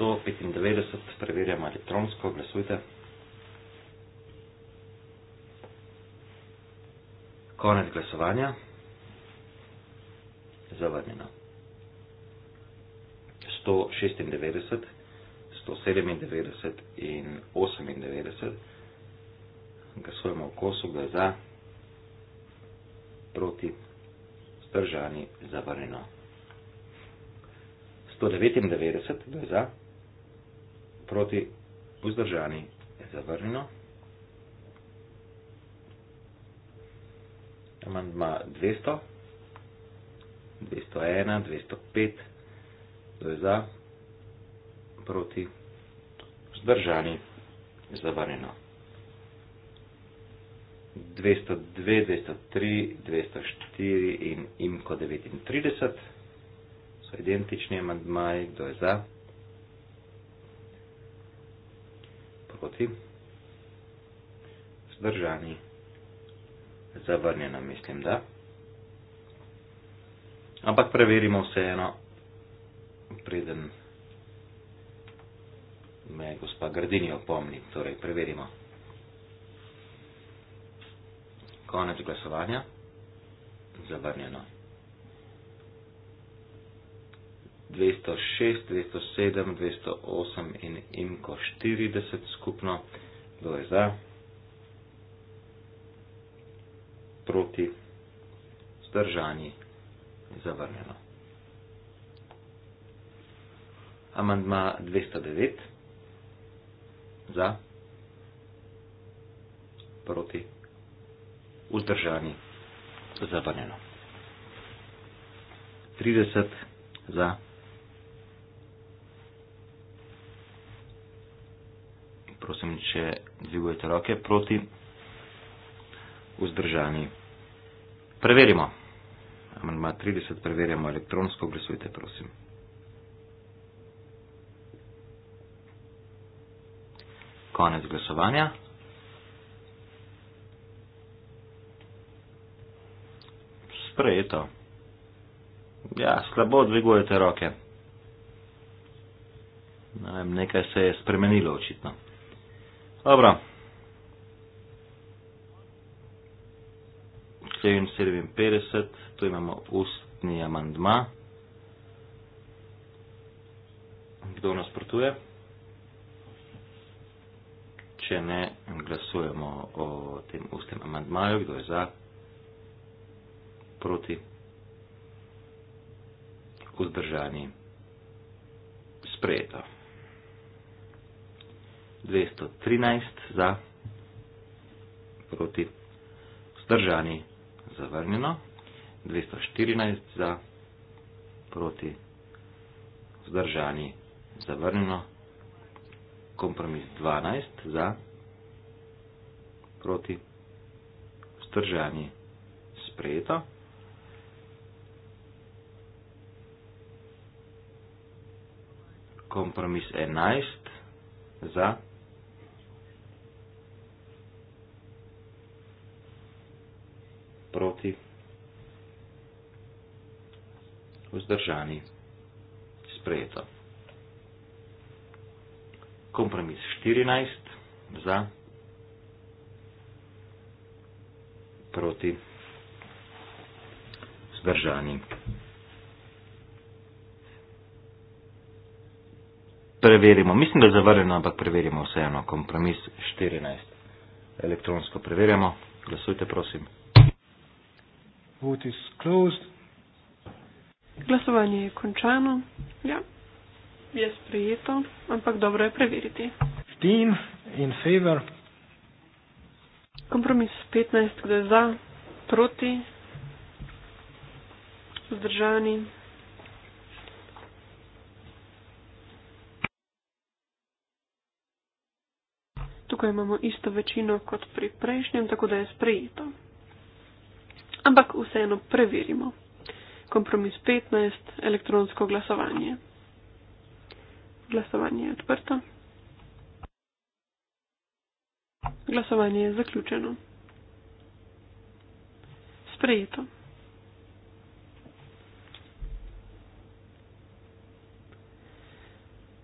195 preverjamo elektronsko, glasujte. Konec glasovanja. Zavrnjeno. 196, 197 in 98. Glasujemo v kosu, da za, proti, zdržani, zavrnjeno. 199, kdo je za, proti vzdržani je zavrnjeno. Amandma 200, 201, 205, kdo je za, proti vzdržani je zavrnjeno. 202, 203, 204 in imko 39 so identični amandmaji, kdo je za, proti, zdržani, zavrnjeno, mislim, da. Ampak preverimo vseeno, preden me gospa Gardini opomni, torej preverimo. Konec glasovanja, zavrnjeno. 206, 207, 208 in IMCO 40 skupno. Kdo je za? Proti? Zdržani? Zavrnjeno. Amandma 209. Za? Proti? Vzdržani? Zavrnjeno. 30 za prosim, če dvigujete roke proti vzdržani. Preverimo. Amandma 30 preverjamo elektronsko, glasujte prosim. Konec glasovanja. Sprejeto. Ja, slabo dvigujete roke. Ne vem, nekaj se je spremenilo očitno. Dobro. Sljedeći 57, tu imamo ustni amandma. Kdo nas protuje? Če ne, glasujemo o tem ustnem amandmaju. Kdo je za? Proti? Vzdržani? Sprejeto. 213 za, proti, vzdržani zavrnjeno, 214 za, proti, vzdržani zavrnjeno, kompromis 12 za, proti, vzdržani sprejeto. Kompromis 11 za, proti, vzdržani sprejeto. proti, vzdržani, sprejeto. Kompromis 14 za, proti, vzdržani. Preverimo, mislim, da je zavrljeno, ampak preverimo vseeno. Kompromis 14. Elektronsko preverjamo. Glasujte, prosim. Vote is closed. Glasovanje je končano. Ja, je sprejeto, ampak dobro je preveriti. 15 in favor. Kompromis 15, kdo je za, proti, zdržani. Tukaj imamo isto večino kot pri prejšnjem, tako da je sprejeto ampak vseeno preverimo. Kompromis 15, elektronsko glasovanje. Glasovanje je odprto. Glasovanje je zaključeno. Sprejeto.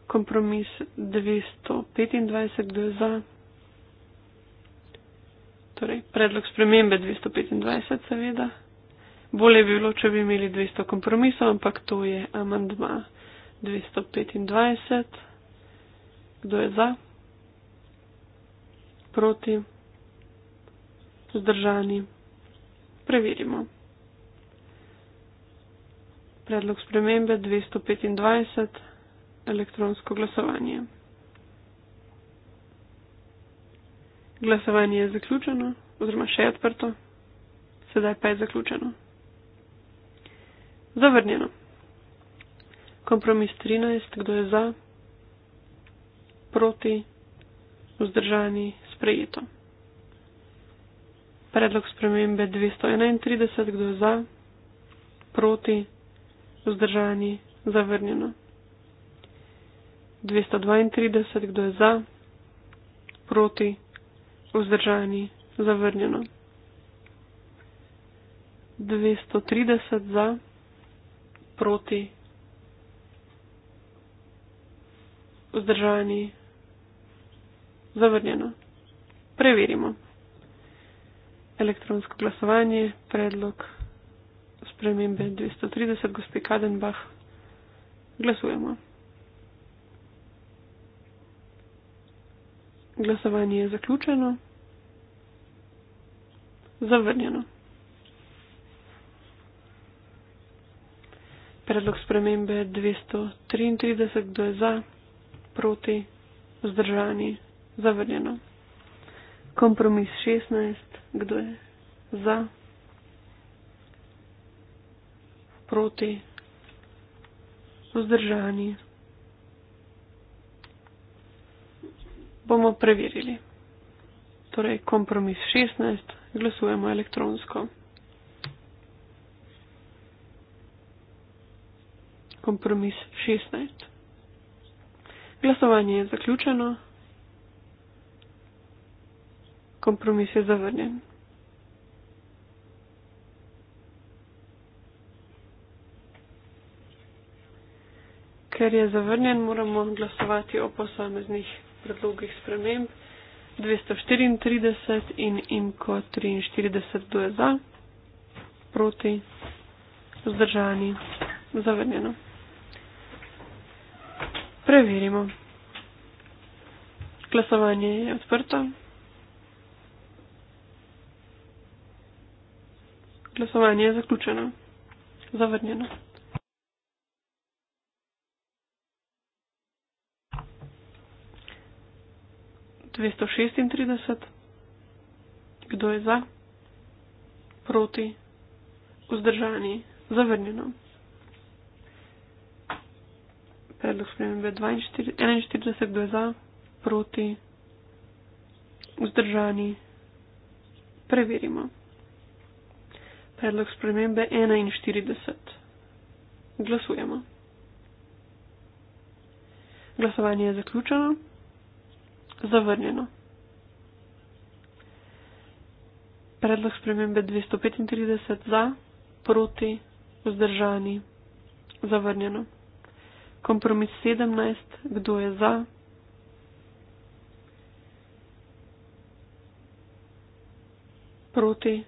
Kompromis 225, kdo je za? torej predlog spremembe 225, seveda. Bolje bi bilo, če bi imeli 200 kompromisov, ampak to je amandma 225. Kdo je za? Proti? Zdržani? Preverimo. Predlog spremembe 225. Elektronsko glasovanje. Glasovanje je zaključeno, oziroma še je odprto, sedaj pa je zaključeno. Zavrnjeno. Kompromis 13, kdo je za, proti, vzdržani, sprejeto. Predlog spremembe 231, kdo je za, proti, vzdržani, zavrnjeno. 232, kdo je za, proti, vzdržani vzdržani, zavrnjeno. 230 za, proti, vzdržani, zavrnjeno. Preverimo. Elektronsko glasovanje, predlog spremembe 230, gospe Kadenbach, glasujemo. Glasovanje je zaključeno zavrnjeno. Predlog spremembe 233, kdo je za, proti, vzdržani, zavrnjeno. Kompromis 16, kdo je za, proti, vzdržani. Bomo preverili. Torej, kompromis 16, glasujemo elektronsko. Kompromis 16. Glasovanje je zaključeno. Kompromis je zavrnjen. Ker je zavrnjen, moramo glasovati o posameznih predlogih sprememb. 234 in Imko 43 do je za, proti, vzdržani, zavrnjeno. Preverimo. Glasovanje je odprto. Glasovanje je zaključeno. Zavrnjeno. 236. Kdo je za? Proti? Vzdržani? Zavrnjeno. Predlog spremembe 41. Kdo je za? Proti? Vzdržani? Preverimo. Predlog spremembe 41. Glasujemo. Glasovanje je zaključeno zavrnjeno. Predlog spremembe 235 za, proti, vzdržani, zavrnjeno. Kompromis 17, kdo je za? Proti,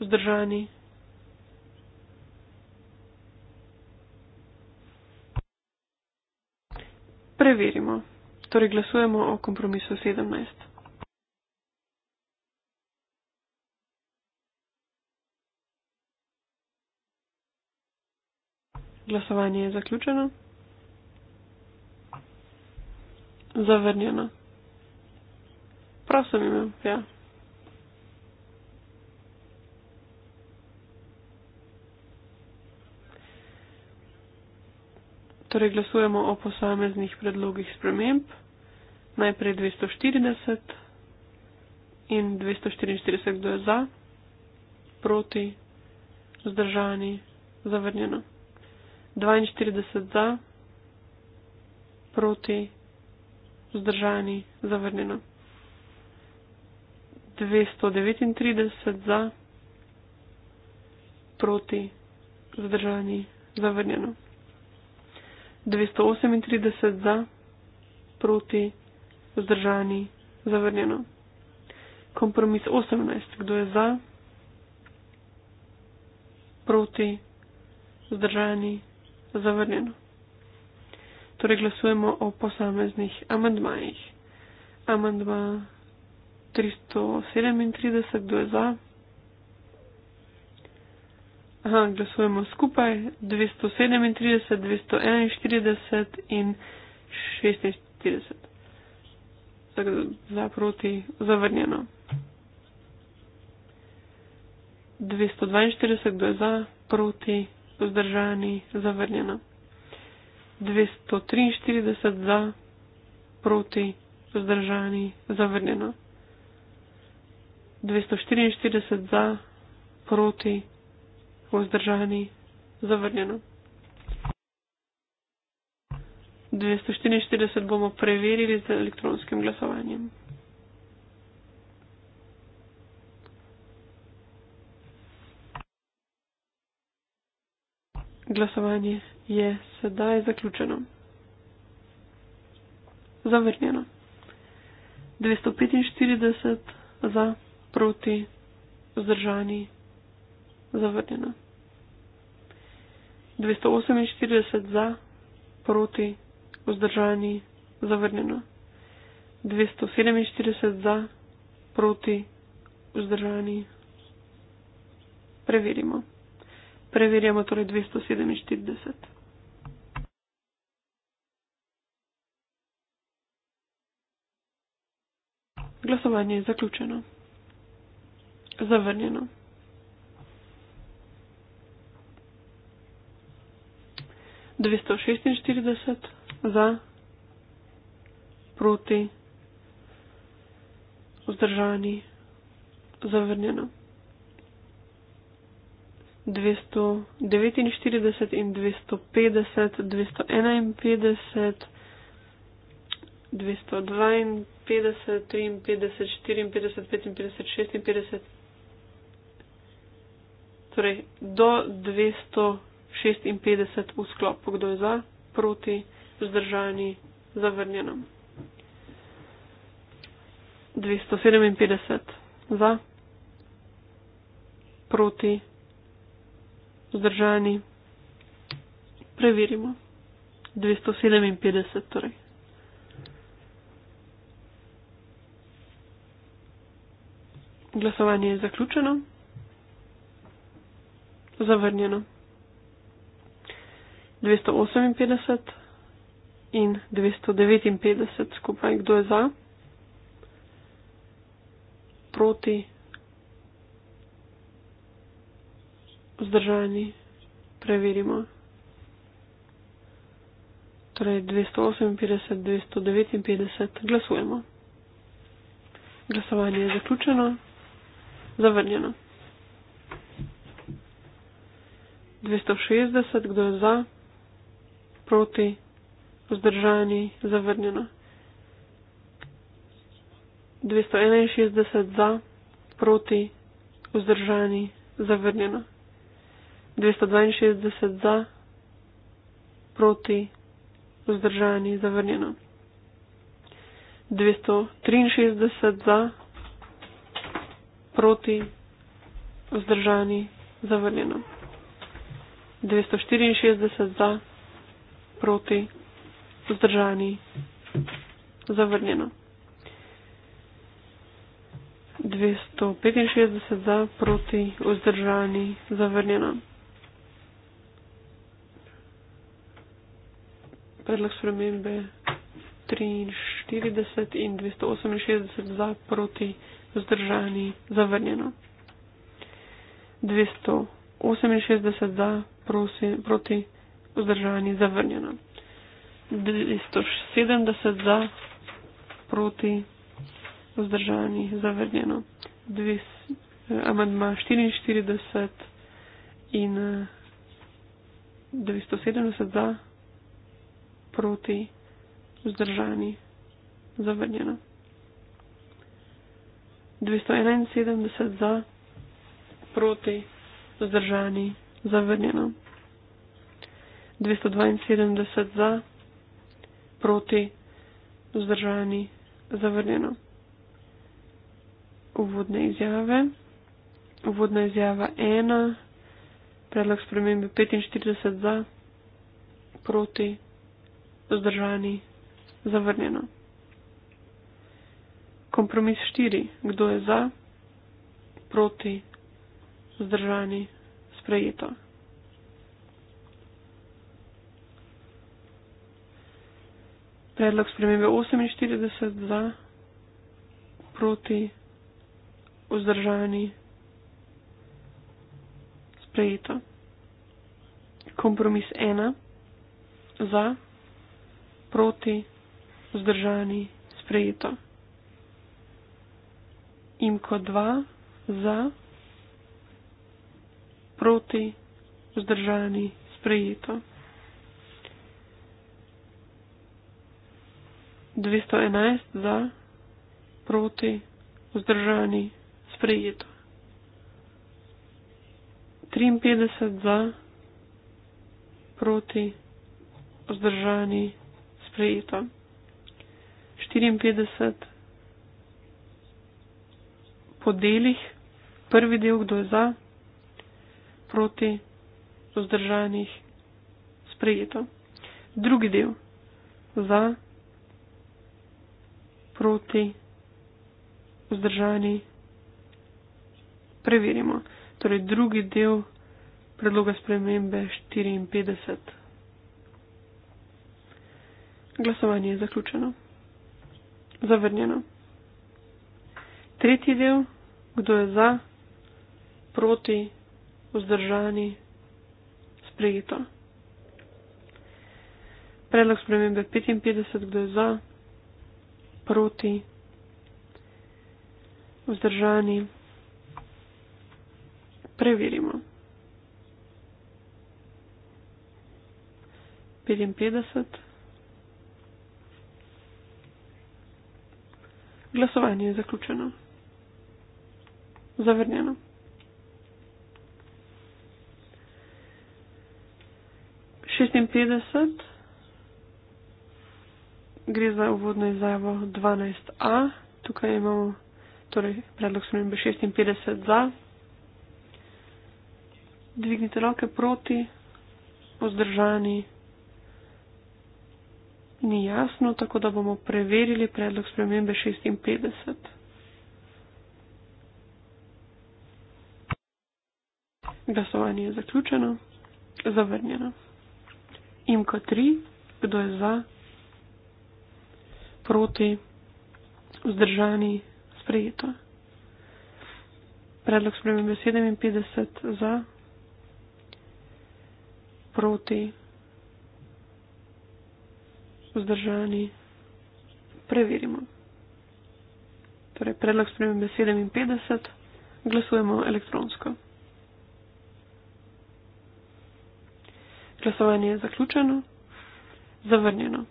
vzdržani, zavrnjeno. preverimo. Torej glasujemo o kompromisu 17. Glasovanje je zaključeno. Zavrnjeno. Prosim, imam. Ja. Torej glasujemo o posameznih predlogih sprememb. Najprej 240 in 244, kdo je za, proti, zdržani, zavrnjeno. 42 za, proti, zdržani, zavrnjeno. 239 za, proti, zdržani, zavrnjeno. 238 za, proti, vzdržani, zavrnjeno. Kompromis 18. Kdo je za? Proti, vzdržani, zavrnjeno. Torej glasujemo o posameznih amandmajih. Amandma 337. Kdo je za? Aha, glasujemo skupaj 237, 241 in 46. Tako za proti zavrnjeno. 242, kdo je za, proti, vzdržani, zavrnjeno. 243 za, proti, vzdržani, zavrnjeno. 244 za, proti, vzdržani vzdržani, zavrnjeno. 244 bomo preverili z elektronskim glasovanjem. Glasovanje je sedaj zaključeno. Zavrnjeno. 245 za, proti, vzdržani, zavrnjena. 248 za, proti, vzdržani, zavrnjeno. 247 za, proti, vzdržani. Preverimo. Preverjamo torej 247. Glasovanje je zaključeno. Zavrnjeno. 246 za, proti, vzdržani, zavrnjeno. 249 in 250, 251, 252, 53, 54, 55, 56. Torej, do 200. 56 v sklopu, kdo je za, proti, vzdržani, zavrnjeno. 257 za, proti, vzdržani, preverimo. 257 torej. Glasovanje je zaključeno. Zavrnjeno. 258 in 259 skupaj, kdo je za, proti, vzdržani, preverimo. Torej 258, 259, glasujemo. Glasovanje je zaključeno, zavrnjeno. 260, kdo je za? proti, vzdržani, zavrnjeno. 261 za, proti, vzdržani, zavrnjeno. 262 za, proti, vzdržani, zavrnjeno. 263 za, proti, vzdržani, zavrnjeno. 264 za, proti, vzdržani, zavrnjeno. 264 za, proti, vzdržani, zavrnjeno. 265 za, proti, vzdržani, zavrnjeno. Predlog spremembe 43 in 268 za, proti, vzdržani, zavrnjeno. 268 za, prosi, proti, vzdržani vzdržani zavrnjeno. 270 za, proti, vzdržani zavrnjeno. Amandma 44 in 270 za, proti, vzdržani zavrnjeno. 271 za, proti, vzdržani zavrnjeno. 272 za, proti, vzdržani, zavrnjeno. Uvodne izjave. Uvodna izjava 1. Predlog spremembe 45 za, proti, vzdržani, zavrnjeno. Kompromis 4. Kdo je za, proti, vzdržani, sprejeto. predlog spremembe 48 za, proti, vzdržani, sprejeto. Kompromis 1 za, proti, vzdržani, sprejeto. Imko 2 za, proti, vzdržani, sprejeto. 211 za, proti, vzdržani, sprejeto. 53 za, proti, vzdržani, sprejeto. 54 po delih, prvi del, kdo je za, proti, vzdržanih, sprejeto. Drugi del, za, proti, sproti, vzdržani. Preverimo. Torej, drugi del predloga spremembe 54. Glasovanje je zaključeno. Zavrnjeno. Tretji del, kdo je za, proti, vzdržani, sprejeto. Predlog spremembe 55, kdo je za sproti, vzdržani. Preverimo. 55. Glasovanje je zaključeno. Zavrnjeno. Šestinpetdeset gre za uvodno izjavo 12a. Tukaj imamo torej, predlog spremembe 56 za. Dvignite roke proti, pozdržani. Ni jasno, tako da bomo preverili predlog spremembe 56. Glasovanje je zaključeno. Zavrnjeno. Imko 3. Kdo je za? proti, vzdržani, sprejeto. Predlog spremembe 57 za, proti, vzdržani, preverimo. Torej, predlog spremembe 57, glasujemo elektronsko. Glasovanje je zaključeno, zavrnjeno.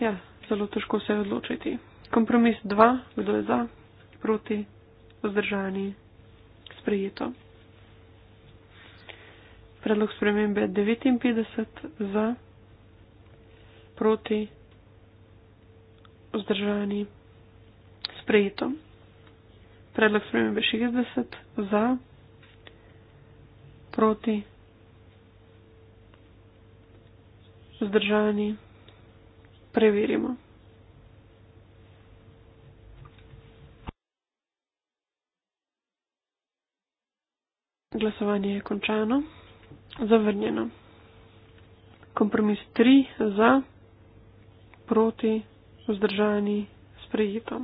Ja, zelo težko se je odločiti. Kompromis 2, kdo je za, proti, vzdržani, sprejeto. Predlog spremembe 59 za, proti, vzdržani, sprejeto. Predlog spremembe 60 za, proti, vzdržani, sprejeto preverimo. Glasovanje je končano, zavrnjeno. Kompromis 3 za, proti, vzdržani, sprejeto.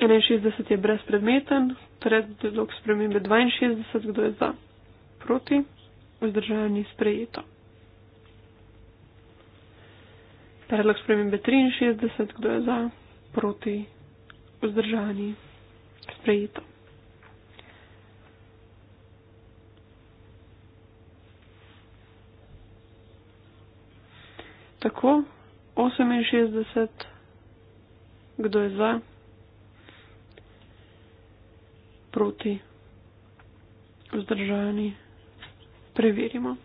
61 je brezpredmeten, predlog spremembe 62, kdo je za, proti, vzdržani, sprejeto. Predlog spremembe 63, kdo je za, proti, vzdržani, sprejeto. Tako, 68, kdo je za, proti, vzdržani, preverimo.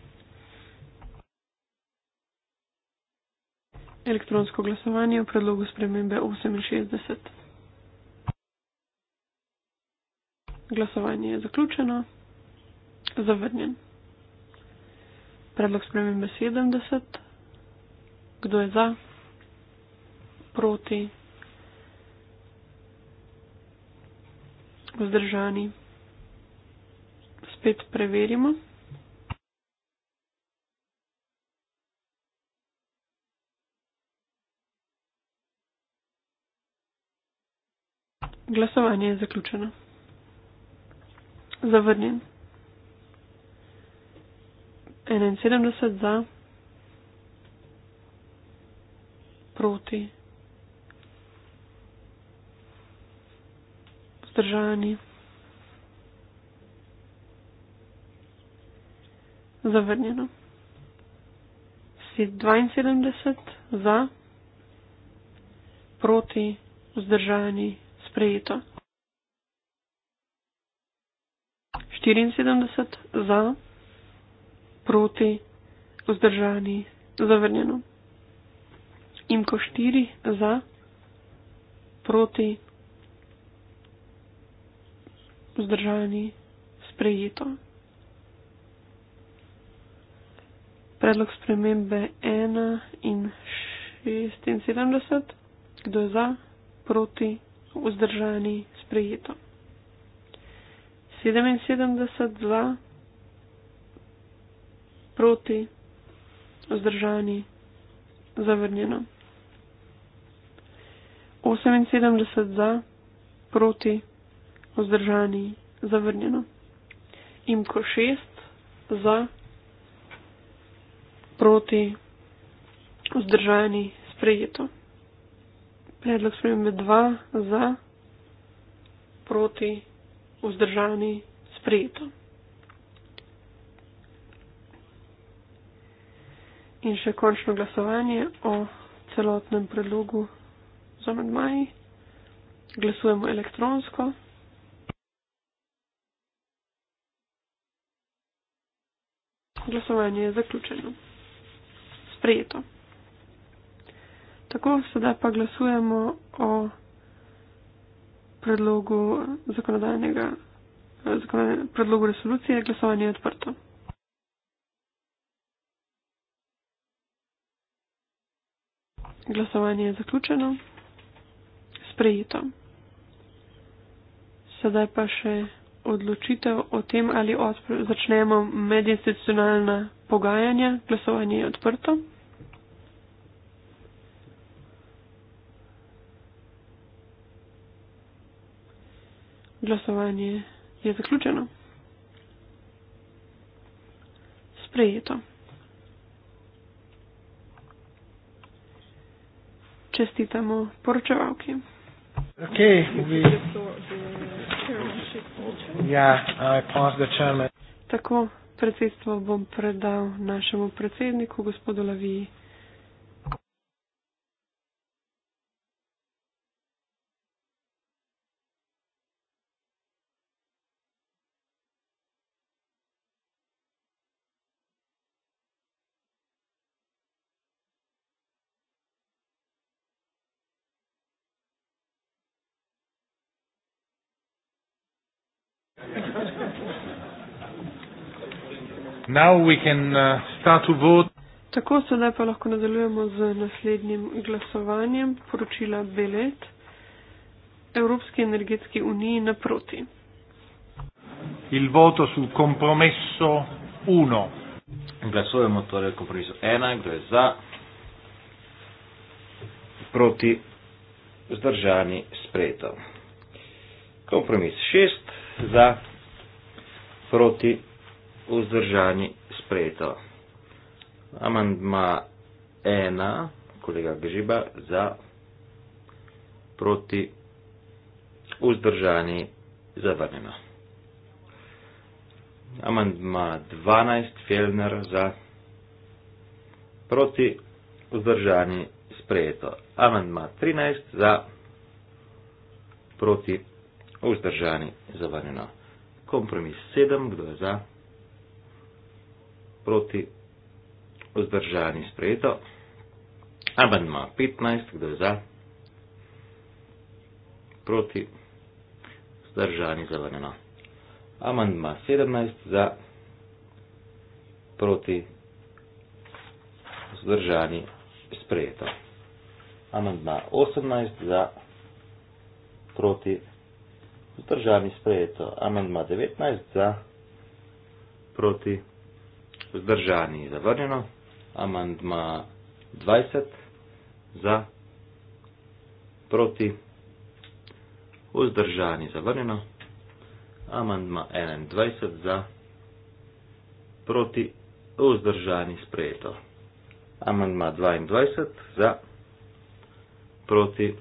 elektronsko glasovanje v predlogu spremembe 68. Glasovanje je zaključeno. Zavrnjen. Predlog spremembe 70. Kdo je za? Proti? Vzdržani? Spet preverimo. Glasovanje je zaključeno. Zavrnjen. 71 za, proti, vzdržani, zavrnjeno. 72 za, proti, vzdržani, sprejeto. 74 za, proti, vzdržani, zavrnjeno. Imko 4 za, proti, vzdržani, sprejeto. Predlog spremembe 1 in 76. Kdo je za, proti, vzdržani, sprejeto. 77-2 proti, vzdržani, zavrnjeno. 78 za, proti, vzdržani, zavrnjeno. Imko 6 za, proti, vzdržani, sprejeto. Predlog spremembe 2 za, proti, vzdržani, sprejeto. In še končno glasovanje o celotnem predlogu z amedmaji. Glasujemo elektronsko. Glasovanje je zaključeno. Sprejeto. Tako, sedaj pa glasujemo o predlogu zakonodajnega, zakonodajnega predlogu resolucije. Glasovanje je odprto. Glasovanje je zaključeno. Sprejeto. Sedaj pa še odločitev o tem, ali začnemo medinstitucionalna pogajanja. Glasovanje je odprto. Glasovanje je zaključeno. Sprejeto. Čestitamo poročevalki. Okay, we... yeah, Tako, predsedstvo bom predal našemu predsedniku, gospodu Laviji. Uh, Tako sedaj pa lahko nadaljujemo z naslednjim glasovanjem poročila Belet Evropski energetski uniji naproti. Il voto su compromesso 1. Glasujemo torej o kompromisu 1, kdo je za, proti, zdržani, spretov. Kompromis 6, za, proti, zdržani vzdržani sprejeto. Amandma ena, kolega Gžiba, za proti vzdržani zavrnjeno. Amandma 12, Felner za proti vzdržani sprejeto. Amandma 13 za proti vzdržani zavrnjeno. Kompromis 7, kdo je za? proti vzdržani sprejeto. Abandma 15, kdo je za? Proti vzdržani zavrnjeno. Amandma 17 za proti vzdržani sprejeto. Amandma 18 za proti vzdržani sprejeto. Amandma 19 za proti vzdržani sprejeto. Zdržani je zavrnjeno. Amandma 20 za proti. Vzdržani zavrnjeno. Amandma 21 za proti. Vzdržani sprejeto. Amandma 22 za proti.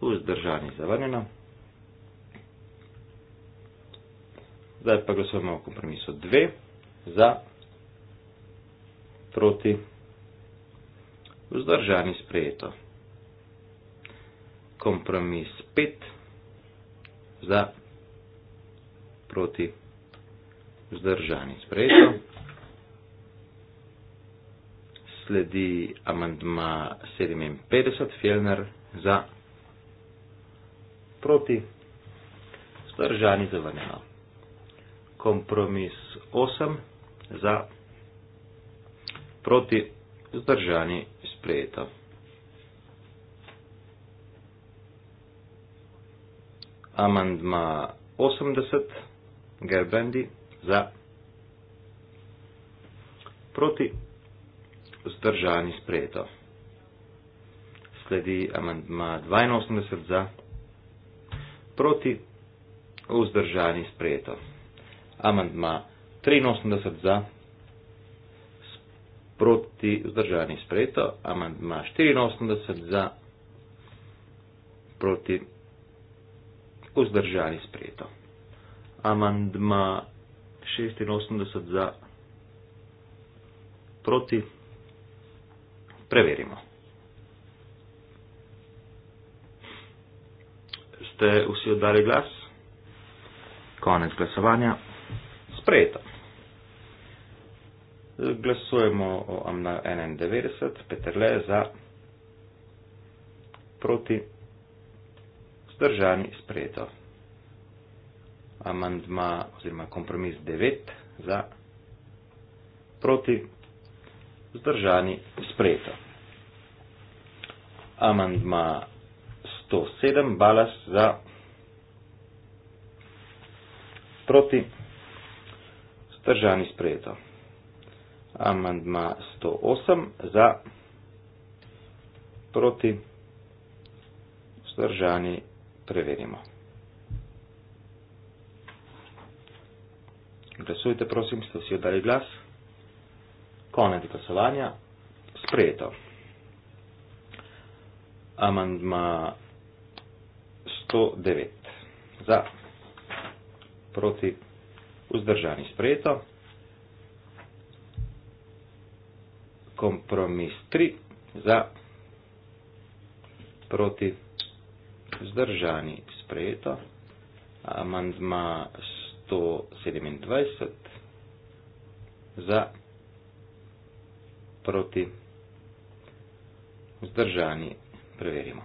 Vzdržani zavrnjeno. Zdaj pa glasujemo o kompromisu 2 za, proti, vzdržani sprejeto. Kompromis 5, za, proti, vzdržani sprejeto. Sledi amandma 57, Fjellner, za, proti, vzdržani zavrnjeno. Kompromis 8 za proti zdržani spleta. Amandma 80 Gerbendi za proti zdržani spleta. Sledi amandma 82 za proti vzdržani spleta. Amandma 83. 83 za, proti vzdržani sprejeto, amandma 84 za, proti vzdržani sprejeto. Amandma 86 za, proti, preverimo. Ste vsi oddali glas? Konec glasovanja. Sprejeto glasujemo o amna 91, Peterle za, proti, zdržani, sprejeto. Amandma oziroma kompromis 9 za, proti, zdržani, sprejeto. Amandma 107, balas za, proti, zdržani, sprejeto amandma 108 za proti vzdržani preverimo. Glasujte, prosim, ste vsi oddali glas. Konec glasovanja. Sprejeto. Amandma 109 za proti vzdržani sprejeto. kompromis 3 za proti zdržani sprejeto amandma 127 za proti zdržani preverimo.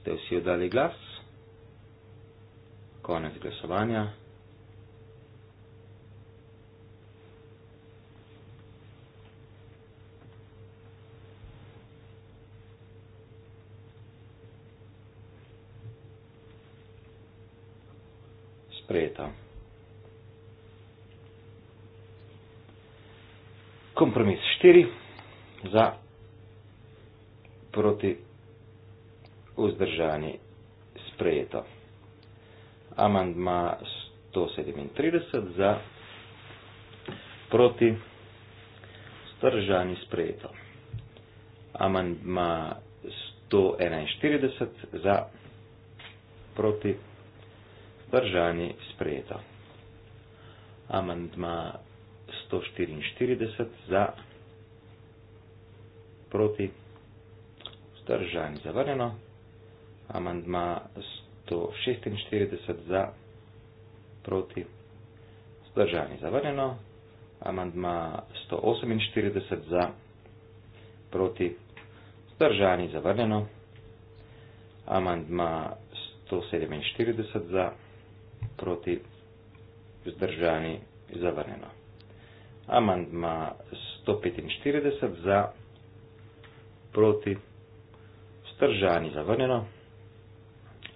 Ste vsi oddali glas? Konec glasovanja. sprejeta. Kompromis 4 za proti vzdržani sprejeta. Amandma 137 za proti vzdržani sprejeta. Amandma 141 za proti vzdržani sprejeta vzdržani, sprejeto. Amandma 144 za, proti, vzdržani, zavrnjeno. Amandma 146 za, proti, vzdržani, zavrnjeno. Amandma 148 za, proti, vzdržani, zavrnjeno. Amandma 147 za, proti proti vzdržani zavrnjeno. Amandma 145 za proti vzdržani zavrnjeno.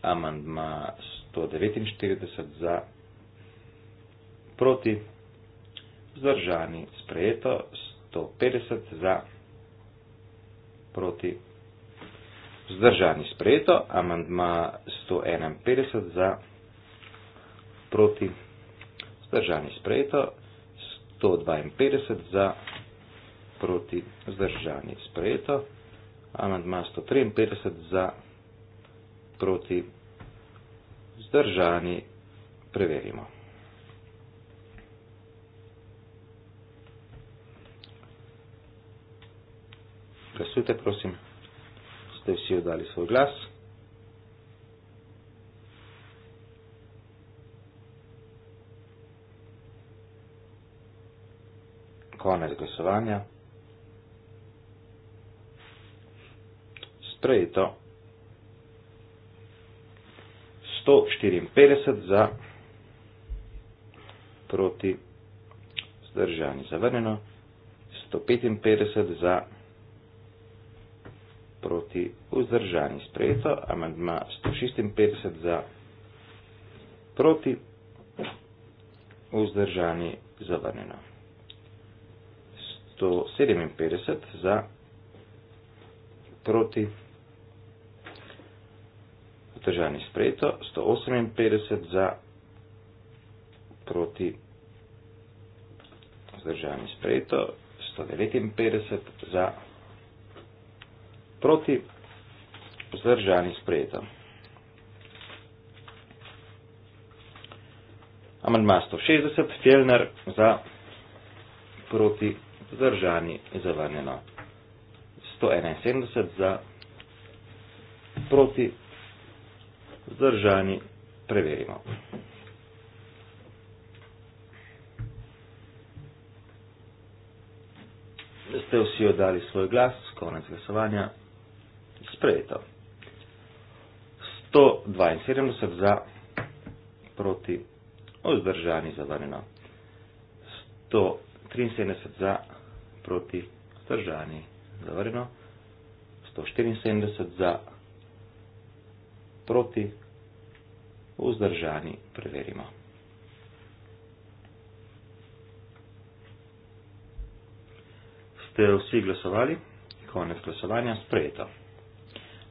Amandma 149 za proti vzdržani sprejeto. 150 za proti vzdržani sprejeto. Amandma 151 za proti proti zdržani sprejeto, 152 za proti zdržani sprejeto, amandma 153 za proti zdržani preverimo. Glasujte, prosim, ste vsi oddali svoj glas. konec glasovanja. Sprejeto 154 za proti zdržani zavrnjeno, 155 za proti vzdržani sprejeto, amandma 156 za proti vzdržani zavrnjeno. 157 za proti, vzdržani sprejeto, 158 za proti, vzdržani sprejeto, 159 za proti, vzdržani sprejeto. Amandma 160, Fjellner za proti, vzdržani sprejeto zdržani, zavrnjeno 171 za proti zdržani, preverimo. Ste vsi oddali svoj glas, konec glasovanja, sprejeto. 172 za proti, vzdržani za vrnjeno. 173 za proti Stržani. Zavrno 174 za proti vzdržani. Preverimo. Ste vsi glasovali? Konec glasovanja sprejeto.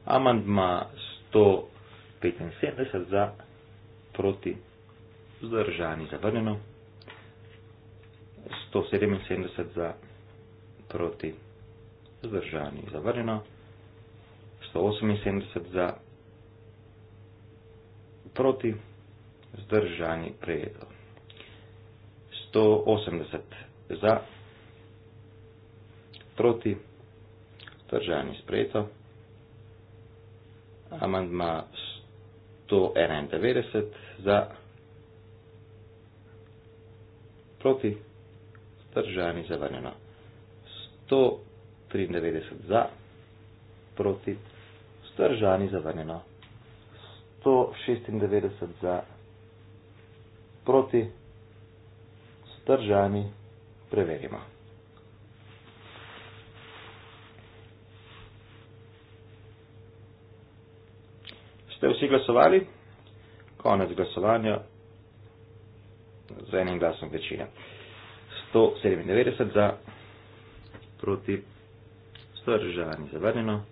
Amandma 175 za proti vzdržani. Zavrnjeno. 177 za proti proti, zdržani, zavrnjeno, 178 za, proti, zdržani, prijedlo, 180 za, proti, zdržani, sprejeto, amandma 191 za, proti, zdržani, zavrnjeno. 193 za, proti, stržani zavrnjeno, 196 za, proti, stržani, preverimo. Ste vsi glasovali? Konec glasovanja z enim glasom večine. 197 za proti 100 državljani zavrnjeno,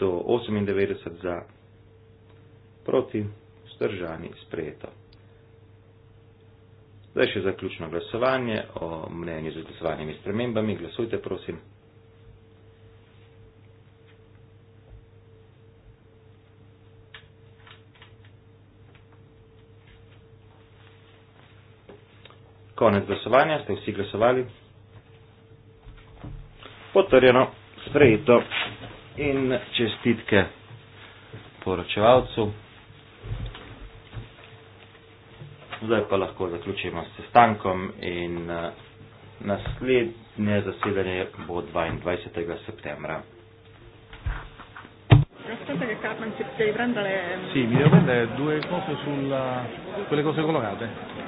198 za proti 100 državljani sprejeto. Zdaj še zaključno glasovanje o mnenju z glasovanjem in spremembami. Glasujte, prosim. Konec glasovanja, ste vsi glasovali? potrjeno, sprejeto in čestitke poročevalcu. Zdaj pa lahko zaključimo s sestankom in eh, naslednje zasedanje bo 22. septembra. Sì, mi devo vedere due cose su quelle cose collocate.